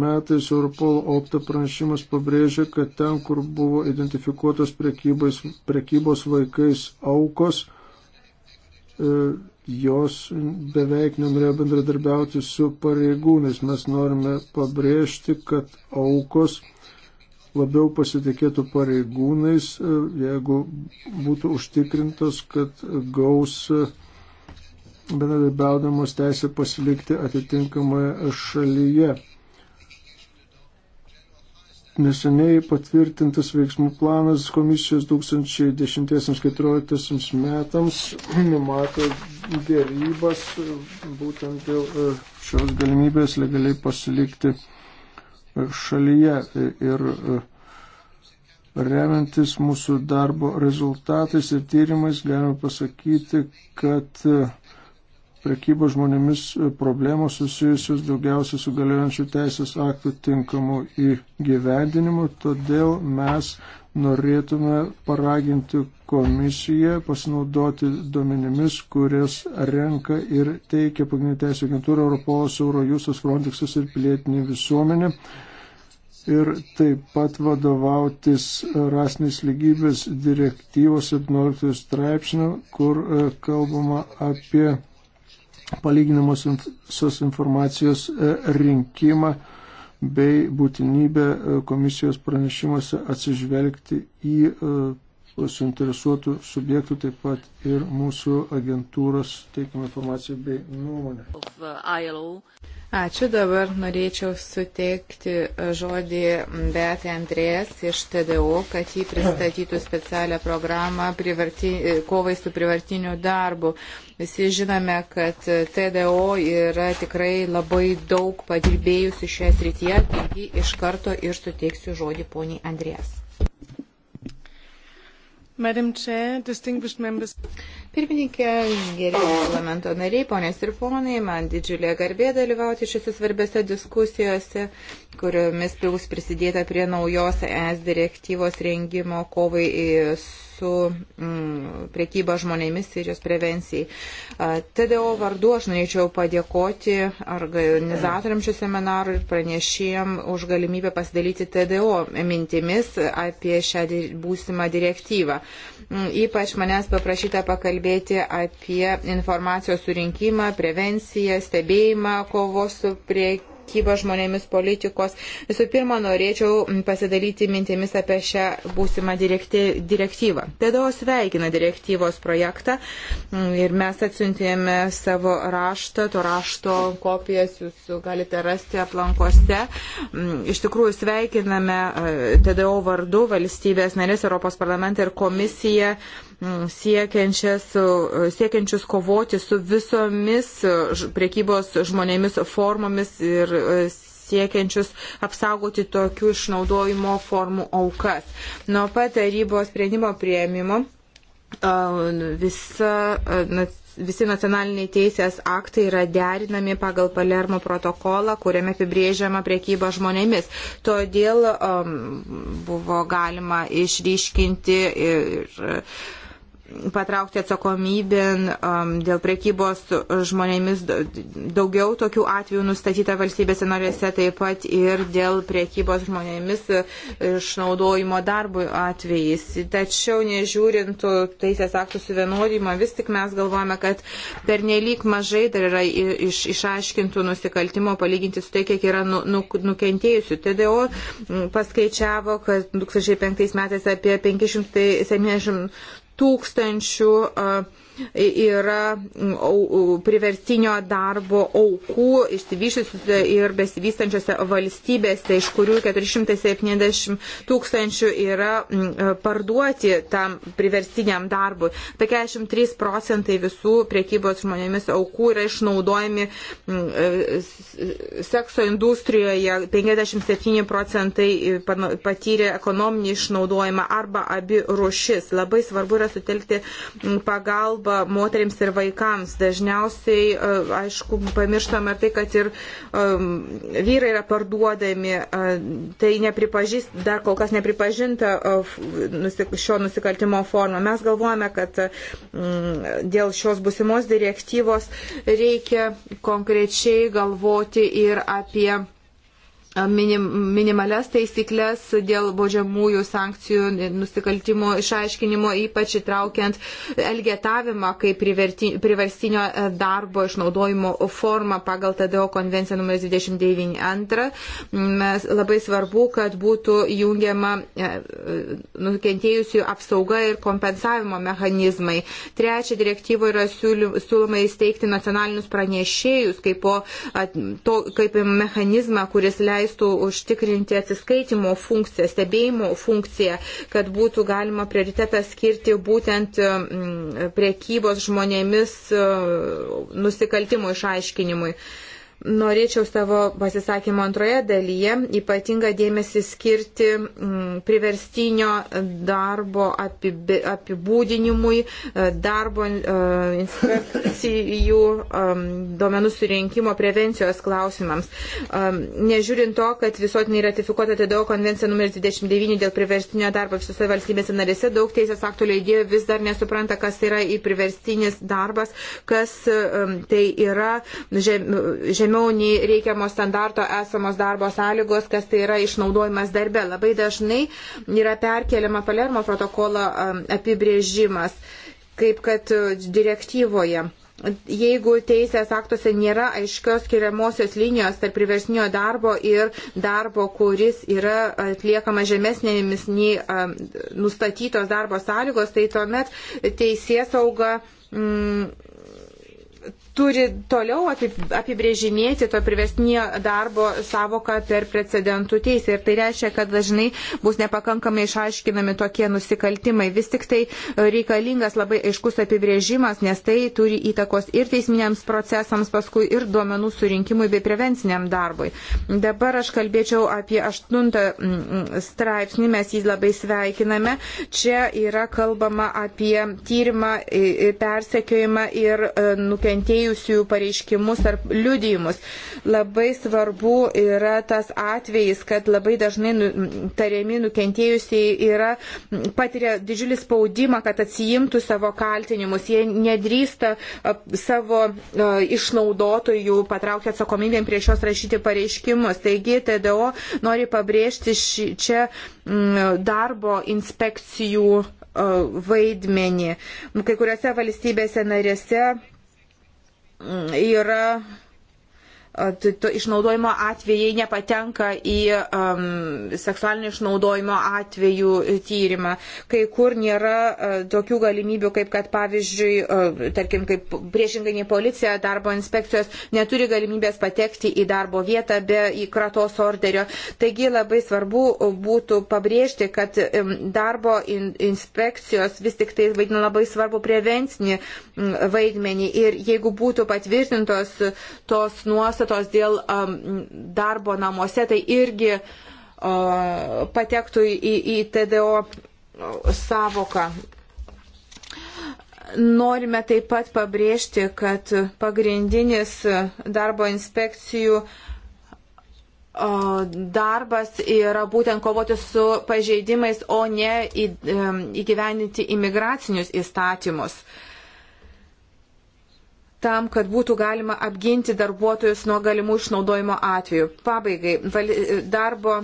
[SPEAKER 3] metais Europol opta pranešimas pabrėžė, kad ten, kur buvo identifikuotos prekybos vaikais aukos, jos beveik nenorėjo bendradarbiauti su pareigūnais. Mes norime pabrėžti, kad aukos labiau pasitikėtų pareigūnais, e, jeigu būtų užtikrintos, kad gaus bendradarbiaudamos teisę pasilikti atitinkamoje šalyje. Neseniai patvirtintas veiksmų planas komisijos 2010-2014 metams numato dėrybas būtent dėl e, šios galimybės legaliai pasilikti e, šalyje ir e, remiantis mūsų darbo rezultatais ir tyrimais galime pasakyti, kad prekybo žmonėmis problemos susijusios daugiausia su galiojančių teisės aktų tinkamu įgyvendinimu, todėl mes norėtume paraginti komisiją pasinaudoti duomenimis, kurias renka ir teikia pagrindinė teisė agentūra Europos Euro Jūsas Frontexas ir pilietinė visuomenė. Ir taip pat vadovautis rasinės lygybės direktyvos 17 straipsnio, kur e, kalbama apie palyginamosios informacijos e, rinkimą bei būtinybę e, komisijos pranešimuose atsižvelgti į e, suinteresuotų subjektų, taip pat ir mūsų agentūros teikiamą informaciją bei nuomonę.
[SPEAKER 4] Ačiū, dabar norėčiau suteikti e, žodį Beatė Andrės iš TDO, kad jį pristatytų specialią programą privarti, e, kovai su privartiniu darbu. Visi žinome, kad TDO yra tikrai labai daug padirbėjusi šioje srityje, taigi iš karto ir suteiksiu žodį poniai Andrės.
[SPEAKER 1] Madam Chair, distinguished members.
[SPEAKER 4] Pirmininkė, gerbėjai parlamento nariai, ponės ir ponai, man didžiulė garbė dalyvauti šiuose svarbiose diskusijose, kuriomis bus prisidėta prie naujos ES direktyvos rengimo kovai su mm, priekyba žmonėmis ir jos prevencijai. TDO vardu aš norėčiau padėkoti organizatoriam šio seminaro ir pranešėjam už galimybę pasidalyti TDO mintimis apie šią būsimą direktyvą. Mm, ypač manęs paprašyta pakalbėti kalbėti apie informacijos surinkimą, prevenciją, stebėjimą kovos su priekyba žmonėmis politikos. Visų pirma, norėčiau pasidalyti mintimis apie šią būsimą direktyvą. TDO sveikina direktyvos projektą ir mes atsiuntėme savo raštą, to rašto kopijas jūs galite rasti aplankose. Iš tikrųjų sveikiname e, TDO vardu valstybės narės Europos parlamentą ir komisiją Mm, siekiančius kovoti su visomis e, priekybos žmonėmis formomis ir e, siekiančius apsaugoti tokių išnaudojimo formų aukas. Nuo pat tarybos sprendimo prieimimo e, visa visi nacionaliniai teisės aktai yra derinami pagal Palermo protokolą, kuriame apibrėžiama priekyba žmonėmis. Todėl um, buvo galima išryškinti ir patraukti atsakomybėn um, dėl prekybos žmonėmis daugiau tokių atvejų nustatyta valstybėse norėse, taip pat ir dėl prekybos žmonėmis e, išnaudojimo darbui atvejais. Tačiau nežiūrint teisės aktų suvienodimą, vis tik mes galvojame, kad per nelik mažai dar yra iš, išaiškintų nusikaltimo palyginti su tai, kiek yra nu, nu, nukentėjusių. TDO mm, paskaičiavo, kad 2005 metais apie 570 tūkstančių. Uh, yra mm, priverstinio darbo aukų išsivyšusiuose ir besivystančiose valstybėse, iš kurių 470 tūkstančių yra mm, parduoti tam priverstiniam darbui. Apie 43 procentai visų priekybos žmonėmis aukų yra išnaudojami mm, e, sekso industrijoje, 57 procentai e, patyrė ekonominį išnaudojimą arba abi rušis. Labai svarbu yra sutelkti pagalbą pagalba moteriams ir vaikams. Dažniausiai, e, aišku, pamirštame tai, kad ir e, vyrai yra parduodami. E, tai dar kol kas nepripažinta šio nusikaltimo forma. Mes galvojame, kad dėl šios busimos direktyvos reikia konkrečiai galvoti ir apie minim, minimales taisyklės dėl baudžiamųjų sankcijų nusikaltimo išaiškinimo, ypač įtraukiant elgetavimą kaip priverstinio e, darbo išnaudojimo formą pagal TDO konvenciją nr. 29.2. Labai svarbu, kad būtų jungiama e, nukentėjusių apsauga ir kompensavimo mechanizmai. Trečia direktyva yra siūloma įsteigti nacionalinius pranešėjus kaip, po, to, kaip mechanizmą, kuris leis leistų užtikrinti atsiskaitimo funkciją, stebėjimo funkciją, kad būtų galima prioritetą skirti būtent priekybos žmonėmis nusikaltimo išaiškinimui. Norėčiau savo pasisakymo antroje dalyje ypatingą dėmesį skirti mm, priverstinio darbo apibūdinimui, e, darbo e, inspekcijų e, duomenų surinkimo prevencijos klausimams. Nežiūrint to, kad visuotinai ratifikuota TDO konvencija numeris 29 dėl priverstinio darbo visose valstybėse narėse, daug teisės aktų leidėjų vis dar nesupranta, kas yra į priverstinis darbas, kas tai yra žemė žemiau nei reikiamo standarto esamos darbo sąlygos, kas tai yra išnaudojimas darbe. Labai dažnai yra perkeliama Palermo protokolo um, apibrėžimas, kaip kad uh, direktyvoje jeigu teisės aktuose nėra aiškios skiriamosios linijos tarp priversnio darbo ir darbo, kuris yra atliekama žemesnėmis nei um, nustatytos darbo sąlygos, tai tuomet teisės auga. Mm, turi toliau apibrėžinėti to priversnio darbo savoką per precedentų teisę. Ir tai reiškia, kad dažnai bus nepakankamai išaiškinami tokie nusikaltimai. Vis tik tai e, reikalingas labai aiškus apibrėžimas, nes tai turi įtakos ir teisminiams procesams, paskui ir duomenų surinkimui bei prevenciniam darbui. Dabar aš kalbėčiau apie aštuntą straipsnį, mes jį labai sveikiname. Čia yra kalbama apie tyrimą, persekiojimą ir e, nukentėjimą nukentėjusiųjų pareiškimus ar liudijimus. Labai svarbu yra tas atvejis, kad labai dažnai nu, tariami nukentėjusiai yra patiria didžiulį spaudimą, kad atsijimtų savo kaltinimus. Jie nedrįsta savo išnaudotojų patraukti atsakomybėm prieš juos rašyti pareiškimus. Taigi TDO nori pabrėžti ši, čia mm, darbo inspekcijų vaidmenį. Kai kuriuose valstybėse narėse yra išnaudojimo atvejai nepatenka į um, seksualinio išnaudojimo atvejų tyrimą. Kai kur nėra uh, tokių galimybių, kaip kad pavyzdžiui, uh, tarkim, kaip priešingai nei policija, darbo inspekcijos neturi galimybės patekti į darbo vietą be įkratos orderio. Taigi labai svarbu būtų pabrėžti, kad um, darbo in, inspekcijos vis tik tai vaidina labai svarbu prevencinį um, vaidmenį. Ir jeigu būtų patvirtintos tos nuostatos, nuostatos dėl darbo namuose, tai irgi patektų į, į TDO savoką. Norime taip pat pabrėžti, kad pagrindinis darbo inspekcijų darbas yra būtent kovoti su pažeidimais, o ne įgyveninti imigracinius įstatymus. Uh, tam, kad būtų galima apginti darbuotojus nuo galimų išnaudojimo atvejų. Pabaigai, darbo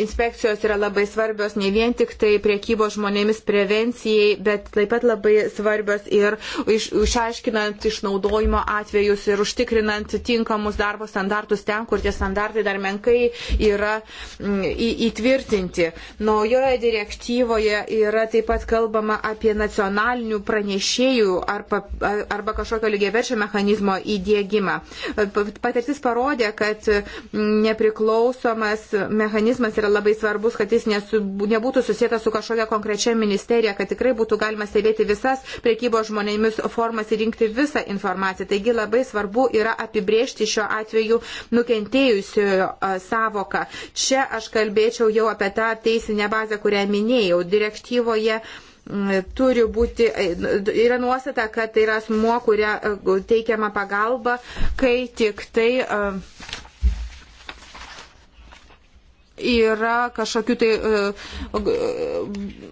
[SPEAKER 4] inspekcijos yra labai svarbios ne vien tik tai priekybos žmonėmis prevencijai, bet taip pat labai svarbios ir iš, išaiškinant išnaudojimo atvejus ir užtikrinant tinkamus darbo standartus ten, kur tie standartai dar menkai yra mm, į, įtvirtinti. Naujoje direktyvoje yra taip pat kalbama apie nacionalinių pranešėjų arba, arba kažkokio lygiai verčio šio mechanizmo įdėgymą. Patirtis parodė, kad nepriklausomas mechanizmas yra labai svarbus, kad jis nesu, nebūtų susijęs su kažkokia konkrečia ministerija, kad tikrai būtų galima stebėti visas priekybos žmonėmis formas ir rinkti visą informaciją. Taigi labai svarbu yra apibriežti šiuo atveju nukentėjusiojo savoką. Čia aš kalbėčiau jau apie tą teisinę bazę, kurią minėjau. Direktyvoje uh, turi būti, yra nuostata, kad tai yra asmuo, kuria e, teikiama pagalba, kai tik tai e, yra kažkokiu tai e,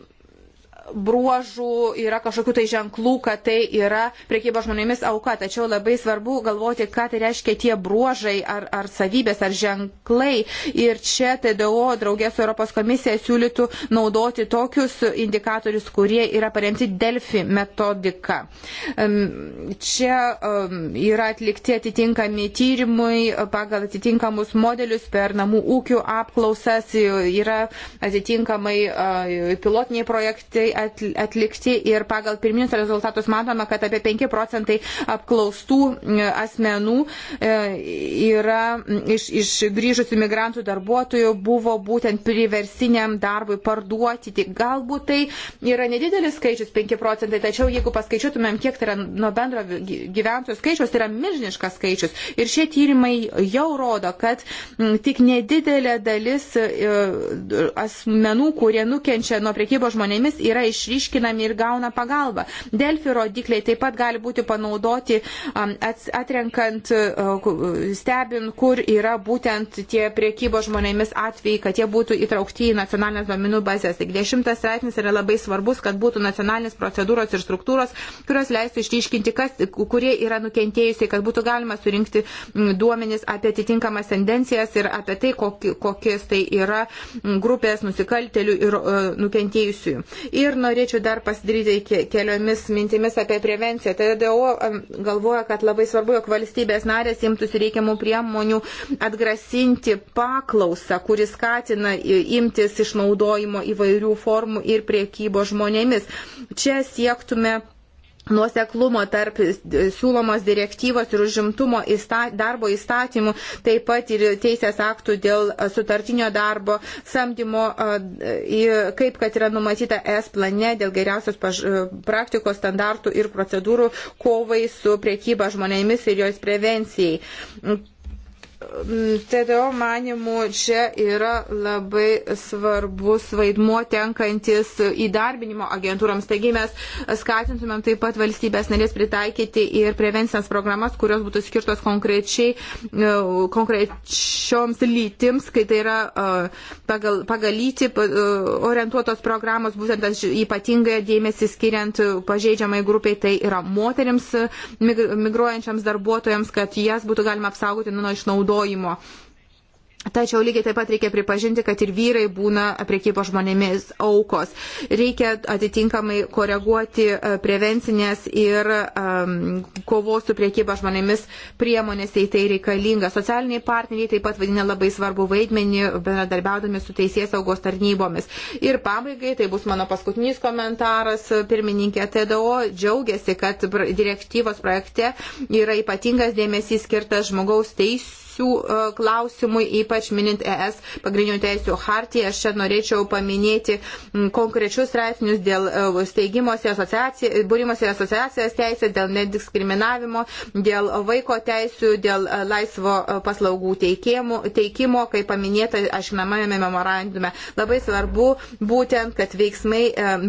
[SPEAKER 4] bruožų, yra kažkokių tai ženklų, kad tai yra priekyba žmonėmis auka. Tačiau labai svarbu galvoti, ką tai reiškia tie bruožai ar, ar savybės ar ženklai. Ir čia TDO draugė su Europos komisija siūlytų naudoti tokius indikatorius, kurie yra paremti Delfi metodika. Čia yra atlikti atitinkami tyrimai pagal atitinkamus modelius per namų ūkių apklausas, yra atitinkamai pilotiniai projektai atlikti ir pagal pirminius rezultatus matoma, kad apie 5 procentai apklaustų asmenų e, yra iš, iš grįžusių migrantų darbuotojų buvo būtent priversiniam darbui parduoti. Tik galbūt tai yra nedidelis skaičius 5 procentai, tačiau jeigu paskaičiuotumėm, kiek tai yra nuo bendro gyventojų skaičiaus, tai yra milžiniškas skaičius. Ir šie tyrimai jau rodo, kad tik nedidelė dalis e, asmenų, kurie nukenčia nuo priekybos žmonėmis, yra išryškinami ir gauna pagalbą. Delfi rodikliai taip pat gali būti panaudoti um, atrenkant, uh, stebint, kur yra būtent tie priekybo žmonėmis atvejai, kad jie būtų įtraukti į nacionalinės duomenų bazės. Taigi dešimtas straipsnis yra labai svarbus, kad būtų nacionalinės procedūros ir struktūros, kurios leistų išryškinti, kas, kurie yra nukentėjusiai, kad būtų galima surinkti duomenis apie atitinkamas tendencijas ir apie tai, kokie, kokias tai yra grupės nusikaltelių ir nukentėjusiųjų. Ir norėčiau dar pasidaryti keliomis mintimis apie prevenciją. TDO galvoja, kad labai svarbu, jog valstybės narės imtųsi reikiamų priemonių atgrasinti paklausą, kuris skatina imtis išnaudojimo įvairių formų ir priekybo žmonėmis. Čia siektume nuoseklumo tarp siūlomos direktyvos ir užimtumo įsta, darbo įstatymų, taip pat ir teisės aktų dėl sutartinio darbo samdymo, kaip kad yra numatyta S plane dėl geriausios paž... praktikos standartų ir procedūrų kovai su priekyba žmonėmis ir jos prevencijai. TDO manimų čia yra labai svarbus vaidmuo tenkantis įdarbinimo agentūrams. Taigi mes skatintumėm taip pat valstybės narės pritaikyti ir prevencinės programas, kurios būtų skirtos konkrečiai, e, konkrečioms lytims, kai tai yra e, pagal, pagal lytį e, orientuotos programos, būtent ypatingai dėmesį skiriant pažeidžiamai grupiai, tai yra moteriams migruojančiams darbuotojams, kad jas būtų galima apsaugoti nuo išnaudojimo naudojimo. Tačiau lygiai taip pat reikia pripažinti, kad ir vyrai būna priekybo žmonėmis aukos. Reikia atitinkamai koreguoti e, prevencinės ir um, kovos su priekybo žmonėmis priemonės, jei tai reikalinga. Socialiniai partneriai taip pat vadina labai svarbu vaidmenį, bendradarbiaudami su teisės saugos tarnybomis. Ir pabaigai, tai bus mano paskutinis komentaras, e, pirmininkė TDO džiaugiasi, kad direktyvos projekte yra ypatingas dėmesys skirtas žmogaus teisų teisių e, klausimui, ypač minint ES pagrindinių teisių hartiją. Aš čia norėčiau paminėti konkrečius straipsnius dėl e, steigimosi asociacijos, būrimosi asociacijos teisės, dėl nediskriminavimo, dėl vaiko teisių, dėl e, laisvo paslaugų teikimo, teikimo kaip paminėta ašinamajame memorandume. Labai svarbu būtent, kad veiksmai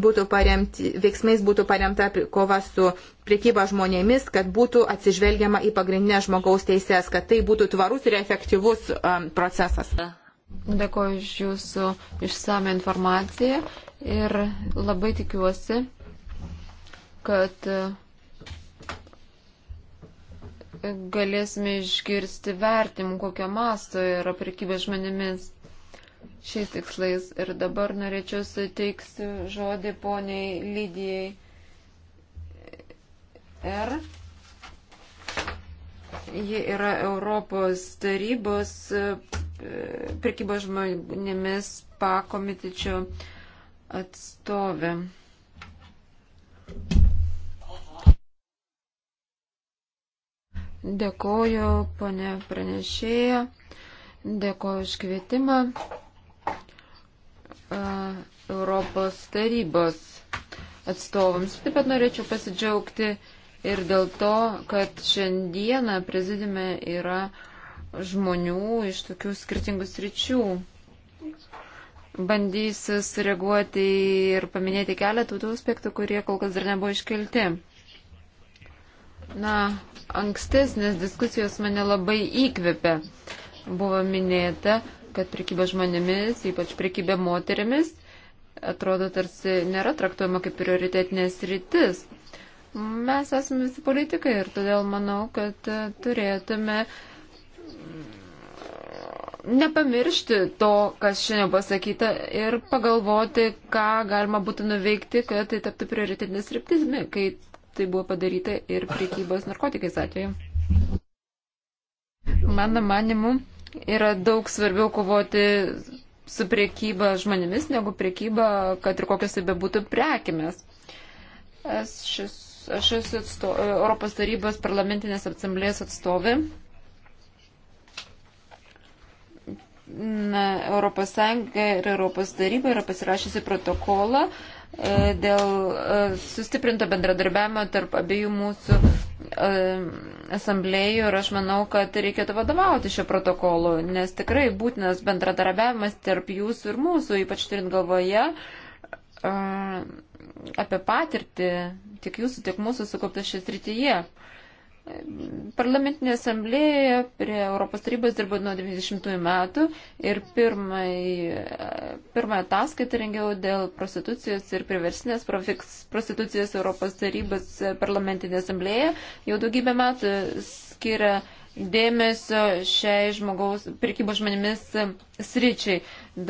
[SPEAKER 4] būtų paremti, veiksmais būtų paremta kova su priekybą žmonėmis, kad būtų atsižvelgiama į pagrindinę žmogaus teises, kad tai būtų tvarus ir efektyvus um, procesas.
[SPEAKER 2] Dėkuoju iš jūsų išsame informaciją ir labai tikiuosi, kad uh, galėsime išgirsti vertimų, kokio masto yra prekybė žmonėmis šiais tikslais. Ir dabar norėčiau suteikti žodį poniai Lydijai ECR. Ji yra Europos tarybos e, prekybos žmonėmis pakomitečio atstovė. Dėkoju, ponė pranešėja. Dėkoju už kvietimą. E, Europos tarybos atstovams. Taip pat norėčiau pasidžiaugti ir dėl to, kad šiandieną prezidime yra žmonių iš tokių skirtingų sričių. Bandysiu sureaguoti ir paminėti keletą tų aspektų, kurie kol kas dar nebuvo iškelti. Na, ankstesnės diskusijos mane labai įkvėpė. Buvo minėta, kad prekyba žmonėmis, ypač prekyba moterimis, atrodo tarsi nėra traktuojama kaip prioritetinės rytis. Mes esame visi politikai ir todėl manau, kad e, turėtume mm, nepamiršti to, kas šiandien pasakyta ir pagalvoti, ką galima būtų nuveikti, kad tai taptų prioritetinis ryptizmi, kai tai buvo padaryta ir priekybos narkotikais atveju. Mano manimu, yra daug svarbiau kovoti su priekyba žmonėmis, negu priekyba, kad ir kokios tai bebūtų prekimės. Aš šis Aš esu atsto, e, Europos tarybos parlamentinės asamblės atstovė. Na, Europos Sąjunga ir Europos taryba yra pasirašysi protokolą e, dėl e, sustiprinto bendradarbiavimo tarp abiejų mūsų asamblėjų ir aš manau, kad reikėtų vadovauti šio protokolu, nes tikrai būtinas bendradarbiavimas tarp jūsų ir mūsų, ypač turint galvoje apie patirtį tiek jūsų, tiek mūsų sukaupta šis rytyje. Parlamentinė asamblėje prie Europos tarybos dirbo nuo 90 metų ir pirmąją ataskaitą rengiau dėl prostitucijos ir priversinės prostitucijos Europos tarybos parlamentinė asamblėje. Jau daugybę metų skiria dėmesio šiai žmogaus pirkybos žmonėmis sričiai.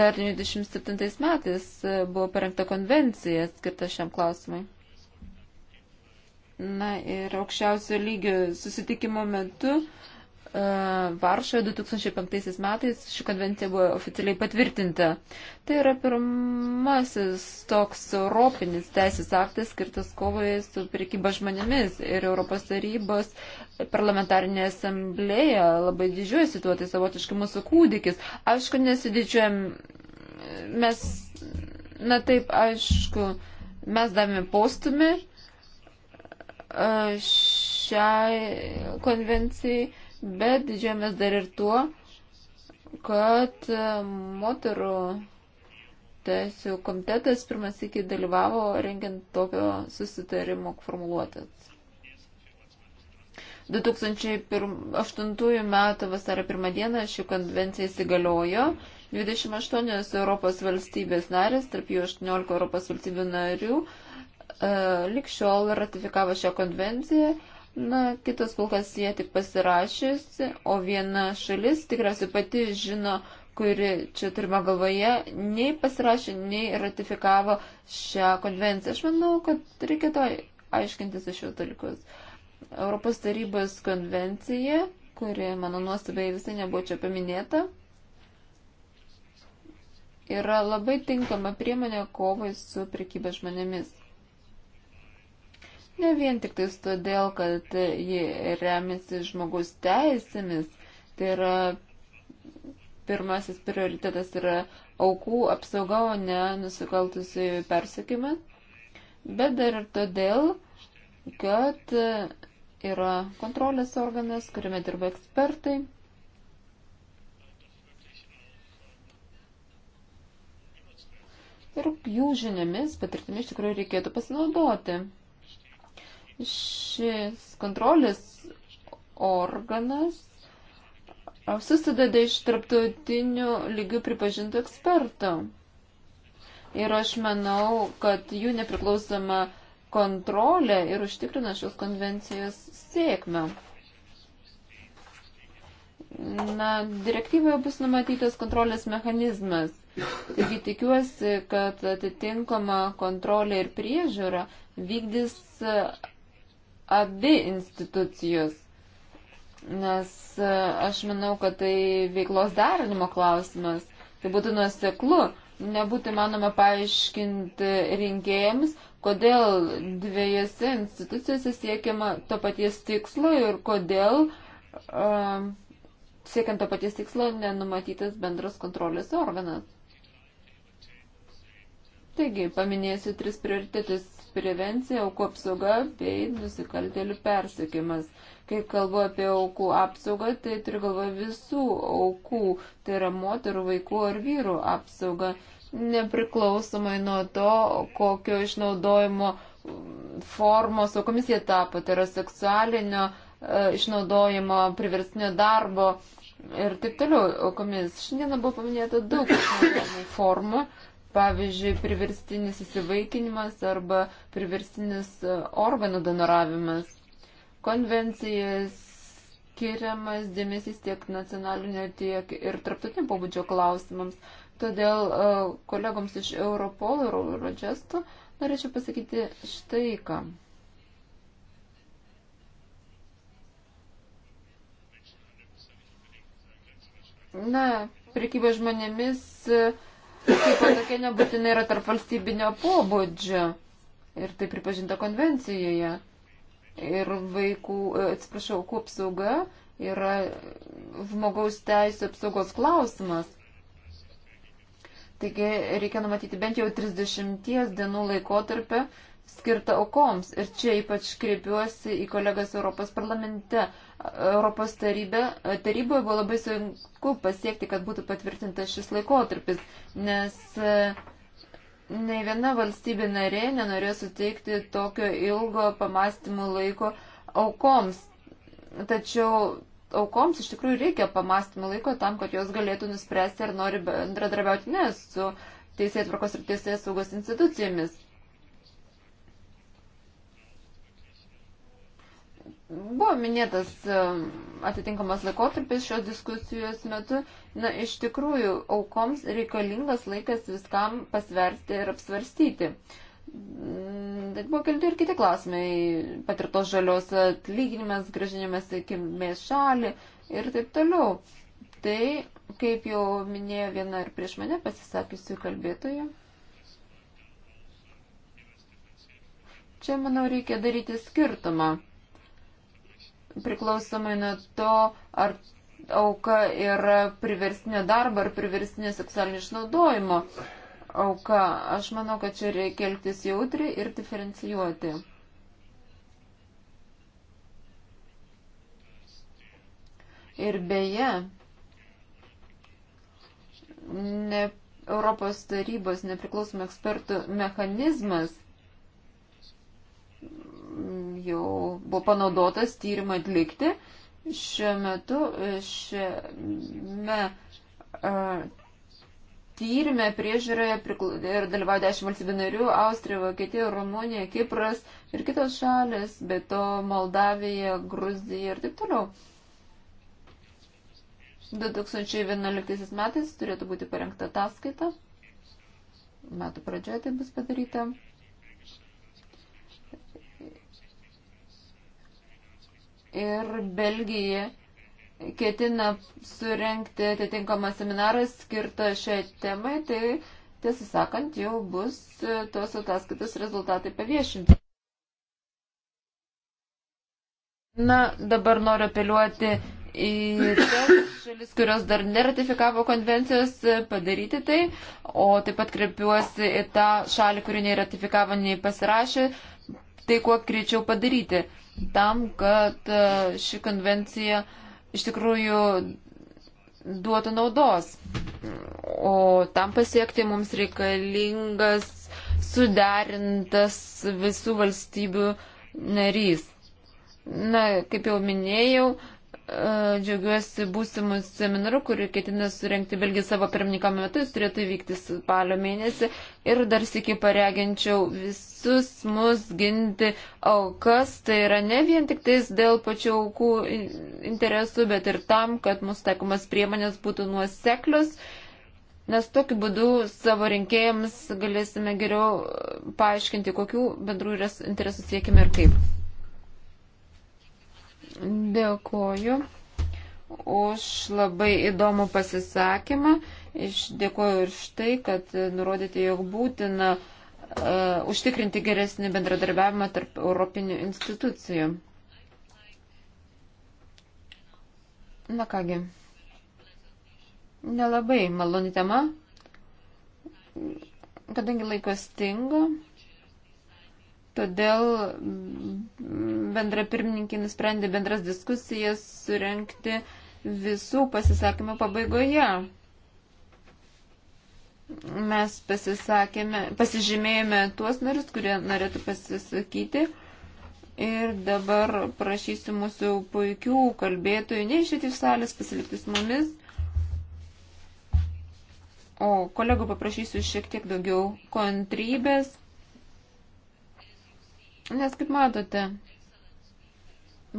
[SPEAKER 2] Dar 97 metais buvo parengta konvencija skirta šiam klausimui. Na ir aukščiausio lygio susitikimo metu e, Varšoje 2005 metais ši konvencija buvo oficialiai patvirtinta. Tai yra pirmasis toks europinis teisės aktas skirtas kovoje su priekyba žmonėmis ir Europos tarybos parlamentarinė asamblėja labai didžiuojasi tuo, tai savotiškai mūsų kūdikis. Aišku, nesididžiuojam, mes, na taip, aišku, mes davėme postumį šiai konvencijai, bet didžiuojamės dar ir tuo, kad moterų teisų komitetas pirmas iki dalyvavo rengiant tokio susitarimo formuluotės. 2008 m. vasario 1 d. ši konvencija įsigaliojo. 28 Europos valstybės narės, tarp jų 18 Europos valstybių narių, E, likščiol ratifikavo šią konvenciją, na, kitos kol kas jie tik pasirašysi, o viena šalis tikriausiai pati žino, kuri čia turima galvoje, nei pasirašė, nei ratifikavo šią konvenciją. Aš manau, kad reikia to aiškintis iš šios dalykus. Europos tarybos konvencija, kuri, mano nuostabai, visai nebuvo čia paminėta, yra labai tinkama priemonė kovai su prekyba žmonėmis. Ne vien tik tais todėl, kad ji remiasi žmogus teisėmis, tai yra pirmasis prioritetas yra aukų apsauga, o ne nusikaltusi persekimas, bet dar ir todėl, kad yra kontrolės organas, kuriame dirba ekspertai. Ir jų žiniomis, patirtimi iš tikrųjų reikėtų pasinaudoti. Šis kontrolės organas susideda iš tarptautinių lygių pripažintų ekspertų. Ir aš manau, kad jų nepriklausoma kontrolė ir užtikrina šios konvencijos sėkmę. Na, direktyvoje bus numatytas kontrolės mechanizmas. Taigi tikiuosi, kad atitinkama kontrolė ir priežiūra vykdys abi institucijos. Nes e, aš manau, kad tai veiklos derinimo klausimas. Tai būtų nuoseklu. Nebūtų manoma paaiškinti rinkėjams, kodėl dviejose institucijose siekiama to paties tikslo ir kodėl uh, siekiant to paties tikslo nenumatytas bendras kontrolės organas. Taigi, paminėsiu tris prioritetus prevencija, aukų apsauga bei nusikaltelių persekimas. Kai kalbu apie aukų apsaugą, tai turiu galvoje visų aukų, tai yra moterų, vaikų ar vyrų apsauga, nepriklausomai nuo to, kokio išnaudojimo mm, formos aukomis jie tapo, tai yra seksualinio e, išnaudojimo, priverstinio darbo ir taip toliau aukomis. Šiandieną buvo paminėta daug formų, pavyzdžiui, priverstinis įsivaikinimas arba priverstinis e, organų donoravimas. Konvencijas skiriamas dėmesys tiek nacionalinio, tiek ir traptautinio pobūdžio klausimams. Todėl e, kolegoms iš Europol ir Eurojusto norėčiau pasakyti štai ką. Na, prekyba žmonėmis uh, kaip tokia nebūtinai yra tarp valstybinio pobūdžio ir tai pripažinta konvencijoje. Ir vaikų, e, atsiprašau, aukų apsauga yra žmogaus teisų apsaugos klausimas. Taigi reikia numatyti bent jau 30 dienų laikotarpę skirtą aukoms. Ir čia ypač kreipiuosi į kolegas Europos parlamente. Europos tarybe, taryboje buvo labai sunku pasiekti, kad būtų patvirtintas šis laikotarpis, nes e, nei viena valstybė narė nenorėjo suteikti tokio ilgo pamastymų laiko aukoms. Tačiau aukoms iš tikrųjų reikia pamastymų laiko tam, kad jos galėtų nuspręsti, ar nori bendradarbiauti ne su teisėtvarkos ir teisės saugos institucijomis. Buvo minėtas atitinkamas laikotarpis šios diskusijos metu. Na, iš tikrųjų, aukoms reikalingas laikas viskam pasversti ir apsvarstyti. Mm, bet buvo kelti ir kiti klausimai, patirtos žalios atlyginimas, gražinimas į kilmės šalį ir taip toliau. Tai, kaip jau minėjo viena ir prieš mane pasisakysiu kalbėtoju, čia, manau, reikia daryti skirtumą priklausomai nuo to, ar auka yra priverstinio darbo ar priverstinio seksualinio išnaudojimo auka. Aš manau, kad čia reikia elgtis jautriai ir diferencijuoti. Ir beje, ne, Europos tarybos nepriklausomų ekspertų mechanizmas jau buvo panaudotas tyrimą atlikti. Šiuo metu šiame tyrimė priežiūroje ir dalyvauja 10 valstybių narių - Austrija, Vokietija, Rumunija, Kipras ir kitos šalis, bet to Moldavija, Gruzija ir taip toliau. 2011 metais turėtų būti parengta ataskaita. Metų pradžioje tai bus padaryta. ir Belgija ketina surenkti atitinkamą seminarą skirtą šiai temai, tai tiesą sakant, jau bus tos ataskaitos rezultatai paviešinti. Na, dabar noriu apeliuoti į tas šalis, kurios dar neratifikavo konvencijos, padaryti tai, o taip pat kreipiuosi į tą šalį, kuri nei ratifikavo, nei pasirašė, tai kuo greičiau padaryti tam, kad e, ši konvencija iš tikrųjų duotų naudos. O tam pasiekti mums reikalingas suderintas visų valstybių narys. Na, kaip jau minėjau, E, džiaugiuosi būsimų seminarų, kurį ketina surenkti Belgija savo pirmininkamo metu, jis turėtų įvykti spalio mėnesį. Ir dar sėki pareginčiau visus mus ginti aukas, tai yra ne vien tik tais dėl pačių aukų interesų, bet ir tam, kad mūsų taikomas priemonės būtų nuoseklius. Nes tokiu būdu savo rinkėjams galėsime geriau e, paaiškinti, kokių bendrų interesų siekime ir kaip. Dėkoju už labai įdomų pasisakymą. Dėkoju ir štai, kad nurodėte, jog būtina uh, užtikrinti geresnį bendradarbiavimą tarp europinių institucijų. Na kągi, nelabai maloni tema, kadangi laiko stingo. Todėl mm, bendra pirmininkai nusprendė bendras diskusijas surenkti visų pasisakymų pabaigoje. Mes pasisakėme, pasižymėjome tuos narius, kurie norėtų pasisakyti. Ir dabar prašysiu mūsų puikių kalbėtojų neišėti iš salės, pasilikti su mumis. O kolegų paprašysiu šiek tiek daugiau kontrybės Nes, kaip matote,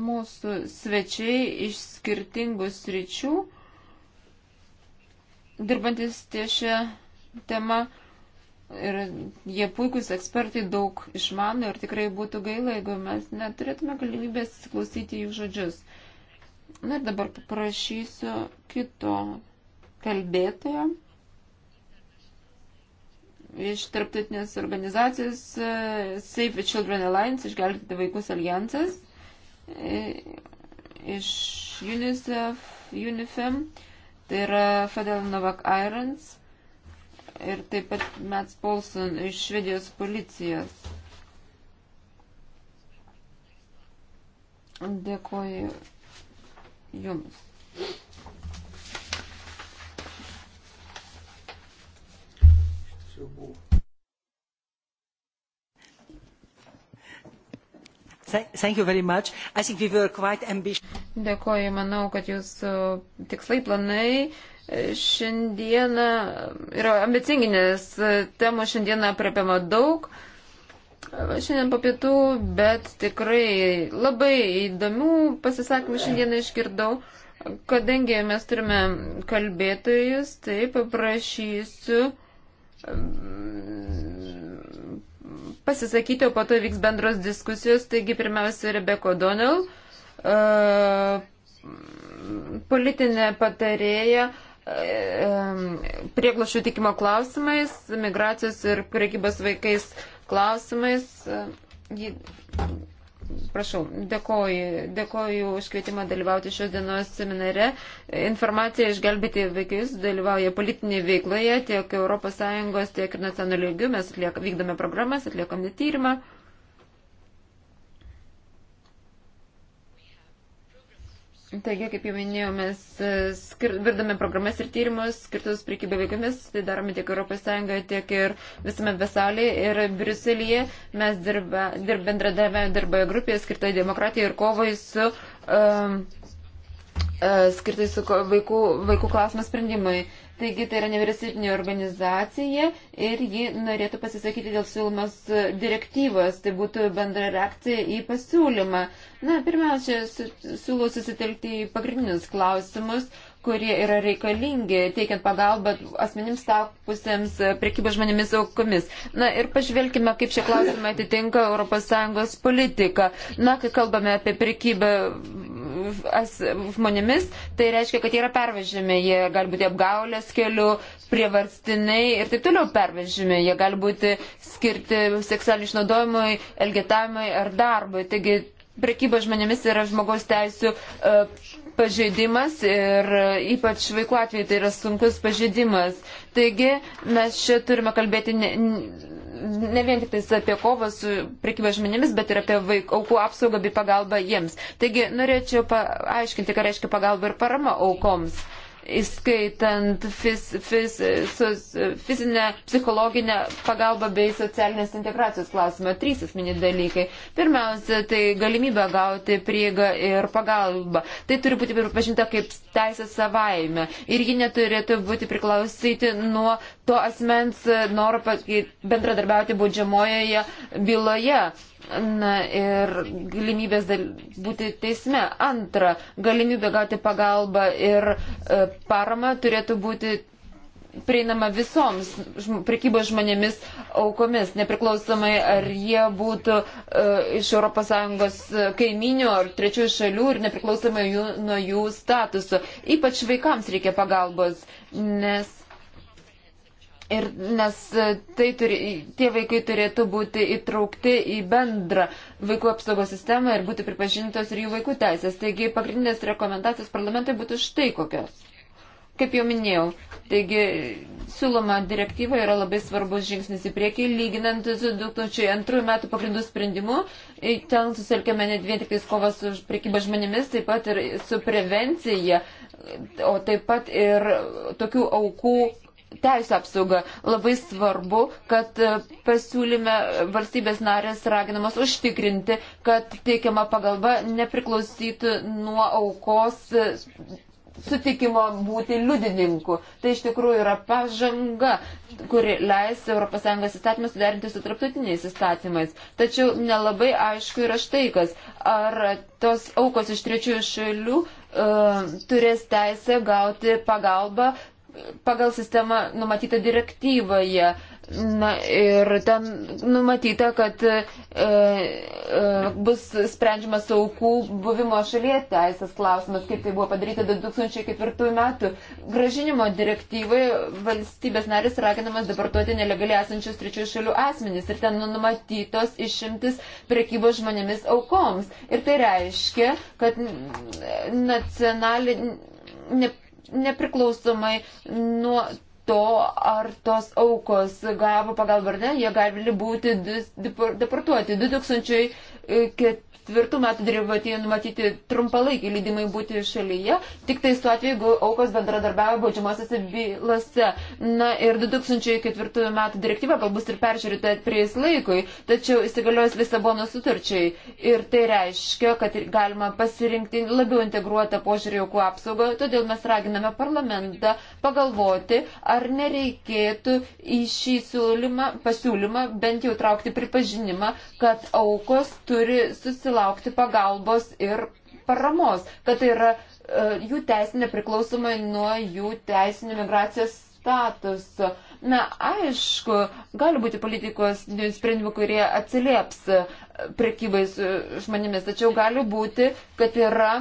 [SPEAKER 2] mūsų svečiai iš skirtingų sričių, dirbantis ties šią temą, ir jie puikūs ekspertai daug išmano ir tikrai būtų gaila, jeigu mes neturėtume galimybės klausyti jų žodžius. Na ir dabar paprašysiu kito kalbėtojo iš tarptautinės organizacijos e, Save the Children Alliance, išgelbėti vaikus alijansas, e, iš UNICEF, UNIFEM, tai yra Fadel Novak Irons ir taip pat Mats Paulson iš Švedijos policijos. Dėkoju Jums. ribų. Dėkoju, manau, kad jūsų e, tikslai planai e, šiandieną e, yra ambicingi, nes temų šiandieną apriepiama daug. Šiandien po pietų, bet tikrai labai įdomių pasisakymų šiandieną išgirdau. Kadangi mes turime kalbėtojus, tai paprašysiu pasisakyti, o po to vyks bendros diskusijos. Taigi pirmiausia, Rebeko Donel, e, politinė patarėja e, prieglašų tikimo klausimais, migracijos ir priekybos vaikais klausimais. E, ji Prašau, dėkoju, dėkoju už kvietimą dalyvauti šios dienos seminare. Informacija išgelbėti vaikus dalyvauja politinėje veikloje tiek ES, tiek ir nacionalių lygių. Mes atliek, vykdome programas, atliekame tyrimą. Taigi, kaip jau minėjau, mes e, skir... virdame programas ir tyrimus skirtus prikybė veikomis, tai darome tiek ES, tiek ir visame pasaulyje. Ir Briuselėje mes dirba, dirb, bendradavėme darboje grupėje skirtai demokratijai ir kovai su, um, uh, skirtai su vaikų, vaikų klausimas sprendimai. Uh, Taigi tai yra nevyriausybinė organizacija ir ji norėtų pasisakyti dėl siūlomos direktyvos. Tai būtų bendra reakcija į pasiūlymą. Na, pirmiausia, siūlau susitelkti į pagrindinius klausimus kurie yra reikalingi, teikiant pagalbą asmenims tapusiems prekybos žmonėmis aukomis. Na ir pažvelkime, kaip šie klausimai atitinka ES politiką. Na, kai kalbame apie prekybą as, žmonėmis, tai reiškia, kad jie yra pervežimi, jie gali būti apgaulės keliu, prievarstiniai ir taip toliau pervežimi, jie gali būti skirti seksualiniai išnaudojimui, elgetavimui ar darbui. Taigi prekyba žmonėmis yra žmogaus teisų uh, pažeidimas ir e, ypač vaikų atveju tai yra sunkus pažeidimas. Taigi mes čia turime kalbėti ne, ne vien tik tais apie kovą su prekyba žmonėmis, bet ir apie vaik, aukų apsaugą bei pagalbą jiems. Taigi norėčiau paaiškinti, ką reiškia pagalba ir parama aukoms įskaitant fiz, fiz, sus, fizinę, psichologinę pagalbą bei socialinės integracijos klausimą. Trys esminiai dalykai. Pirmiausia, tai galimybė gauti prieigą ir pagalbą. Tai turi būti pripažinta kaip teisė savaime ir ji neturėtų būti priklausyti nuo to asmens noro bendradarbiauti baudžiamojoje byloje. Na ir galimybės dal... būti teisme. Antra, galimybė gauti pagalbą ir e, paramą turėtų būti prieinama visoms žm prekybos žmonėmis aukomis, nepriklausomai ar jie būtų e, iš ES kaiminių ar trečiųjų šalių ir nepriklausomai jų, nuo jų statuso. Ypač vaikams reikia pagalbos, nes Ir nes e, tai turi, tie vaikai turėtų būti įtraukti į bendrą vaikų apsaugos sistemą ir būti pripažintos ir jų vaikų teisės. Taigi pagrindinės rekomendacijos parlamentai būtų štai kokios. Kaip jau minėjau, taigi e, siūloma direktyva yra labai svarbus žingsnis į priekį, lyginant su 2002 metų pagrindų sprendimu. Ten susilkėme ne vien tik kovas už priekybą žmonėmis, taip pat ir su prevencija, o taip pat ir tokių aukų teisų apsauga. Labai svarbu, kad e, pasiūlyme valstybės narės raginamas užtikrinti, kad teikiama pagalba nepriklausytų nuo aukos e, sutikimo būti liudininku. Tai iš tikrųjų yra pažanga, kuri leis ES įstatymus suderinti su tarptautiniais įstatymais. Tačiau nelabai aišku yra štai kas. Ar tos aukos iš trečiųjų šalių uh, turės teisę gauti pagalbą pagal sistemą numatytą direktyvoje. Na ir ten numatyta, kad e, e, bus sprendžiamas aukų buvimo šalyje teisės klausimas, kaip tai buvo padaryta 2004 metų. Gražinimo direktyvai valstybės narys raginamas deportuoti nelegaliai esančius trečiųjų šalių asmenys ir ten numatytos išimtis prekybos žmonėmis aukoms. Ir tai reiškia, kad nacionalinė nepriklausomai nuo to, ar tos aukos gavo pagalbą ar ne, jie gali būti deportuoti. 2004 ketvirtų metų direktyvoje numatyti trumpalaikiai leidimai būti šalyje, tik tai tuo atveju, jeigu aukos bendradarbiavo baudžiamosiose bylose. Na ir 2004 metų direktyva gal bus ir peržiūrėta prieis laikui, tačiau įsigaliojus Lisabono sutarčiai. Ir tai reiškia, kad galima pasirinkti labiau integruotą požiūrį aukų apsaugą, todėl mes raginame parlamentą pagalvoti, ar nereikėtų į šį siūlymą, pasiūlymą bent jau traukti pripažinimą, kad aukos turi susilaikyti susilaukti pagalbos ir paramos, kad tai yra e, jų teisinė priklausomai nuo jų teisinio migracijos statuso. Na, aišku, gali būti politikos sprendimų, kurie atsilieps e, prekybais žmonėmis, tačiau gali būti, kad yra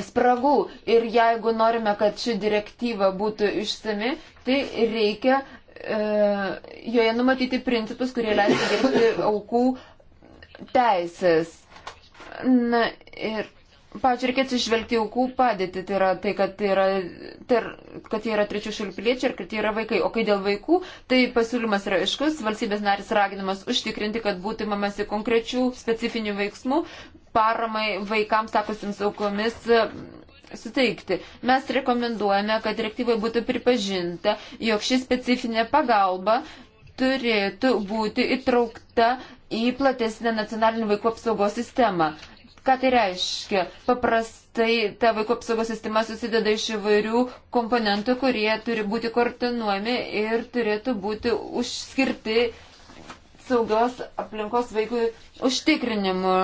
[SPEAKER 2] spragų. Ir jeigu norime, kad ši direktyva būtų išsami, tai reikia e, joje numatyti principus, kurie leistų dirbti aukų teisės. Na ir, pavyzdžiui, reikėtų išvelgti aukų padėtį, tai yra tai, kad, tai yra, tai yra, kad jie yra trečių šalių piliečiai ir kad jie yra vaikai. O kai dėl vaikų, tai pasiūlymas yra aiškus, valstybės narys raginamas užtikrinti, kad būtų imamasi konkrečių specifinių veiksmų paramai vaikams takusiems aukomis e, suteikti. Mes rekomenduojame, kad direktyvai būtų pripažinta, jog ši specifinė pagalba turėtų būti įtraukta į platesnę nacionalinį vaikų apsaugos sistemą. Ką tai reiškia? Paprastai ta vaiko apsaugos sistema susideda iš įvairių komponentų, kurie turi būti koordinuojami ir turėtų būti užskirti saugios aplinkos vaikų užtikrinimu.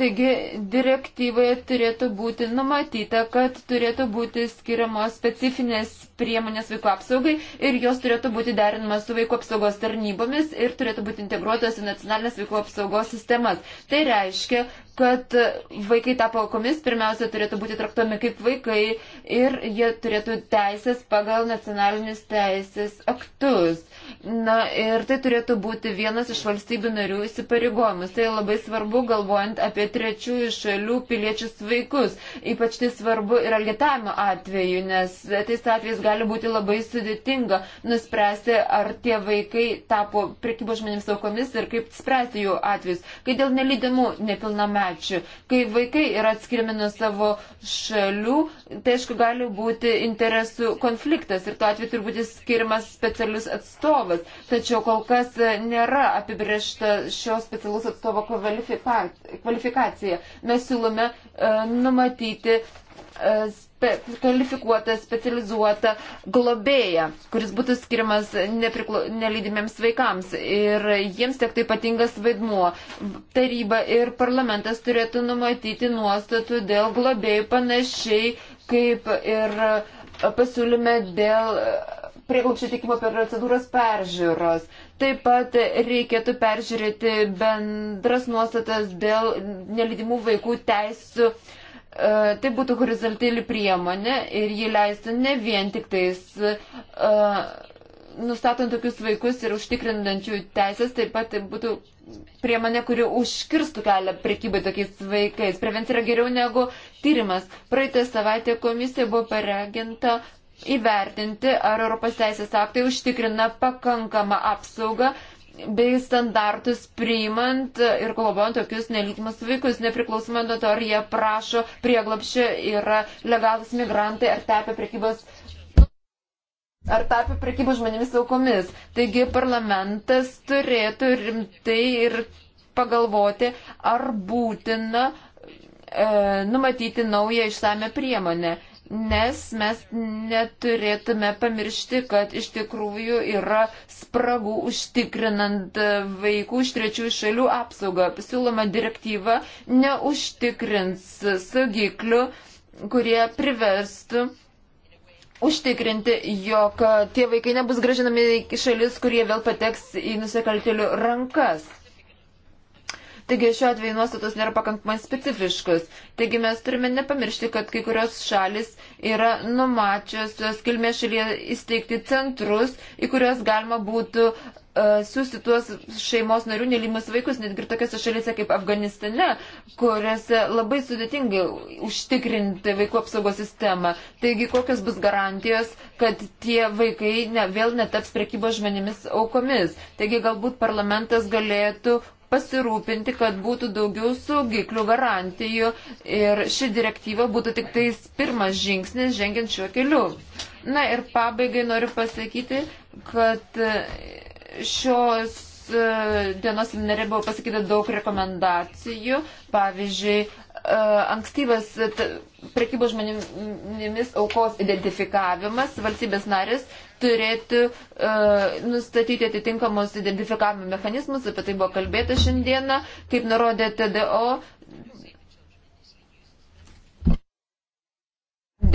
[SPEAKER 2] Taigi direktyvoje turėtų būti numatyta, kad turėtų būti skiriamos specifinės priemonės vaikų apsaugai ir jos turėtų būti derinamas su vaikų apsaugos tarnybomis ir turėtų būti integruotos į nacionalinės vaikų apsaugos sistemas. Tai reiškia, kad vaikai tapo aukomis pirmiausia turėtų būti traktuomi kaip vaikai ir jie turėtų teisės pagal nacionalinius teisės aktus. Na ir tai turėtų būti vienas iš valstybių narių įsipareigojimus. Tai labai svarbu galvojant apie trečiųjų šalių piliečius vaikus. Ypač tai svarbu ir algetavimo atveju, nes tais atvejais gali būti labai sudėtinga nuspręsti, ar tie vaikai tapo prekybos žmonėms aukomis ir kaip spręsti jų atvejus. Kai dėl nelydimų nepilnamečių, kai vaikai yra atskiriami nuo savo šalių, tai aišku gali būti interesų konfliktas ir tuo atveju turi būti skirimas specialius atstovas. Tačiau kol kas nėra apibriešta šio specialus atstovo kvalifikacija. Mes siūlome e, numatyti E, spe, kvalifikuotą, specializuotą globėją, kuris būtų skiriamas nepriklo, nelydimiems vaikams ir jiems tektų tai ypatingas vaidmuo. Taryba ir parlamentas turėtų numatyti nuostatų dėl globėjų panašiai kaip ir e, pasiūlyme dėl e, prieglupščio teikimo procedūros peržiūros. Taip pat reikėtų peržiūrėti bendras nuostatas dėl nelydimų vaikų teisų uh, E, tai būtų horizontali priemonė ir ji leistų ne vien tik tais uh, nustatant tokius vaikus ir užtikrinančių teisės, taip pat tai būtų priemonė, kuri užkirstų kelią prekybai tokiais vaikais. Prevencija yra geriau negu tyrimas. Praeitą savaitę komisija buvo pareginta įvertinti, ar Europos teisės aktai užtikrina pakankamą apsaugą bei standartus priimant ir globojant tokius nelitimus vaikus, nepriklausomai nuo to, ar jie prašo prieglapščio, yra legalus migrantai, ar tapę prekybos. Ar tapę prekybos žmonėmis aukomis. Taigi parlamentas turėtų rimtai ir pagalvoti, ar būtina e, numatyti naują išsame priemonę. E, nes mes neturėtume pamiršti, kad iš tikrųjų yra spragų užtikrinant vaikų iš trečiųjų šalių apsaugą. Siūloma direktyva neužtikrins saugiklių, kurie priverstų užtikrinti, jog tie vaikai nebus gražinami į šalis, kurie vėl pateks į nusikaltėlių rankas. Taigi šiuo atveju nuostatos nėra pakankamai specifiškus. Taigi mes turime nepamiršti, kad kai kurios šalis yra numačiusios kilmės šalyje įsteigti centrus, į kuriuos galima būtų uh, e, siūsti tuos šeimos narių nelimus vaikus, netgi ir tokiose šalyse kaip Afganistane, kuriuose labai sudėtinga užtikrinti vaikų apsaugos sistemą. Taigi kokios bus garantijos, kad tie vaikai ne, vėl netaps prekybos žmonėmis aukomis. Taigi galbūt parlamentas galėtų pasirūpinti, kad būtų daugiau saugiklių garantijų ir ši direktyva būtų tik tais pirmas žingsnis žengiant šiuo keliu. Na ir pabaigai noriu pasakyti, kad e, šios e, dienos seminare buvo pasakyta daug rekomendacijų, pavyzdžiui, E, ankstyvas prekybos žmonėmis aukos identifikavimas, valstybės narės turėtų e, nustatyti atitinkamos identifikavimo mechanizmus, apie tai buvo kalbėta šiandieną, kaip nurodė TDO.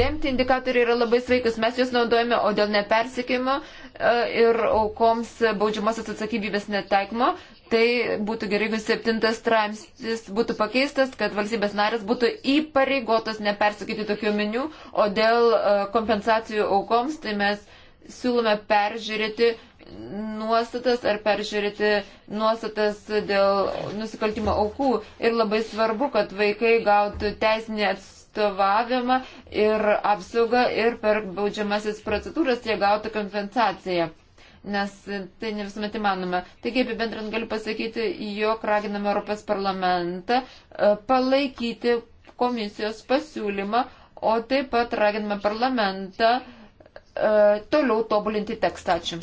[SPEAKER 2] Demti indikatoriai yra labai sveikus, mes juos naudojame, o dėl nepersikėjimo e, ir aukoms baudžiamosios atsakybybės netaikymo tai būtų gerai, jeigu septintas straipsnis būtų pakeistas, kad valstybės narės būtų įpareigotos nepersakyti tokių minių, o dėl e, kompensacijų aukoms, tai mes siūlome peržiūrėti nuostatas ar peržiūrėti nuostatas dėl nusikaltimo aukų. Ir labai svarbu, kad vaikai gautų teisinį atstovavimą ir apsaugą ir per baudžiamasis procedūras jie gautų kompensaciją nes tai ne visuomet įmanoma. Taigi, apibendrant galiu pasakyti, jog raginame Europos parlamentą e, palaikyti komisijos pasiūlymą, o taip pat raginame parlamentą e, toliau tobulinti tekstą. Ačiū.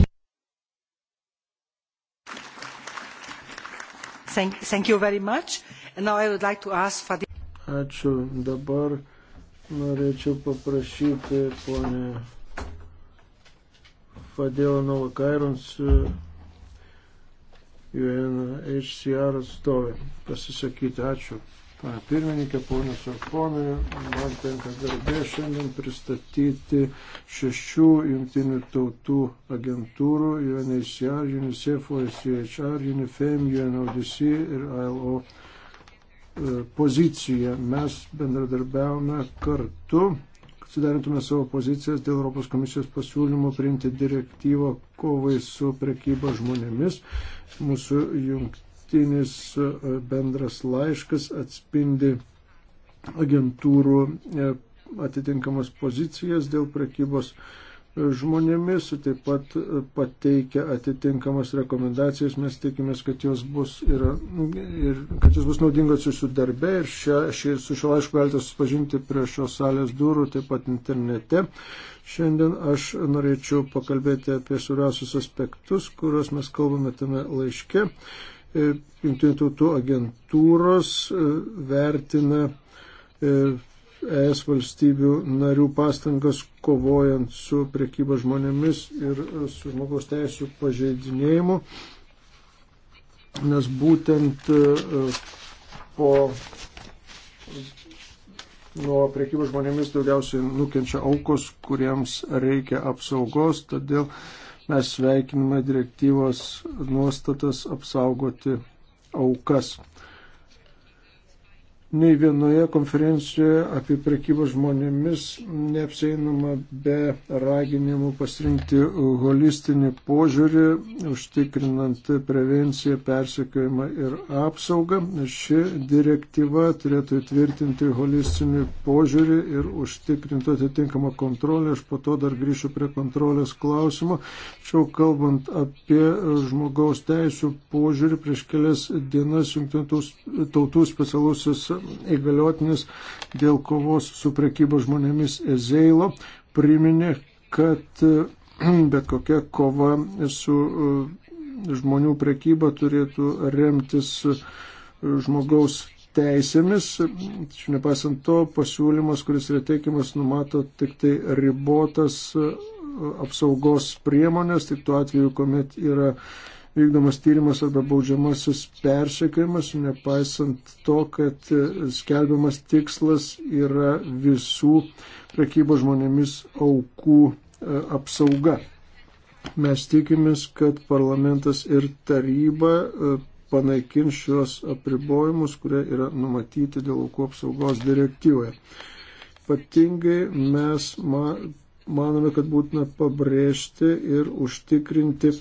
[SPEAKER 2] Thank,
[SPEAKER 1] thank you very much. And now I would like to ask for the...
[SPEAKER 3] Ačiū. Dabar norėčiau paprašyti ponę Fadėl Novakairons e, UNHCR atstovė pasisakyti. Ačiū. Pana pirmininkė, ponios ir ponai, man tenka garbė šiandien pristatyti šešių jungtinių tautų agentūrų UNHCR, UNICEF, OSCHR, UNIFEM, UNODC ir ILO e, poziciją. Mes bendradarbiavome kartu kad sudarintume savo pozicijas dėl Europos komisijos pasiūlymo priimti direktyvą kovai su prekyba žmonėmis. Mūsų jungtinis e, bendras laiškas atspindi agentūrų e, atitinkamas pozicijas dėl prekybos žmonėmis žmonėmis, taip pat pateikia atitinkamas rekomendacijas, mes tikimės, kad jos bus, ir, ir, kad jos bus naudingos jūsų darbe ir šia, šia, su šio laišku galite susipažinti prie šios salės durų, taip pat internete. Šiandien aš norėčiau pakalbėti apie svarbiausius aspektus, kuriuos mes kalbame tame laiške. E, Junktinių tautų agentūros e, vertina e, ES valstybių narių pastangas kovojant su priekyba žmonėmis ir su žmogaus teisų pažeidinėjimu, nes būtent e, po nuo priekybos žmonėmis daugiausiai nukenčia aukos, kuriems reikia apsaugos, todėl mes sveikiname direktyvos nuostatas apsaugoti aukas nei vienoje konferencijoje apie prekybą žmonėmis neapseinama be raginimų pasirinkti holistinį požiūrį, užtikrinant prevenciją, persekiojimą ir apsaugą. Ši direktyva turėtų įtvirtinti holistinį požiūrį ir užtikrinti atitinkamą kontrolę. Aš po to dar grįšiu prie kontrolės klausimo. Tačiau kalbant apie žmogaus teisų požiūrį, prieš kelias dienas jungtintų tautų specialusis įgaliotinis dėl kovos su prekybo žmonėmis Ezeilo priminė, kad [CLEARS THROAT] bet kokia kova su e, žmonių prekyba turėtų remtis e, žmogaus teisėmis. Tačiau nepasant to, pasiūlymas, kuris yra teikiamas, numato tik tai ribotas e, apsaugos priemonės, tik tuo atveju, kuomet yra vykdomas tyrimas arba baudžiamasis persekiojimas, nepaisant to, kad e, skelbiamas tikslas yra visų prekybos žmonėmis aukų e, apsauga. Mes tikimės, kad parlamentas ir taryba e, panaikins šios apribojimus, kurie yra numatyti dėl aukų apsaugos direktyvoje. Patingai mes ma manome, kad būtina pabrėžti ir užtikrinti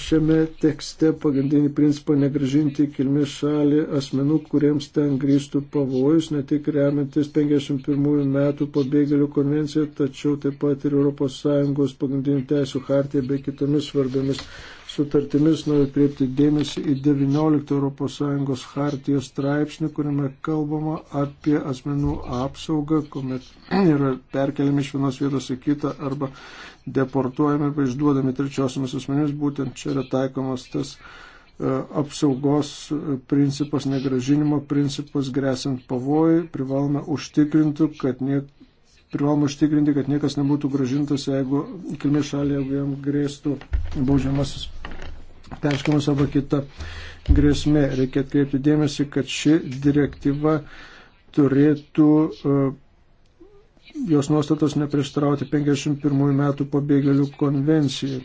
[SPEAKER 3] šiame tekste pagrindinį principą negražinti į kilmės šalį asmenų, kuriems ten grįžtų pavojus, ne tik remiantis 51 metų pabėgėlių konvenciją, tačiau taip pat ir ES pagrindinių teisų hartiją bei kitomis svarbiomis sutartimis noriu kreipti dėmesį į 19 ES hartijos straipsnį, kuriame kalbama apie asmenų apsaugą, kuomet yra perkeliami iš vienos vietos į kitą arba deportuojami arba išduodami trečiosiamis asmenims. Būtent čia yra taikomas tas e, apsaugos principas, negražinimo principas, grėsint pavojui, privalome užtikrinti, kad, nie, privaloma užtikrinti, kad niekas nebūtų gražintas, jeigu kilmės šalį, jeigu jam grėstų baudžiamasis perškimas arba kita grėsmė. Reikia atkreipti dėmesį, kad ši direktyva turėtų e, jos nuostatos neprieštarauti 51 metų pabėgėlių konvencijai.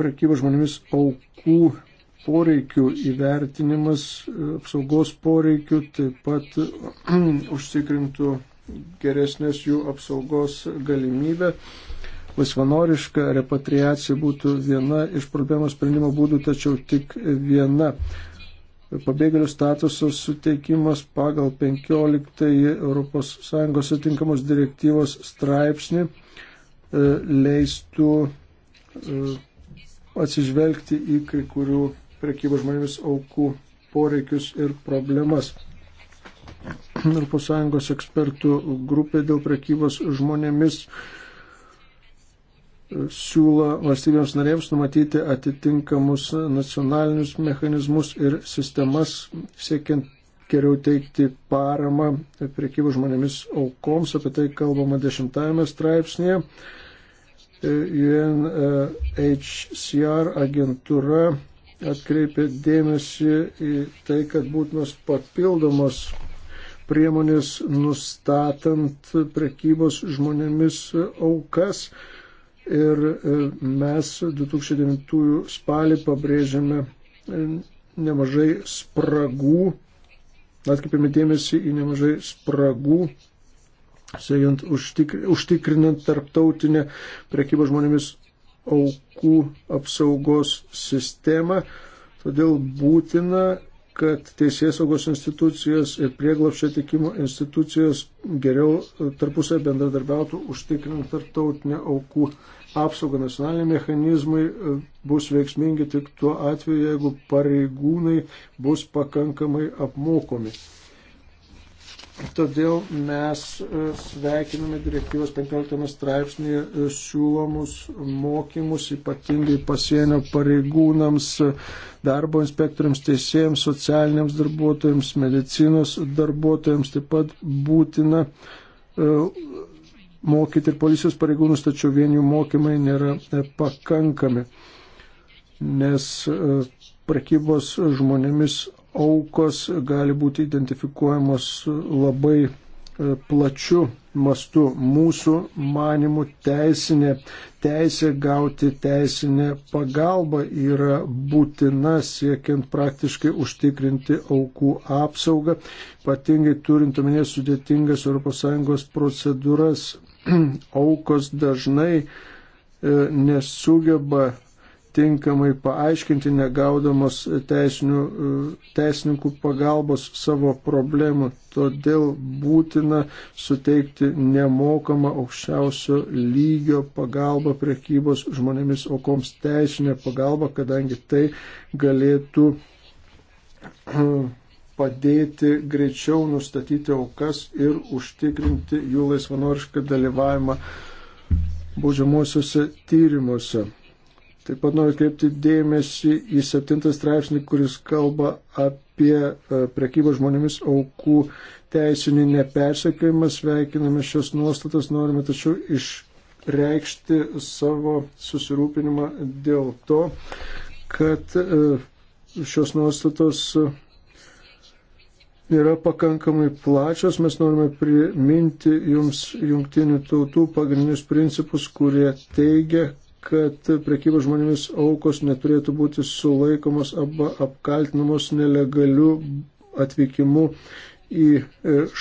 [SPEAKER 3] Prekybos žmonėmis aukų poreikių įvertinimas, apsaugos poreikių taip pat [CLEARS THROAT] užtikrintų geresnės jų apsaugos galimybę. Laisvanoriška repatriacija būtų viena iš problemos sprendimo būdų, tačiau tik viena. Pabėgėlių statuso suteikimas pagal 15 ES atinkamos direktyvos straipsnį e, leistų e, atsižvelgti į kai kurių prekybos žmonėmis aukų poreikius ir problemas. Europos Sąjungos ekspertų grupė dėl prekybos žmonėmis e, siūlo valstybėms narėms numatyti atitinkamus nacionalinius mechanizmus ir sistemas, siekiant geriau teikti paramą priekybų žmonėmis aukoms. Apie tai kalbama dešimtajame straipsnėje. E, UNHCR agentūra atkreipė dėmesį į tai, kad būtinos papildomos priemonės nustatant prekybos žmonėmis aukas. Ir e, mes 2009 spalį pabrėžėme e, nemažai spragų, atkreipėme dėmesį į nemažai spragų siekiant užtikrinant tarptautinę prekybą žmonėmis aukų apsaugos sistemą, todėl būtina, kad teisės saugos institucijos ir prieglapščio tikimo institucijos geriau tarpusai bendradarbiautų užtikrinant tarptautinę aukų apsaugą. Nacionaliniai mechanizmai e, bus veiksmingi tik tuo atveju, jeigu pareigūnai bus pakankamai apmokomi. Todėl mes e, sveikiname direktyvos 15 straipsnį e, siūlomus mokymus, ypatingai pasienio pareigūnams, e, darbo inspektoriams, teisėjams, socialiniams darbuotojams, medicinos darbuotojams. Taip pat būtina mokyti ir policijos pareigūnus, tačiau vien jų mokymai nėra pakankami, nes prekybos žmonėmis aukos gali būti identifikuojamos labai e, plačiu mastu. Mūsų manimų teisinė teisė gauti teisinę pagalbą yra būtina siekiant praktiškai užtikrinti aukų apsaugą, ypatingai turint omenyje sudėtingas ES procedūras. [CLEARS THROAT] aukos dažnai e, nesugeba tinkamai paaiškinti, negaudamos teisinių, teisininkų pagalbos savo problemų. Todėl būtina suteikti nemokamą aukščiausio lygio pagalbą priekybos žmonėmis aukoms teisinę pagalbą, kadangi tai galėtų [CLEARS THROAT] padėti greičiau nustatyti aukas ir užtikrinti jų laisvanorišką dalyvavimą baudžiamuosiuose tyrimuose. Taip pat noriu kreipti dėmesį į septintą straipsnį, kuris kalba apie e, prekybą žmonėmis aukų teisinį nepersekiojimą. Sveikiname šios nuostatas, norime tačiau išreikšti savo susirūpinimą dėl to, kad e, šios nuostatos e, yra pakankamai plačios. Mes norime priminti jums jungtinių tautų pagrindinius principus, kurie teigia, kad prekybos žmonėmis aukos neturėtų būti sulaikomos arba apkaltinamos nelegaliu atvykimu į e,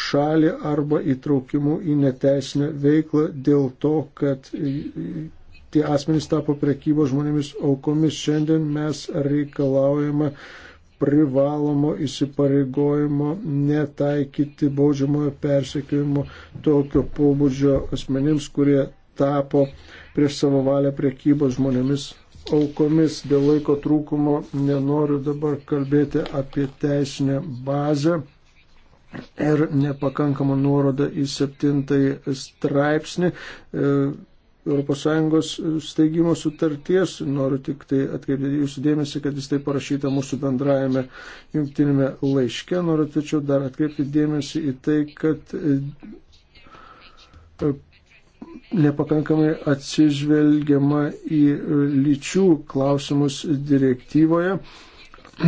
[SPEAKER 3] šalį arba įtraukimu į neteisinę veiklą dėl to, kad tie asmenys tapo prekybos žmonėmis aukomis. Šiandien mes reikalaujame privalomo įsipareigojimo netaikyti baudžiamojo persekiojimo tokio pobūdžio asmenims, kurie tapo uh, prieš savo valią priekybos žmonėmis aukomis. Dėl laiko trūkumo nenoriu dabar kalbėti apie teisinę bazę ir nepakankamą nuorodą į septintąjį straipsnį. ES steigimo sutarties, noriu tik tai atkreipti jūsų dėmesį, kad jis tai parašyta mūsų bendrajame jungtinėme laiške, noriu tačiau dar atkreipti dėmesį į tai, kad e, nepakankamai atsižvelgiama į lyčių klausimus direktyvoje,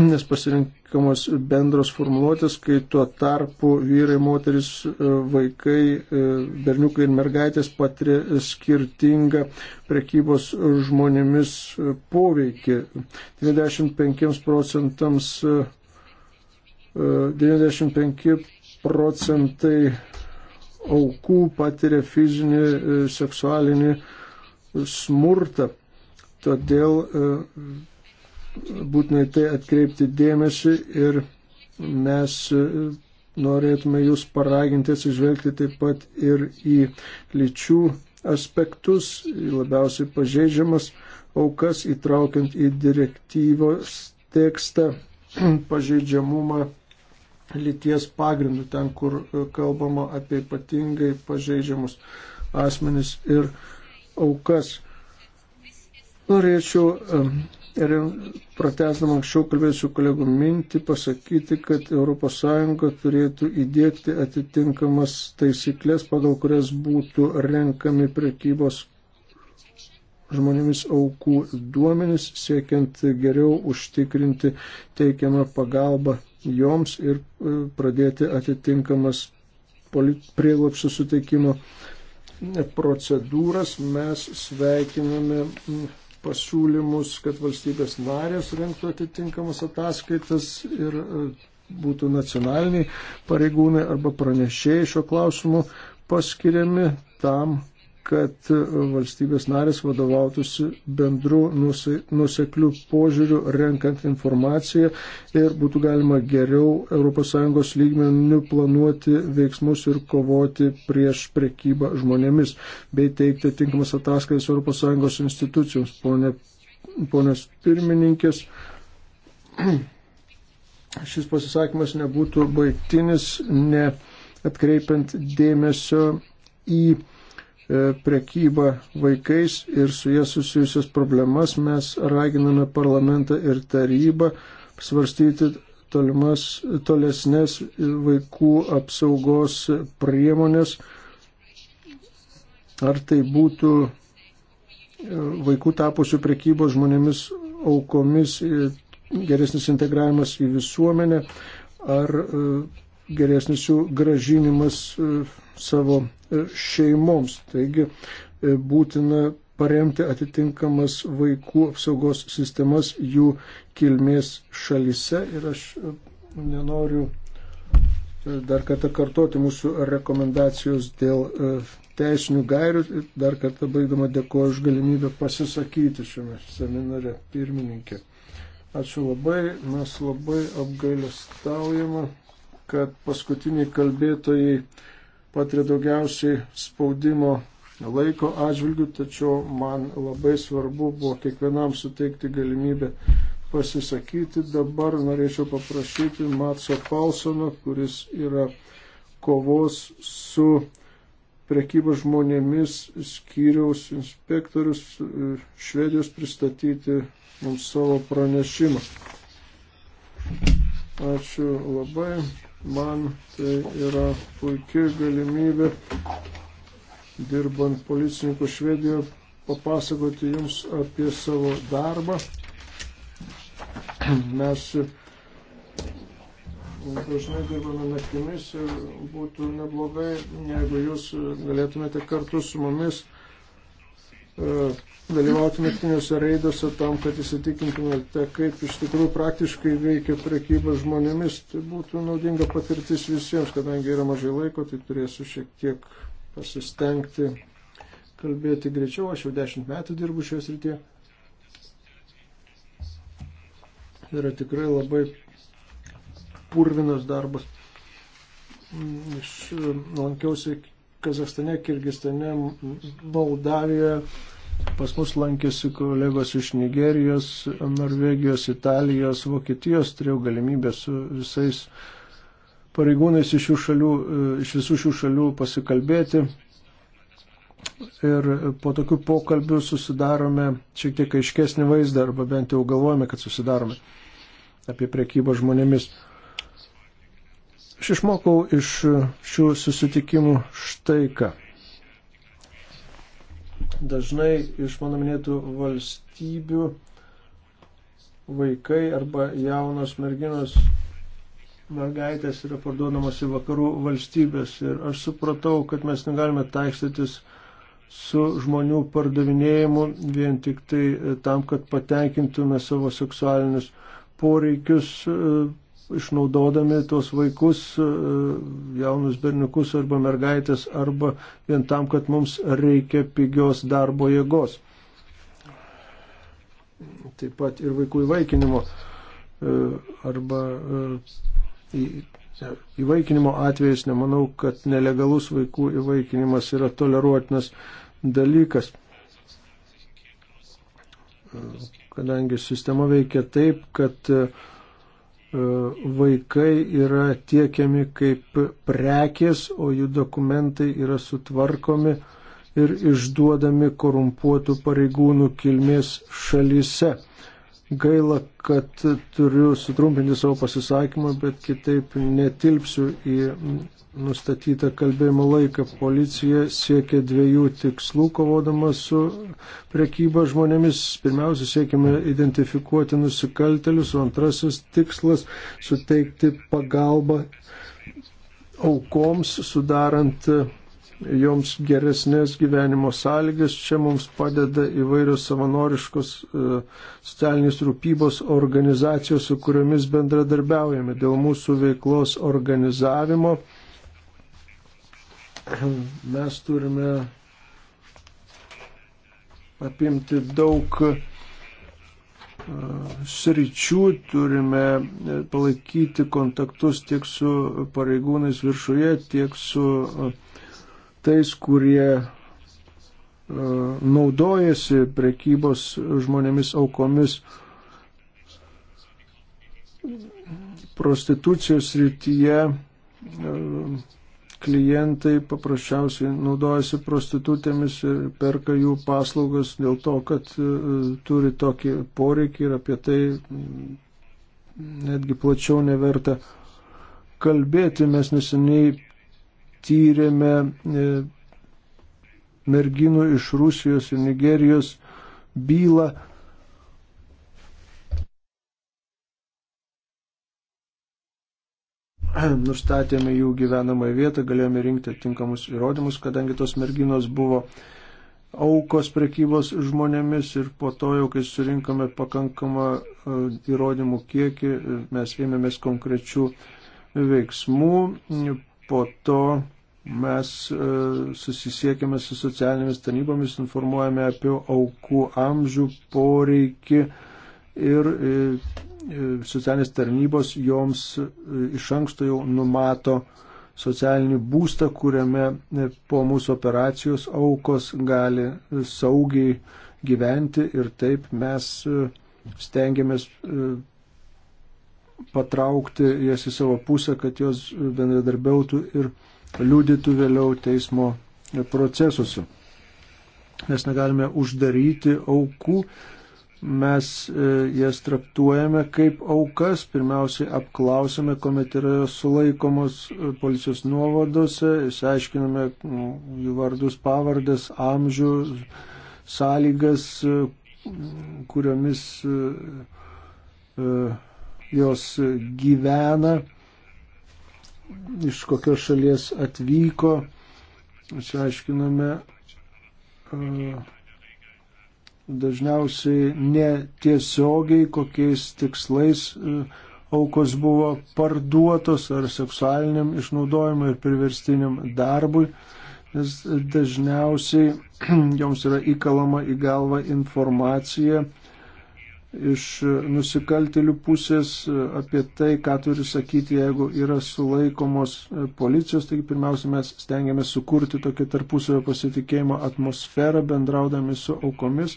[SPEAKER 3] nes pasirinkamos bendros formuluotės, kai tuo tarpu vyrai, moteris, vaikai, berniukai ir mergaitės patiria skirtingą prekybos žmonėmis poveikį. 95 procentams 95 procentai aukų patiria fizinį, e, seksualinį smurtą. Todėl e, būtinai tai atkreipti dėmesį ir mes e, norėtume jūs paraginti atsižvelgti taip pat ir į lyčių aspektus, į labiausiai pažeidžiamas aukas, įtraukiant į direktyvos tekstą [CLEARS THROAT] pažeidžiamumą lyties pagrindų, ten, kur e, kalbama apie ypatingai pažeidžiamus asmenis ir aukas. Norėčiau, ir e, pratesdama anksčiau kalbėsiu kolegų mintį, pasakyti, kad ES turėtų įdėkti atitinkamas taisyklės, pagal kurias būtų renkami prekybos žmonėmis aukų duomenis, siekiant geriau užtikrinti teikiamą pagalbą joms ir e, pradėti atitinkamas prieglopšio suteikimo procedūras. Mes sveikiname pasiūlymus, kad valstybės narės rinktų atitinkamas ataskaitas ir e, būtų nacionaliniai pareigūnai arba pranešėjai šio klausimu paskiriami tam, kad valstybės narės vadovautųsi bendru nusekliu požiūriu, renkant informaciją ir būtų galima geriau ES lygmenių planuoti veiksmus ir kovoti prieš prekybą žmonėmis, bei teikti tinkamas ataskaitas ES institucijoms. Pone, ponės pirmininkės. [CLEARS THROAT] Šis pasisakymas nebūtų baigtinis, ne atkreipiant dėmesio į E, priekybą vaikais ir su jie susijusias problemas mes raginame parlamentą ir tarybą svarstyti tolimas, tolesnės vaikų apsaugos priemonės, ar tai būtų e, vaikų tapusių priekybos žmonėmis aukomis e, geresnis integravimas į visuomenę, ar geresnis jų gražinimas savo šeimoms. Taigi e, būtina paremti atitinkamas vaikų apsaugos sistemas jų kilmės šalyse ir aš e, nenoriu e, dar kartą kartoti mūsų rekomendacijos dėl teisinių gairių ir dar kartą baigdama dėkoju už galimybę pasisakyti šiame seminare pirmininkė. Ačiū labai, mes labai apgailestaujame, kad paskutiniai kalbėtojai patiria daugiausiai spaudimo laiko atžvilgių, tačiau man labai svarbu buvo kiekvienam suteikti galimybę pasisakyti. Dabar norėčiau paprašyti Matso Paulsono, kuris yra kovos su prekyba žmonėmis skyriaus inspektorius Švedijos pristatyti mums savo pranešimą. Ačiū labai man tai yra puikia galimybė, dirbant policininkų Švedijoje, papasakoti Jums apie savo darbą. Mes dažnai dirbame naktimis ir būtų neblogai, jeigu Jūs galėtumėte kartu su mumis e, dalyvauti naktiniuose reiduose tam, kad įsitikintumėte, kaip iš tikrųjų praktiškai veikia prekyba žmonėmis. Tai būtų naudinga patirtis visiems, kadangi yra mažai laiko, tai turėsiu šiek tiek pasistengti kalbėti greičiau. Aš jau dešimt metų dirbu šioje srityje. Yra tikrai labai purvinas darbas. Aš lankiausi Kazakstane, Kirgistane, Moldavijoje Pas mus lankėsi kolegos iš Nigerijos, Norvegijos, Italijos, Vokietijos, turėjau galimybę su visais pareigūnais iš, šalių, e, iš visų šių šalių pasikalbėti. Ir po tokių pokalbių susidarome šiek tiek aiškesnį vaizdą, arba bent jau galvojame, kad susidarome apie priekybą žmonėmis. Aš išmokau iš šių susitikimų štai ką. Dažnai iš mano minėtų valstybių vaikai arba jaunos merginos mergaitės yra parduodamos į vakarų valstybės. Ir aš supratau, kad mes negalime taikstytis su žmonių pardavinėjimu vien tik tai tam, kad patenkintume savo seksualinius poreikius išnaudodami tuos vaikus, e, jaunus berniukus arba mergaitės, arba vien tam, kad mums reikia pigios darbo jėgos. Taip pat ir vaikų įvaikinimo e, arba e, įvaikinimo atvejais nemanau, kad nelegalus vaikų įvaikinimas yra toleruotinas dalykas kadangi sistema veikia taip, kad E, vaikai yra tiekiami kaip prekės, o jų dokumentai yra sutvarkomi ir išduodami korumpuotų pareigūnų kilmės šalyse. Gaila, kad turiu sutrumpinti savo pasisakymą, bet kitaip netilpsiu į nustatytą kalbėjimo laiką. Policija siekia dviejų tikslų, kovodama su prekyba žmonėmis. Pirmiausia, siekime identifikuoti nusikaltelius, o antrasis tikslas - suteikti pagalbą aukoms, sudarant joms geresnės gyvenimo sąlygas. Čia mums padeda įvairios savanoriškos e, socialinės rūpybos organizacijos, su kuriomis bendradarbiaujame dėl mūsų veiklos organizavimo. [CLEARS THROAT] Mes turime apimti daug e, sričių turime e, palaikyti kontaktus tiek su pareigūnais viršuje, tiek su uh, tais, kurie e, naudojasi prekybos žmonėmis aukomis prostitucijos rytyje e, klientai paprasčiausiai naudojasi prostitutėmis ir perka jų paslaugas dėl to, kad e, turi tokį poreikį ir apie tai netgi plačiau neverta kalbėti. Mes neseniai tyrėme e, merginų iš Rusijos ir Nigerijos bylą. Nustatėme jų gyvenamą vietą, galėjome rinkti tinkamus įrodymus, kadangi tos merginos buvo aukos prekybos žmonėmis ir po to jau, kai surinkame pakankamą e, įrodymų kiekį, mes ėmėmės konkrečių veiksmų, po to mes e, susisiekime su socialinėmis tarnybomis, informuojame apie aukų amžių poreikį ir e, e, socialinės tarnybos joms iš anksto jau numato socialinį būstą, kuriame po mūsų operacijos aukos gali saugiai gyventi ir taip mes stengiamės patraukti jas į savo pusę, kad jos bendradarbiautų ir liudytų vėliau teismo procesuose. Mes negalime uždaryti aukų, mes e, jas traktuojame kaip aukas, pirmiausiai apklausome, kuomet yra jos sulaikomos e, policijos nuovadose, išsiaiškiname nu, jų vardus, pavardės, amžių, sąlygas, e, kuriomis jos gyvena, iš kokios šalies atvyko, išaiškiname e, dažniausiai netiesiogiai, kokiais tikslais e, aukos buvo parduotos ar seksualiniam išnaudojimui ir priverstiniam darbui, nes dažniausiai [CLEARS THROAT] joms yra įkalama į galvą informacija iš nusikaltelių pusės apie tai, ką turi sakyti, jeigu yra sulaikomos policijos. Taigi pirmiausia, mes stengiamės sukurti tokią tarpusavio pasitikėjimo atmosferą, bendraudami su aukomis,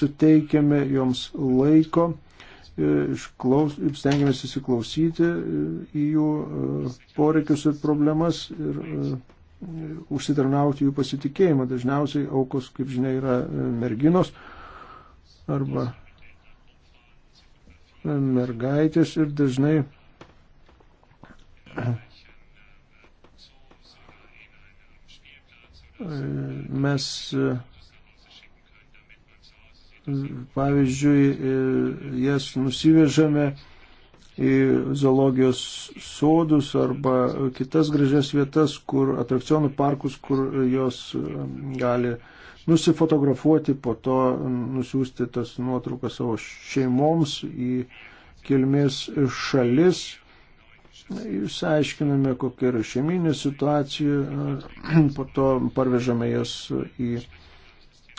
[SPEAKER 3] suteikiame joms laiko, e, išklaus, stengiamės įsiklausyti e, į jų e, poreikius ir problemas ir užsitarnauti jų pasitikėjimą. Dažniausiai aukos, kaip žinia, yra merginos arba mergaitės ir dažnai mes pavyzdžiui jas nusivežame į zoologijos sodus arba kitas gražias vietas, kur atrakcionų parkus, kur jos um, gali nusifotografuoti, po to um, nusiųsti tas nuotraukas savo šeimoms į kilmės šalis. Išsiaiškiname, kokia yra šeiminė situacija, uh, [CLEARS THROAT] po to parvežame jas į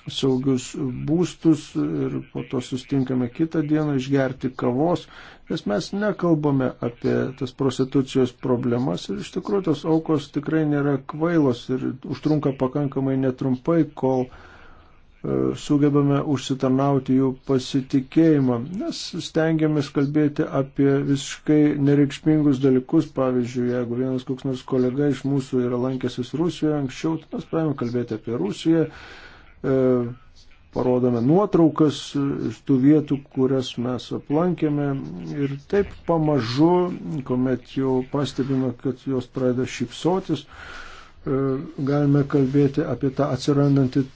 [SPEAKER 3] saugius būstus ir po to sustinkame kitą dieną išgerti kavos, nes mes nekalbame apie tas prostitucijos problemas ir iš tikrųjų tos aukos tikrai nėra kvailos ir užtrunka pakankamai netrumpai, kol e, sugebame užsitarnauti jų pasitikėjimą. Mes stengiamės kalbėti apie visiškai nereikšmingus dalykus. Pavyzdžiui, jeigu vienas koks nors kolega iš mūsų yra lankęsis Rusijoje anksčiau, tai mes pradėjome kalbėti apie Rusiją, E, parodome nuotraukas iš tų vietų, kurias mes aplankėme ir taip pamažu, kuomet jau pastebime, kad jos pradeda šypsotis, e, galime kalbėti apie tą atsirandantį e,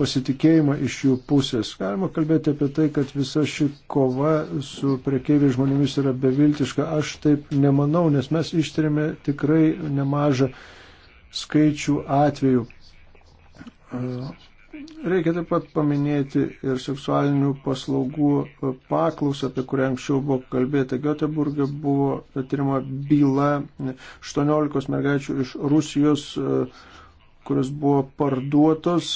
[SPEAKER 3] pasitikėjimą iš jų pusės. Galima kalbėti apie tai, kad visa ši kova su priekeiviai žmonėmis yra beviltiška. Aš taip nemanau, nes mes ištirėme tikrai nemažą skaičių atvejų Reikia taip pat paminėti ir seksualinių paslaugų paklausą, apie kurią anksčiau buvo kalbėta. Göteburgė buvo tyrima byla 18 mergaičių iš Rusijos, kurios buvo parduotos.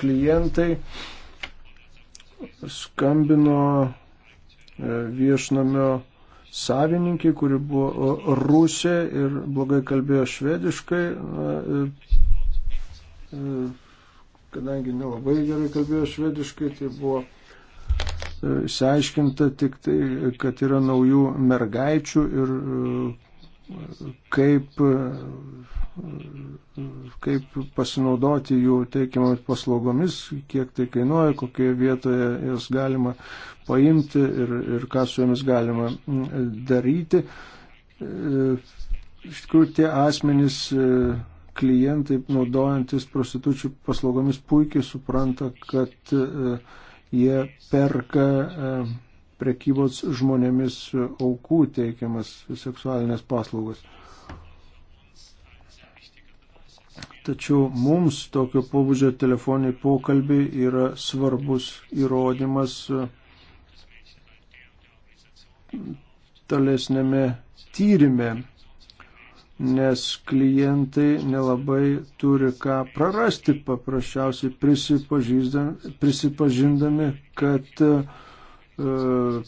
[SPEAKER 3] Klientai skambino e, viešnamio savininkė, kuri buvo rusė ir blogai kalbėjo švediškai, kadangi nelabai gerai kalbėjo švediškai, tai buvo e, išsiaiškinta tik tai, kad yra naujų mergaičių ir e, kaip, kaip pasinaudoti jų teikiamomis paslaugomis, kiek tai kainuoja, kokioje vietoje jas galima paimti ir, ir ką su jomis galima daryti. Iš tikrųjų, tie asmenys e, klientai, naudojantis prostitučių paslaugomis, puikiai supranta, kad e, jie perka e, prekybos žmonėmis aukų teikiamas seksualinės paslaugos. Tačiau mums tokio pobūdžio telefoniniai pokalbiai yra svarbus įrodymas tolesnėme tyrimė, nes klientai nelabai turi ką prarasti, paprasčiausiai prisipažindami, kad uh, E,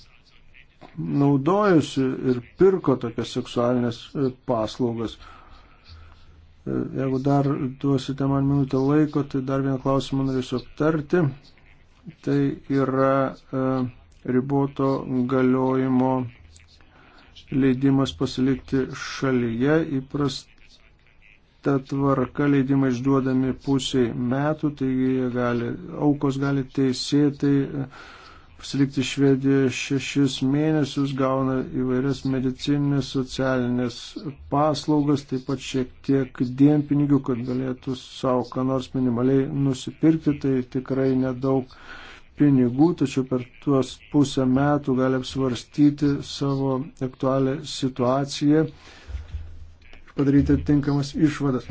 [SPEAKER 3] naudojusi ir pirko tokias seksualinės e, paslaugas. E, jeigu dar duosite man minutę laiko, tai dar vieną klausimą norėsiu aptarti. Tai yra riboto galiojimo leidimas pasilikti šalyje. Įprasta tvarka leidimai išduodami pusiai metų, taigi gali, aukos gali teisėtai. Tai pasilikti Švedijoje šešis mėnesius, gauna įvairias medicinės, socialinės paslaugas, taip pat šiek tiek dienpinigių, kad galėtų savo ką nors minimaliai nusipirkti, tai tikrai nedaug pinigų, tačiau per tuos pusę metų gali apsvarstyti savo aktualią situaciją ir padaryti tinkamas išvadas.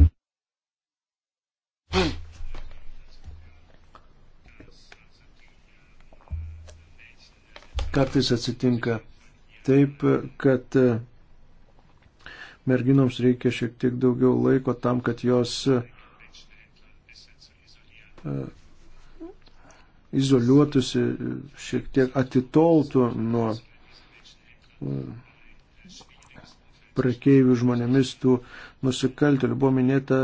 [SPEAKER 3] Kartais atsitinka taip, kad e, merginoms reikia šiek tiek daugiau laiko tam, kad jos e, izoliuotųsi, šiek tiek atitoltų nuo e, prekeivių žmonėmis tų nusikaltėlių. Buvo minėta,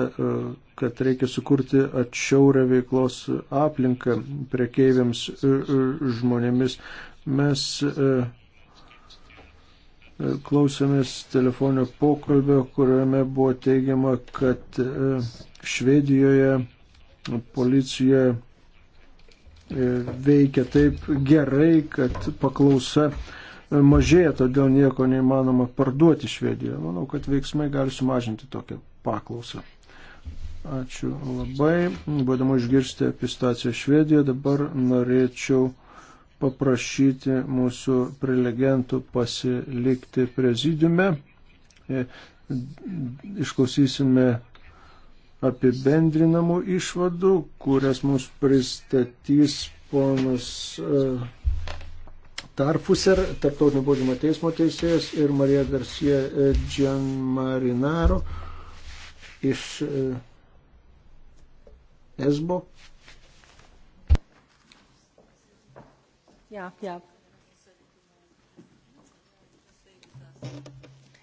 [SPEAKER 3] kad reikia sukurti atšiaurę veiklos aplinką prekeiviams žmonėmis. Mes e, e, klausėmės telefoninio pokalbio, kuriame buvo teigiama, kad e, Švedijoje policija veikia taip gerai, kad paklausa mažėja, todėl nieko neįmanoma parduoti Švedijoje. Manau, kad veiksmai gali sumažinti tokią paklausą. Ačiū labai. Būdama išgirsti apie situaciją Švedijoje, dabar norėčiau paprašyti mūsų prelegentų pasilikti prezidiume. E, išklausysime apibendrinamų išvadų, kurias mums pristatys ponas e, Tarfuser, Tartautinio baudžiamo teismo teisėjas ir Marija Garcia e, Gianmarinaro iš Esbo.
[SPEAKER 1] Yeah, yeah.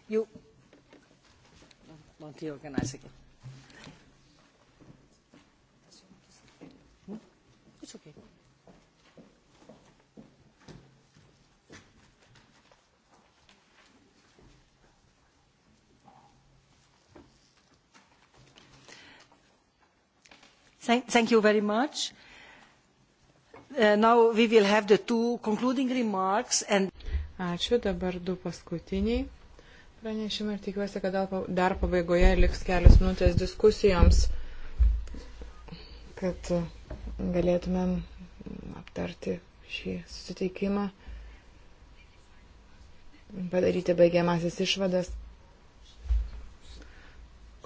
[SPEAKER 1] You want to organize again. It's okay. Thank, thank you very much. Uh, now we will have the two concluding remarks and... Ačiū,
[SPEAKER 4] dabar du paskutiniai pranešimai ir tikiuosi, kad dar pabaigoje liks kelias minutės diskusijoms, kad uh, galėtumėm aptarti šį susitikimą, padaryti baigiamasis išvadas.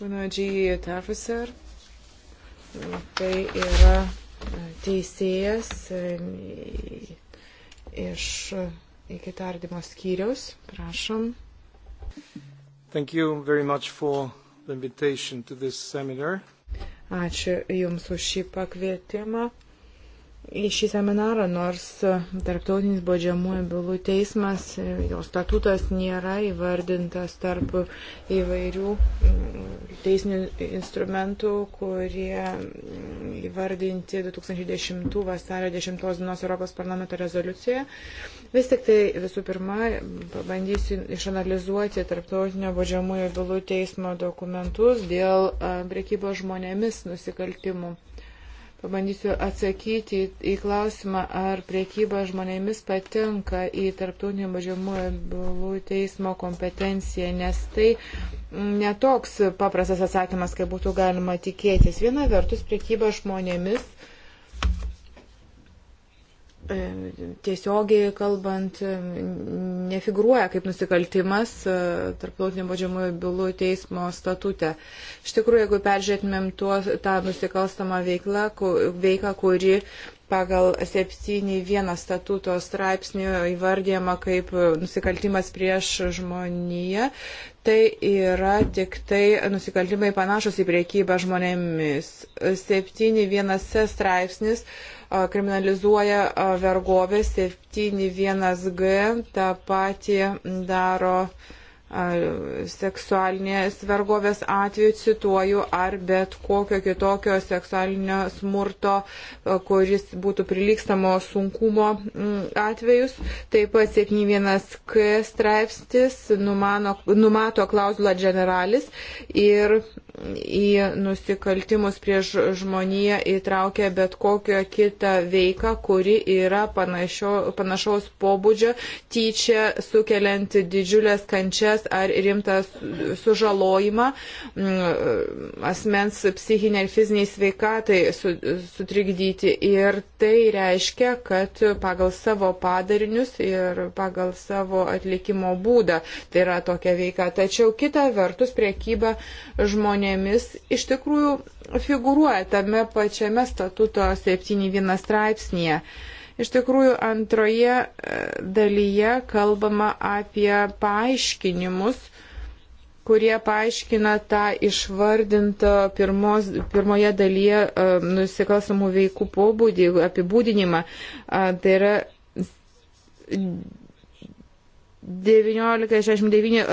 [SPEAKER 4] Kunodžiai Tafuser, tai yra teisėjas e, iš iki e, tardymo skyriaus. Prašom.
[SPEAKER 3] Thank you very much for the invitation to this seminar.
[SPEAKER 4] Ačiū Jums už šį pakvietimą į šį seminarą, nors Tarptautinis baudžiamųjų bylų teismas, jo statutas nėra įvardintas tarp įvairių mm, teisinių instrumentų, kurie mm, įvardinti 2010 vasario 10 dienos Europos parlamento rezoliucijoje. Vis tik tai visų pirma, pabandysiu išanalizuoti Tarptautinio baudžiamųjų bylų teismo dokumentus dėl prekybos žmonėmis nusikaltimų. Pabandysiu atsakyti į klausimą, ar priekyba žmonėmis patenka į tarptautinio bažiamųjų bylų teismo kompetenciją, nes tai netoks paprastas atsakymas, kaip būtų galima tikėtis. Viena vertus, priekyba žmonėmis tiesiogiai kalbant nefigūruoja kaip nusikaltimas e, tarptautinio baudžiamųjų bylų teismo statute. Iš tikrųjų, jeigu peržiūrėtumėm tuo, tą nusikalstamą veiklą, veiką, kuri pagal 7.1 statuto straipsnį įvardyjama kaip nusikaltimas prieš žmoniją, tai yra tik tai nusikaltimai panašus į priekybą žmonėmis. 7.1 straipsnis kriminalizuoja vergovę 71G, tą patį daro seksualinės vergovės atveju, cituoju, ar bet kokio kitokio seksualinio smurto, kuris būtų prilikstamo sunkumo atvejus. Taip pat 71K straipsnis numano, numato klauzulą generalis ir į nusikaltimus prieš žmoniją įtraukia bet kokią kitą veiką, kuri yra panašio, panašaus pobūdžio, tyčia sukelianti didžiulės kančias smurtas ar rimtas sužalojimą mm, asmens psichinė ir fiziniai sveikatai sutrikdyti. Ir tai reiškia, kad pagal savo padarinius ir pagal savo atlikimo būdą tai yra tokia veika. Tačiau kita vertus priekyba žmonėmis iš tikrųjų figūruoja tame pačiame statuto 7.1 straipsnėje. Iš tikrųjų, antroje e, dalyje kalbama apie paaiškinimus, kurie paaiškina tą išvardintą pirmos, pirmoje dalyje e, nusikalstamų veikų pobūdį, apibūdinimą. Tai yra 1969 e,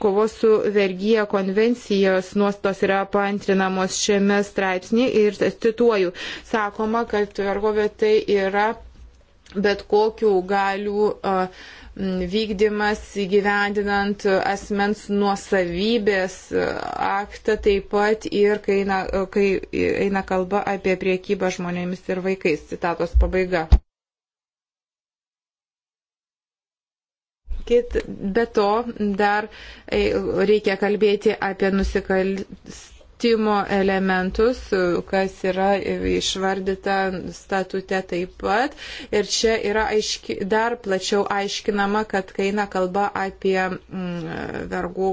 [SPEAKER 4] kovos su vergyje konvencijos nuostos yra paantrinamos šiame straipsnį ir cituoju, sakoma, kad vergovė tai yra bet kokių galių e, vykdymas įgyvendinant asmens nuosavybės e, aktą taip pat ir kai eina, kai eina kalba apie priekybą žmonėmis ir vaikais. Citatos pabaiga. Kit, be to dar e, reikia kalbėti apie nusikalstimo elementus, kas yra išvardyta statute taip pat. Ir čia yra aiški, dar plačiau aiškinama, kad kai eina kalba apie mm, vergų,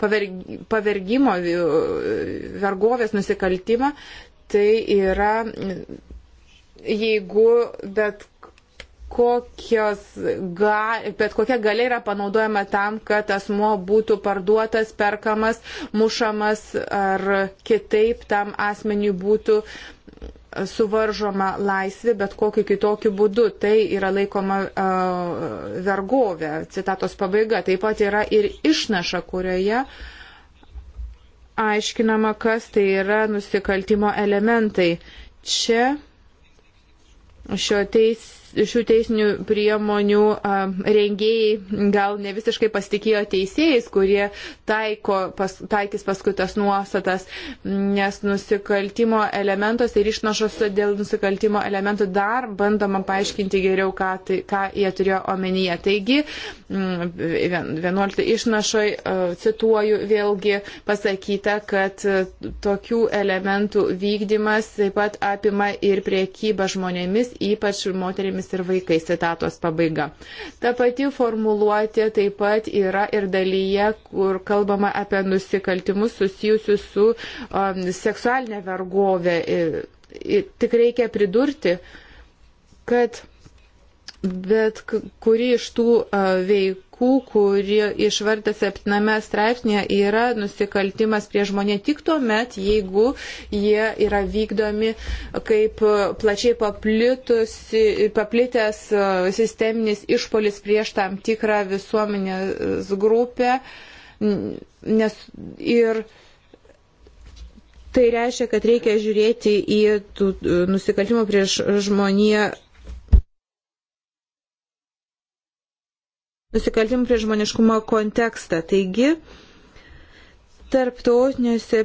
[SPEAKER 4] paverg, pavergimo, e, vergovės nusikaltimą, tai yra jeigu bet kokios ga, bet kokia galia yra panaudojama tam, kad asmo būtų parduotas, perkamas, mušamas ar kitaip tam asmeniui būtų suvaržoma laisvė, bet kokiu kitokiu būdu. Tai yra laikoma uh, vergovė, citatos pabaiga. Taip pat yra ir išnaša, kurioje aiškinama, kas tai yra nusikaltimo elementai. Čia šio teis šių teisinių priemonių rengėjai gal ne visiškai pasitikėjo teisėjais, kurie taiko, pas, taikys paskui tas nuostatas, nes nusikaltimo elementos ir išnašos dėl nusikaltimo elementų dar bandoma paaiškinti geriau, ką, tai, ką jie turėjo omenyje. Taigi, 11 mm, išnašoj cituoju vėlgi pasakyta, kad tokių elementų vykdymas taip pat apima ir priekybą žmonėmis, ypač moterimis moterimis ir vaikais, citatos pabaiga. Ta pati formuluotė taip pat yra ir dalyje, kur kalbama apie nusikaltimus susijusius su um, seksualinė vergovė. Ir, ir tik reikia pridurti, kad bet kuri iš tų veikų, kuri išvarta septyname straipsnėje, yra nusikaltimas prie žmonė tik tuo met, jeigu jie yra vykdomi kaip plačiai paplitęs sisteminis išpolis prieš tam tikrą visuomenės grupę. Nes ir tai reiškia, kad reikia žiūrėti į nusikaltimų prieš žmoniją nusikaltimų prie žmoniškumo kontekstą. Taigi, tarptautiniuose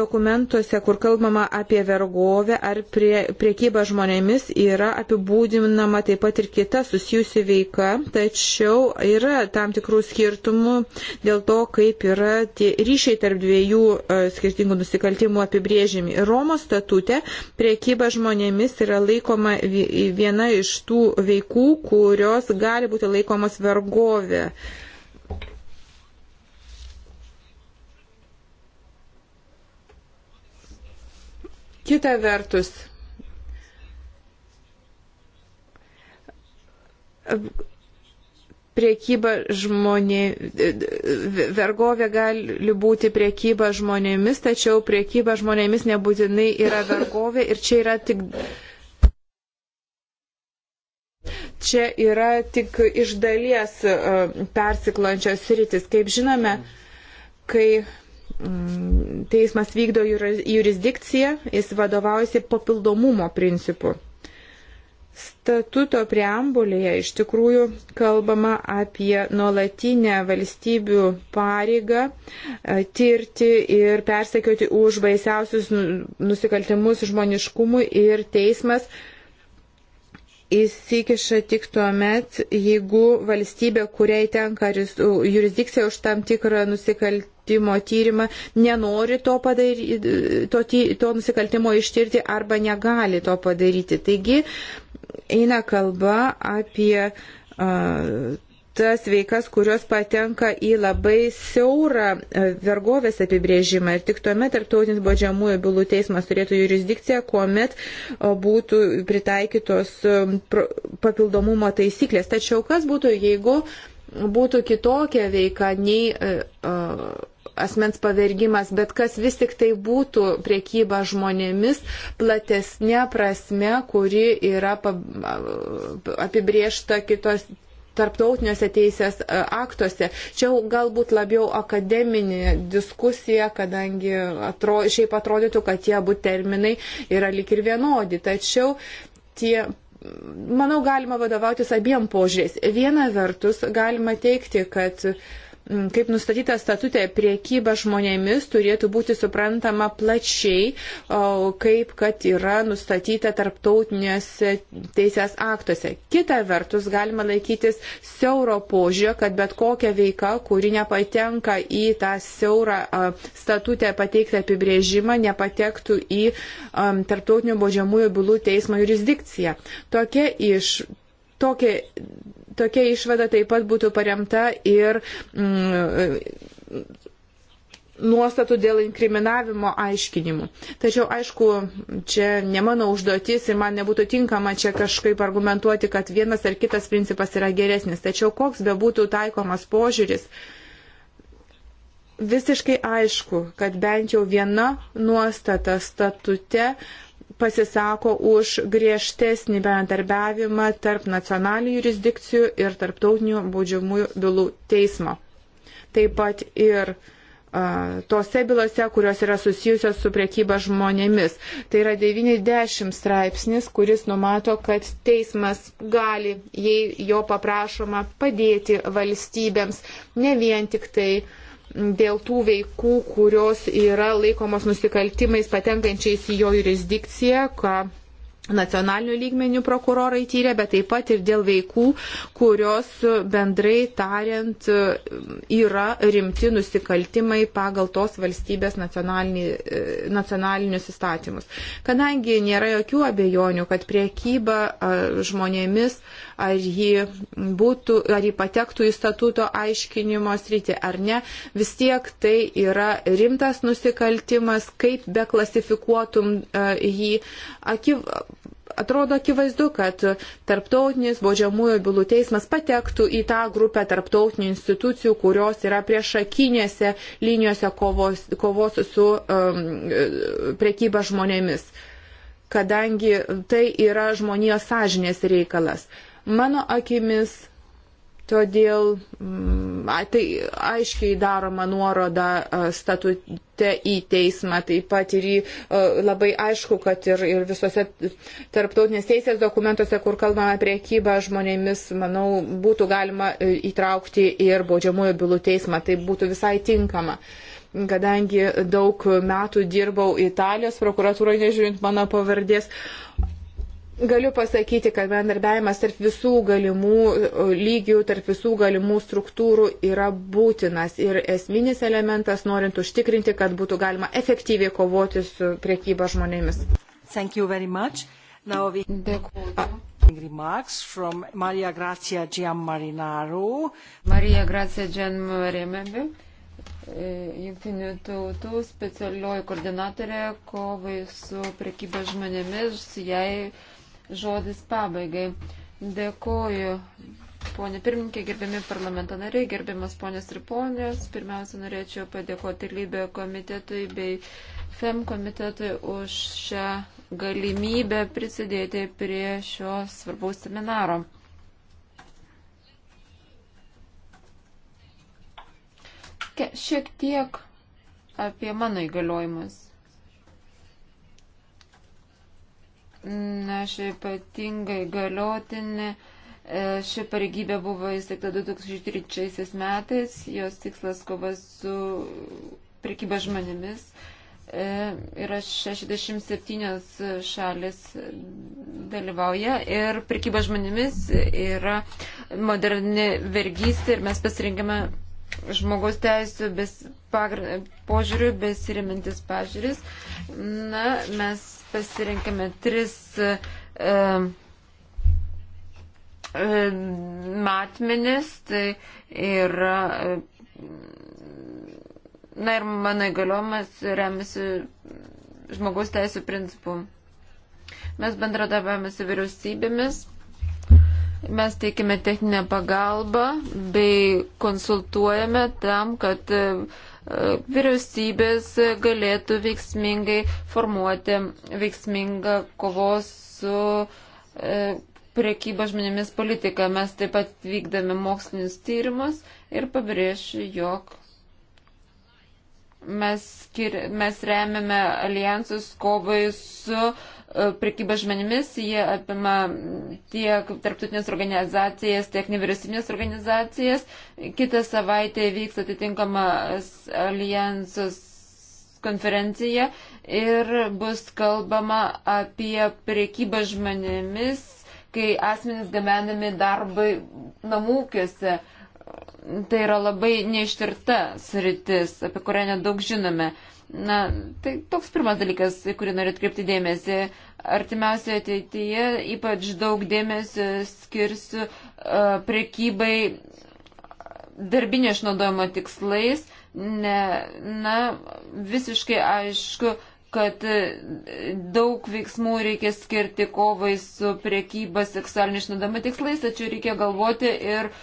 [SPEAKER 4] dokumentuose, kur kalbama apie vergovę ar prie, priekybą žmonėmis, yra apibūdinama taip pat ir kita susijusi veika, tačiau yra tam tikrų skirtumų dėl to, kaip yra tie ryšiai tarp dviejų e, skirtingų nusikaltimų apibrėžimi. Romos statute priekyba žmonėmis yra laikoma viena iš tų veikų, kurios gali būti laikomos vergovė. Kita vertus, priekyba žmonė, vergovė gali būti priekyba žmonėmis, tačiau priekyba žmonėmis nebūtinai yra vergovė ir čia yra tik. Čia yra tik iš dalies e, persiklančios rytis. Kaip žinome, kai teismas vykdo jurisdikciją, jis vadovaujasi papildomumo principu. Statuto preambulėje iš tikrųjų kalbama apie nuolatinę valstybių pareigą e, tirti ir persekioti už baisiausius nu, nusikaltimus žmoniškumui ir teismas uh, įsikiša tik tuo met, jeigu valstybė, kuriai tenka jurisdikcija už tam tikrą nusikaltimą, tyrimą nenori to, padary, to, to nusikaltimo ištirti arba negali to padaryti. Taigi eina kalba apie uh, tas veikas, kurios patenka į labai siaurą e, vergovės apibrėžimą. Ir tik tuomet tarptautinis baudžiamųjų bylų teismas turėtų jurisdikciją, kuomet e, būtų pritaikytos e, papildomumo taisyklės. Tačiau kas būtų, jeigu būtų kitokia veika nei asmens pavergimas, bet kas vis tik tai būtų priekyba žmonėmis platesnė prasme, kuri yra apibriešta kitos tarptautiniuose teisės e, aktuose. Čia galbūt labiau akademinė diskusija, kadangi atro, šiaip atrodytų, kad tie abu terminai yra lik ir vienodi. Tačiau tie manau, galima vadovautis abiem požiūrės. Viena vertus, galima teikti, kad uh, kaip nustatyta statutė, priekyba žmonėmis turėtų būti suprantama plačiai, kaip kad yra nustatyta tarptautinėse teisės aktuose. Kita vertus, galima laikytis siauro požiūrio, kad bet kokia veika, kuri nepatenka į tą siaurą statutę pateiktą apibrėžimą, nepatektų į tarptautinių baudžiamųjų bylų teismo jurisdikciją. Tokia iš. Tokia Tokia išvada taip pat būtų paremta ir mm, nuostatų dėl inkriminavimo aiškinimų. Tačiau, aišku, čia ne mano užduotis ir man nebūtų tinkama čia kažkaip argumentuoti, kad vienas ar kitas principas yra geresnis. Tačiau koks bebūtų taikomas požiūris, visiškai aišku, kad bent jau viena nuostata statute pasisako už griežtesnį bendarbiavimą tarp nacionalinių jurisdikcijų ir tarptautinių baudžiamųjų bylų teismo. Taip pat ir tose bylose, kurios yra susijusios su priekyba žmonėmis. Tai yra 90 straipsnis, kuris numato, kad teismas gali, jei jo paprašoma, padėti valstybėms ne vien tik tai uh, dėl tų veikų, kurios yra laikomos nusikaltimais patenkančiais į jo jurisdikciją, ką nacionalinių lygmenių prokurorai tyrė, bet taip pat ir dėl veikų, kurios e, bendrai tariant e, yra rimti nusikaltimai pagal tos valstybės e, nacionalinius įstatymus. Kadangi nėra jokių abejonių, kad priekyba žmonėmis, ar ji, būtų, ar ji patektų į statuto aiškinimo sritį ar ne, vis tiek tai yra rimtas nusikaltimas, kaip beklasifikuotum jį. Akiv atrodo akivaizdu, kad tarptautinis baudžiamųjų bylų teismas patektų į tą grupę tarptautinių institucijų, kurios yra priešakinėse linijose kovos, kovos su um, priekyba žmonėmis, kadangi tai yra žmonijos sąžinės reikalas. Mano akimis Todėl mm, a, tai aiškiai daroma nuoroda statute į teismą, taip pat ir į, a, labai aišku, kad ir, ir visose tarptautinės teisės dokumentuose, kur kalbame priekybą žmonėmis, manau, būtų galima e, įtraukti ir baudžiamųjų bylų teismą, tai būtų visai tinkama. Kadangi daug metų dirbau Italijos prokuratūroje, nežiūrint mano pavardės, Galiu pasakyti, kad bendarbiavimas tarp visų galimų e, lygių, tarp visų galimų struktūrų yra būtinas ir esminis elementas, norint užtikrinti, kad
[SPEAKER 1] būtų galima efektyviai kovoti
[SPEAKER 4] su priekyba žmonėmis. We...
[SPEAKER 1] Dėkuoju. Marija Gracija Gianmarinaro.
[SPEAKER 2] Marija Gracija Gianmarinaro. E, Jungtinių tautų specialioji koordinatorė kovai su prekyba žmonėmis, jai žodis pabaigai. Dėkoju, ponė pirmininkė, gerbiami parlamento nariai, gerbiamas ponės ir ponės. Pirmiausia, norėčiau padėkoti Lybė komitetui bei FEM komitetui už šią galimybę prisidėti prie šio svarbaus seminaro. Šiek tiek apie mano įgaliojimus. Na, ši ypatingai galiotinė. E, ši pareigybė buvo įsteigta 2003 metais, jos tikslas kovas su prekyba žmonėmis. E, yra 67 šalis dalyvauja ir prekyba žmonėmis yra moderni vergystė ir mes pasirinkame žmogaus teisų bes, pagr, požiūrių besirimintis pažiūris. Na, mes pasirinkime tris e, e, matmenis, tai yra, e, na ir mano įgaliojimas remiasi žmogaus teisų principų. Mes bendradarbiavame su vyriausybėmis, mes teikime techninę pagalbą bei konsultuojame tam, kad e, vyriausybės galėtų veiksmingai formuoti veiksmingą kovos su e, priekyba žmonėmis politiką. Mes taip pat vykdame mokslinius tyrimus ir pabrėšiu, jog mes, skir... mes remiame alijansus kovai su E, prekybą žmenimis, jie apima tiek tarptautinės organizacijas, tiek nevyriausybinės organizacijas. Kitą savaitę vyks atitinkamas alijansus konferencija ir bus kalbama apie prekybą žmonėmis, kai asmenys gabenami darbai namūkiuose. Tai yra labai neištirta sritis, apie kurią nedaug žinome. Uh, Na, tai toks pirmas dalykas, kurį noriu atkreipti dėmesį. Artimiausioje ateityje ypač daug dėmesio skirsiu uh, e, prekybai darbinio išnaudojimo tikslais. Ne, na, visiškai aišku, kad e, daug veiksmų reikia skirti kovai su priekyba seksualiniu išnaudojimu tikslais, tačiau reikia galvoti ir uh,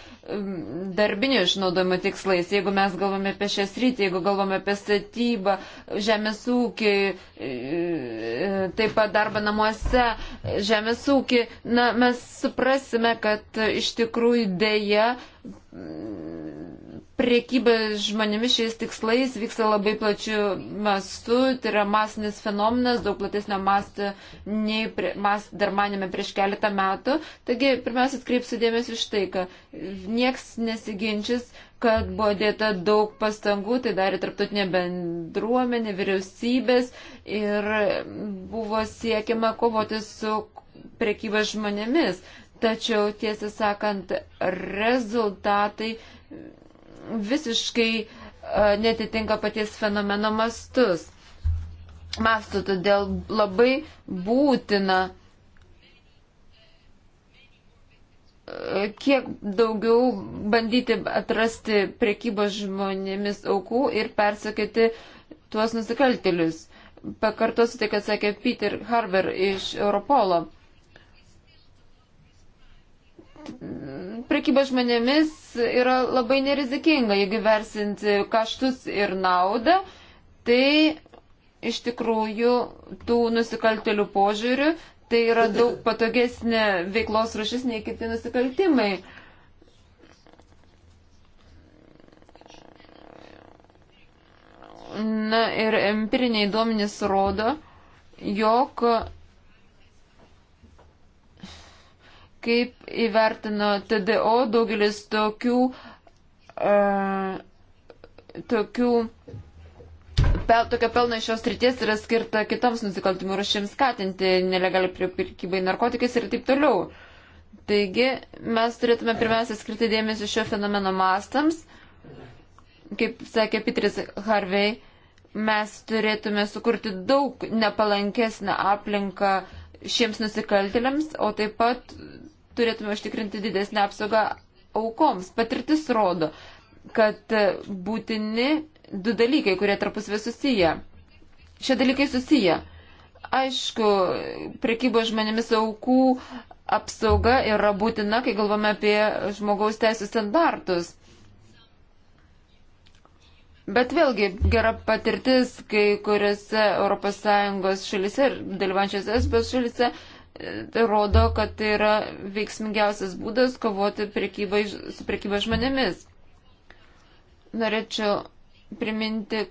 [SPEAKER 2] darbinio išnaudojimo tikslais. Jeigu mes galvome apie šią sritį, jeigu galvome apie statybą, žemės ūkį, e, taip pat darbą namuose, žemės ūkį, na, mes suprasime, kad iš tikrųjų dėja priekyba žmonėmis šiais tikslais vyksta labai plačiu mastu, tai yra masinis fenomenas, daug platesnio masto nei prie, mas, dar manėme prieš keletą metų. Taigi, pirmiausia, atkreipsiu dėmesį iš tai, kad nieks nesiginčys, kad buvo dėta daug pastangų, tai darė tarptautinė bendruomenė, vyriausybės ir buvo siekiama kovoti su priekyba žmonėmis. Tačiau, tiesą sakant, rezultatai visiškai e, netitinka paties fenomeno mastus. Mastų todėl labai būtina e, kiek daugiau bandyti atrasti priekybos žmonėmis aukų ir persekėti tuos nusikaltėlius. Pakartosiu tai, kad sakė Peter Harber iš Europolo prekyba žmonėmis yra labai nerizikinga, jeigu versinti kaštus ir naudą, tai iš tikrųjų tų nusikaltelių požiūrių tai yra daug patogesnė veiklos rušis nei kiti nusikaltimai. Na ir empiriniai duomenys rodo, jog Kaip įvertino TDO, daugelis tokių, uh, tokių Pel, tokio pelno iš šios ryties yra skirta kitoms nusikaltimų rušims skatinti, nelegaliai pirkybai narkotikais ir taip toliau. Taigi mes turėtume pirmiausia skirti dėmesį šio fenomeno mastams. Kaip sakė Pitris Harvey, mes turėtume sukurti daug nepalankesnę aplinką šiems nusikaltėliams, o taip pat turėtume užtikrinti didesnę apsaugą aukoms. Patirtis rodo, kad būtini du dalykai, kurie tarpusvė susiję. Šie dalykai susiję. Aišku, prekybos žmonėmis aukų apsauga yra būtina, kai galvome apie žmogaus teisų standartus. Bet vėlgi gera patirtis, kai kuriuose ES šalise ir dalyvančiose SBS šalise E, rodo, kad tai yra veiksmingiausias būdas kovoti prekybai, su prekyba žmonėmis. Norėčiau priminti,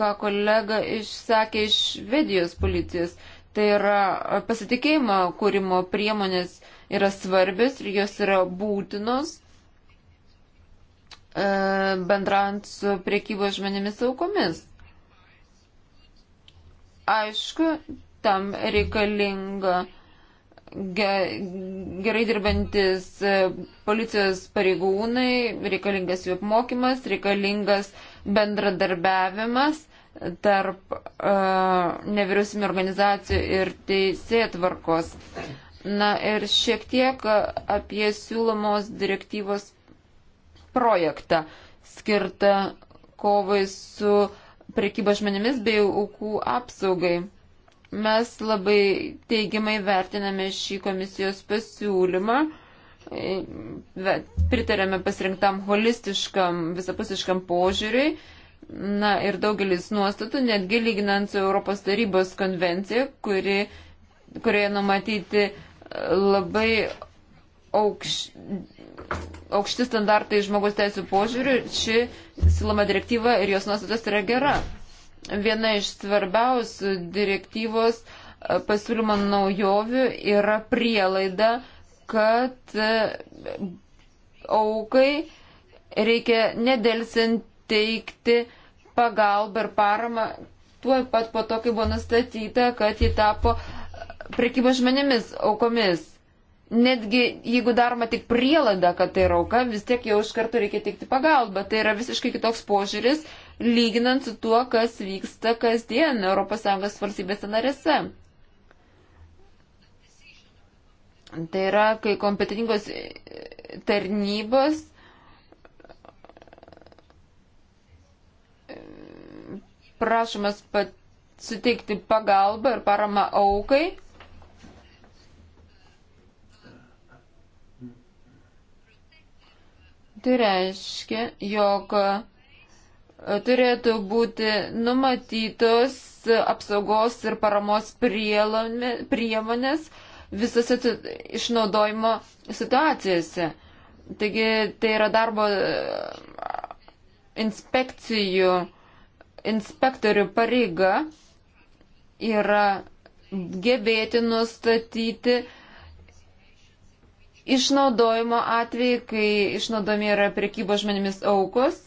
[SPEAKER 2] ką kolega išsakė iš Švedijos policijos. Tai yra e, pasitikėjimo kūrimo priemonės yra svarbis ir jos yra būtinos e, bendrant su priekybos žmonėmis aukomis. Aišku, tam reikalinga uh, gerai dirbantis e, policijos pareigūnai, reikalingas jų apmokymas, reikalingas bendradarbiavimas tarp uh, e, nevyriausybinio organizacijų ir teisėtvarkos. Na ir šiek tiek apie siūlomos direktyvos projektą skirtą kovai su prekyba žmonėmis bei aukų apsaugai. Mes labai teigiamai vertiname šį komisijos pasiūlymą, e, pritarėme pasirinktam holistiškam, visapusiškam požiūriui. Na ir daugelis nuostatų, netgi lyginant su Europos tarybos konvencija, kuri, kurioje numatyti labai aukš, aukšti standartai žmogaus teisų požiūrių, ši siloma direktyva ir jos nuostatas yra gera viena iš svarbiausių direktyvos e, pasiūlymo naujovių yra prielaida, kad e, aukai reikia nedelsiant teikti pagalbą ir paramą tuo pat po to, kai buvo nustatyta, kad ji tapo prekybos žmonėmis aukomis netgi jeigu daroma tik prielaida, kad tai rauka, vis tiek jau iš karto reikia teikti pagalbą. Tai yra visiškai kitoks požiūris, lyginant su tuo, kas vyksta kasdien ES valstybėse narėse. Tai yra, kai kompetitingos tarnybos prašomas pat suteikti pagalbą ir paramą aukai Tai reiškia, jog e, turėtų būti numatytos apsaugos ir paramos priemonės visose išnaudojimo situacijose. Taigi tai yra darbo e, inspekcijų, inspektorių pareiga yra gebėti nustatyti uh, išnaudojimo atvejai, kai išnaudomi yra prekybo žmonėmis aukos.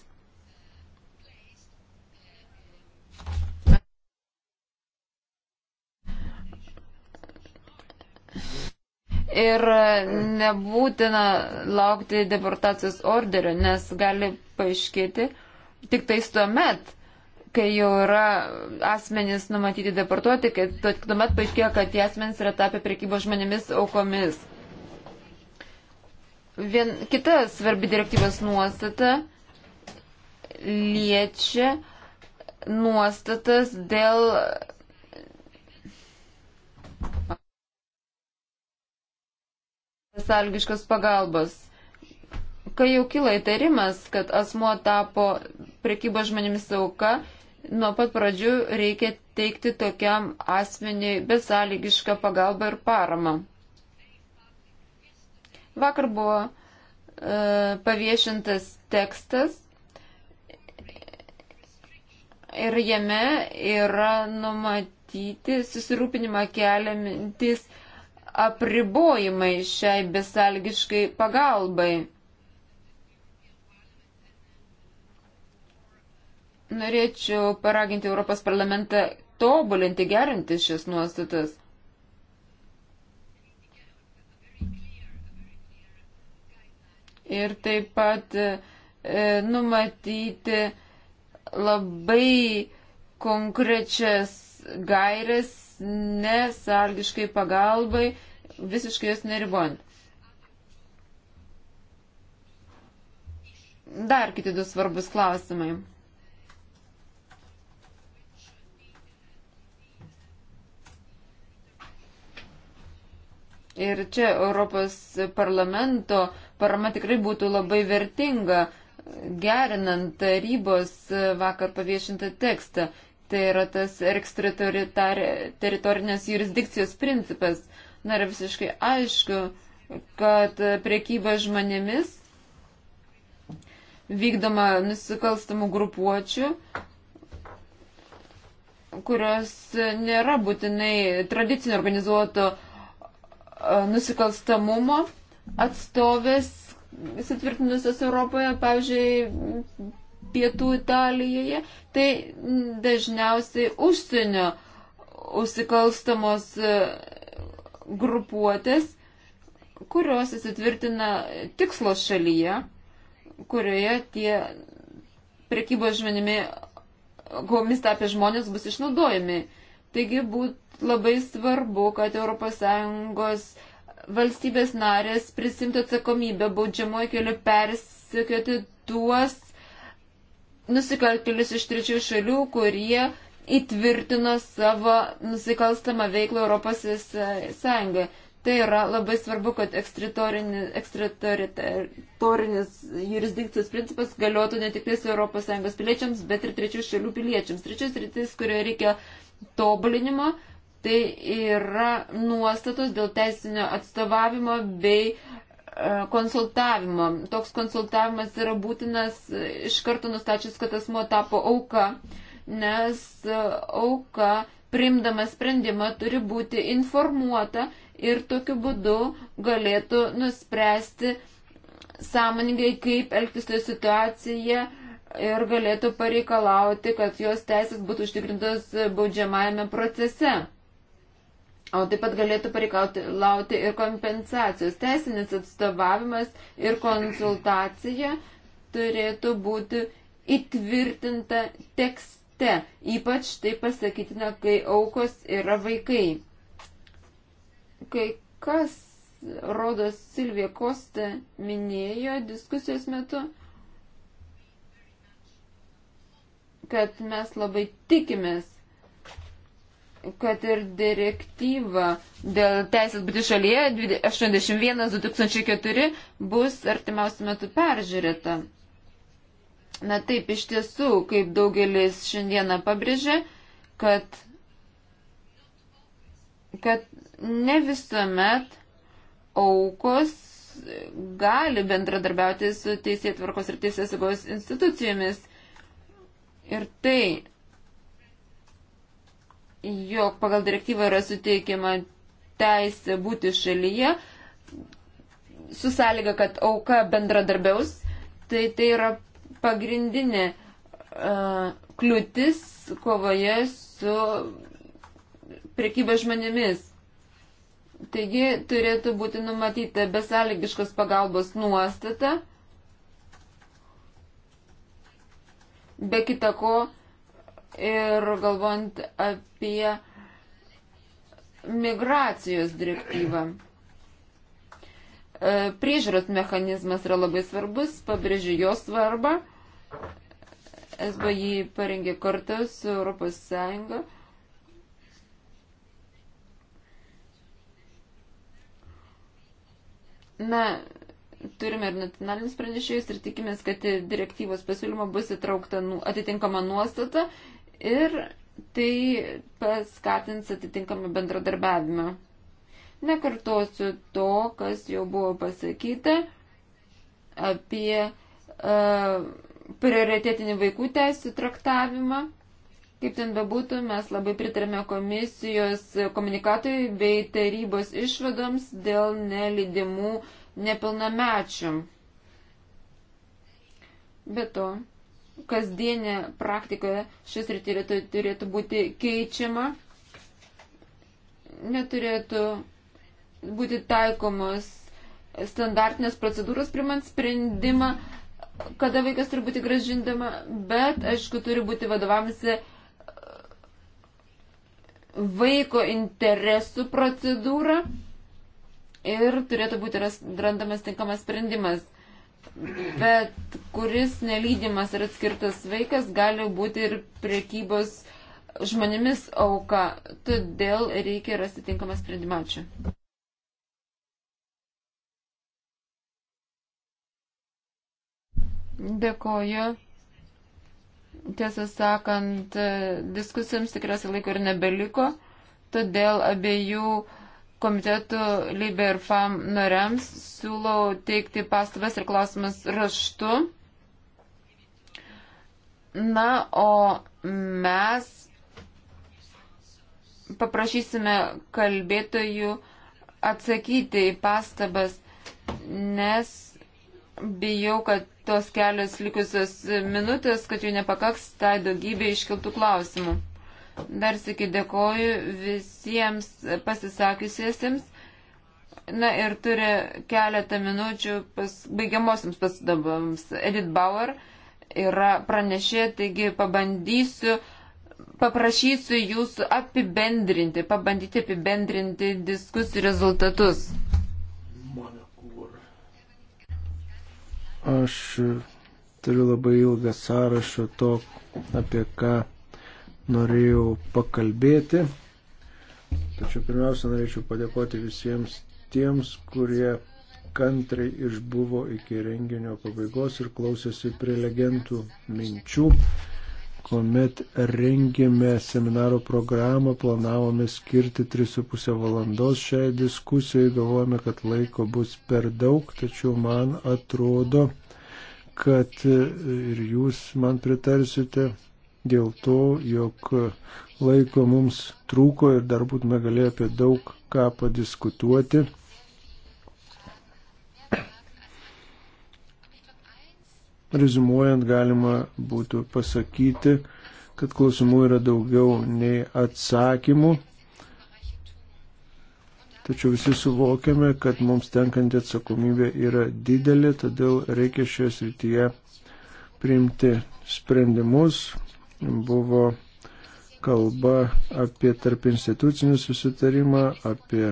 [SPEAKER 2] Ir nebūtina laukti deportacijos orderio, nes gali paaiškėti tik tais tuo met, kai jau yra asmenys numatyti deportuoti, kad tuomet paaiškėjo, kad tie asmenys yra tapę prekybos žmonėmis aukomis. Vien, kita svarbi direktyvos nuostata liečia nuostatas dėl salgiškos pagalbos. Kai jau kila įtarimas, kad asmuo tapo prekybos žmonėmis auka, nuo pat pradžių reikia teikti tokiam asmeniui besąlygišką pagalbą ir paramą. Vakar buvo e, paviešintas tekstas ir jame yra numatyti susirūpinimą keliamintis apribojimai šiai besalgiškai pagalbai. Norėčiau paraginti Europos parlamentą tobulinti, gerinti šias nuostatas. ir taip pat e, numatyti labai konkrečias gairias nesargiškai pagalbai, visiškai jos neribojant. Dar kiti du svarbus klausimai. Ir čia Europos parlamento uh, parama tikrai būtų labai vertinga, gerinant tarybos e, vakar paviešintą tekstą. Tai yra tas ekstrateritorinės jurisdikcijos principas. Na ir visiškai aišku, kad priekyba žmonėmis vykdoma nusikalstamų grupuočių, kurios nėra būtinai tradicinio organizuoto e, nusikalstamumo atstovės sutvirtinusios Europoje, pavyzdžiui, pietų Italijoje, tai dažniausiai užsienio užsikalstamos e, grupuotės, kurios įsitvirtina tikslos šalyje, kurioje tie prekybos žmonėmi, gomis tapę žmonės bus išnaudojami. Taigi būtų labai svarbu, kad ES valstybės narės prisimtų atsakomybę baudžiamojo keliu persikioti tuos nusikaltėlius iš trečiųjų šalių, kurie įtvirtino savo nusikalstamą veiklą Europos Sąjungoje. Tai yra labai svarbu, kad ekstratoritorinis jurisdikcijos principas galiotų ne tik Europos Sąjungos piliečiams, bet ir trečių šalių piliečiams. Trečios rytis, kurioje reikia tobulinimo, tai yra nuostatos dėl teisinio atstovavimo bei e, konsultavimo. Toks konsultavimas yra būtinas e, iš karto nustačius, kad asmo tapo auka, nes e, auka priimdama sprendimą turi būti informuota ir tokiu būdu galėtų nuspręsti sąmoningai, kaip elgtis toje situacijoje ir galėtų pareikalauti, kad jos teisės būtų užtikrintos baudžiamajame procese. O taip pat galėtų pareikauti lauti ir kompensacijos. Teisinis atstovavimas ir konsultacija turėtų būti įtvirtinta tekste. Ypač tai pasakytina, kai aukos yra vaikai. Kai kas, rodos, Silvija Kosta minėjo diskusijos metu, kad mes labai tikimės kad ir direktyva dėl teisės būti šalyje 81-2004 bus artimiausiu metu peržiūrėta. Na taip, iš tiesų, kaip daugelis šiandieną pabrėžė, kad, kad ne visuomet aukos gali bendradarbiauti su teisėtvarkos ir teisės saugos institucijomis. Ir tai jog pagal direktyvą yra suteikiama teisė būti šalyje, su sąlyga, kad auka bendradarbiaus, tai tai yra pagrindinė uh, kliūtis kovoje su priekyba žmonėmis. Taigi turėtų būti numatyta besąlygiškos pagalbos nuostata, be kita ko, uh, ir galvojant apie migracijos direktyvą. E, priežiūros mechanizmas yra labai svarbus, pabrėžiu jo svarbą. SBA jį parengė kartu su Europos Sąjunga. Na, turime ir nacionalinius pranešėjus ir tikimės, kad direktyvos pasiūlymo bus įtraukta nu, atitinkama nuostata ir tai paskatins atitinkamą bendradarbiavimą. Nekartosiu to, kas jau buvo pasakyta apie uh, prioritetinį vaikų teisų traktavimą. Kaip ten bebūtų, mes labai pritarėme komisijos komunikatui bei tarybos išvadoms dėl nelydimų nepilnamečių. Be to, kasdienė praktikoje šis rytį turėtų būti keičiama, neturėtų būti taikomos standartinės procedūros primant sprendimą, kada vaikas turi būti gražindama, bet, aišku, turi būti vadovamasi vaiko interesų procedūra ir turėtų būti randamas tinkamas sprendimas bet kuris nelydimas ir atskirtas vaikas gali būti ir priekybos žmonėmis auka. Todėl reikia rasti tinkamą sprendimą. Ačiū. Dėkoju. Tiesą sakant, diskusijoms tikriausiai laiko ir nebeliko, todėl abiejų uh, komitetų Libe ir FAM nariams siūlau teikti pastabas ir klausimas raštu. Na, o mes paprašysime kalbėtojų atsakyti į pastabas, nes bijau, kad tos kelios likusios minutės, kad jų nepakaks tai daugybė iškiltų klausimų. Dar sėki dėkoju visiems pasisakiusiesiems. Na ir turi keletą minučių pas, baigiamosiams pasidabams. Edith Bauer yra pranešė, taigi pabandysiu, paprašysiu jūsų apibendrinti, pabandyti apibendrinti diskusijų rezultatus.
[SPEAKER 3] Aš turiu labai ilgą sąrašą to, apie ką norėjau pakalbėti. Tačiau pirmiausia, norėčiau padėkoti visiems tiems, kurie kantriai išbuvo iki renginio pabaigos ir klausėsi prelegentų minčių. Komet rengėme seminaro programą, planavome skirti 3,5 valandos šiai diskusijai, galvojame, kad laiko bus per daug, tačiau man atrodo, kad ir jūs man pritarsite, dėl to, jog laiko mums trūko ir dar būtume galėję apie daug ką padiskutuoti. Rezumuojant galima būtų pasakyti, kad klausimų yra daugiau nei atsakymų. Tačiau visi suvokiame, kad mums tenkanti atsakomybė yra didelė, todėl reikia šioje srityje priimti sprendimus, buvo kalba apie tarp institucinį susitarimą, apie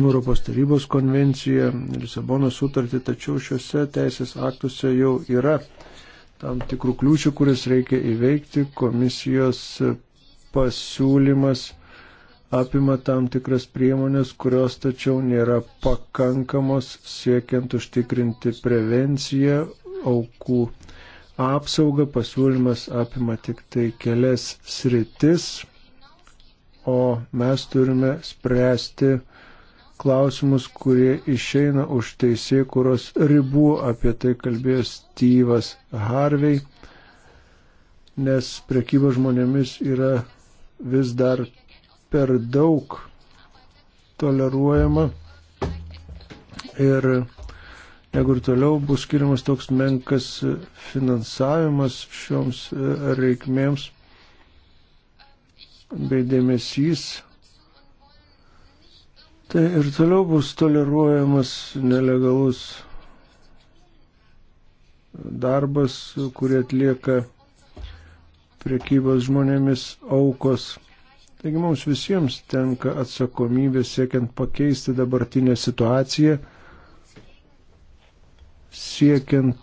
[SPEAKER 3] Europos tarybos konvenciją, Lisabono sutartį, tačiau šiuose teisės aktuose jau yra tam tikrų kliūčių, kuris reikia įveikti. Komisijos pasiūlymas apima tam tikras priemonės, kurios tačiau nėra pakankamos siekiant užtikrinti prevenciją aukų apsaugą. Pasiūlymas apima tik tai kelias sritis, o mes turime spręsti klausimus, kurie išeina už teisėkuros ribų. Apie tai kalbėjo Styvas Harvey, nes prekyba žmonėmis yra vis dar per daug toleruojama ir jeigu ir toliau bus skiriamas toks menkas finansavimas šioms e, reikmėms bei dėmesys, tai ir toliau bus toleruojamas nelegalus darbas, kurį atlieka priekybos žmonėmis aukos. Taigi mums visiems tenka atsakomybė siekiant pakeisti dabartinę situaciją siekiant,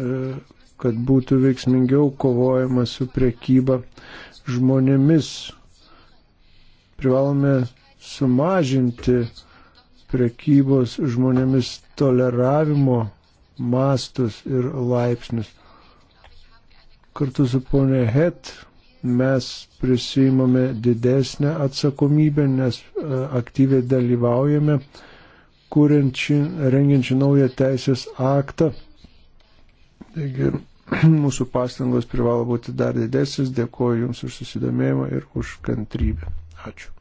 [SPEAKER 3] e, kad būtų veiksmingiau kovojama su priekyba žmonėmis. Privalome sumažinti priekybos žmonėmis toleravimo mastus ir laipsnius. Kartu su ponė Het mes prisimame didesnę atsakomybę, nes e, aktyviai dalyvaujame uh, kūrenčių, rengiančių naują teisės aktą. Taigi [CLEARS THROAT] mūsų pastangos privalo būti dar didesnis. Dėkuoju Jums už susidomėjimą ir už kantrybę. Ačiū.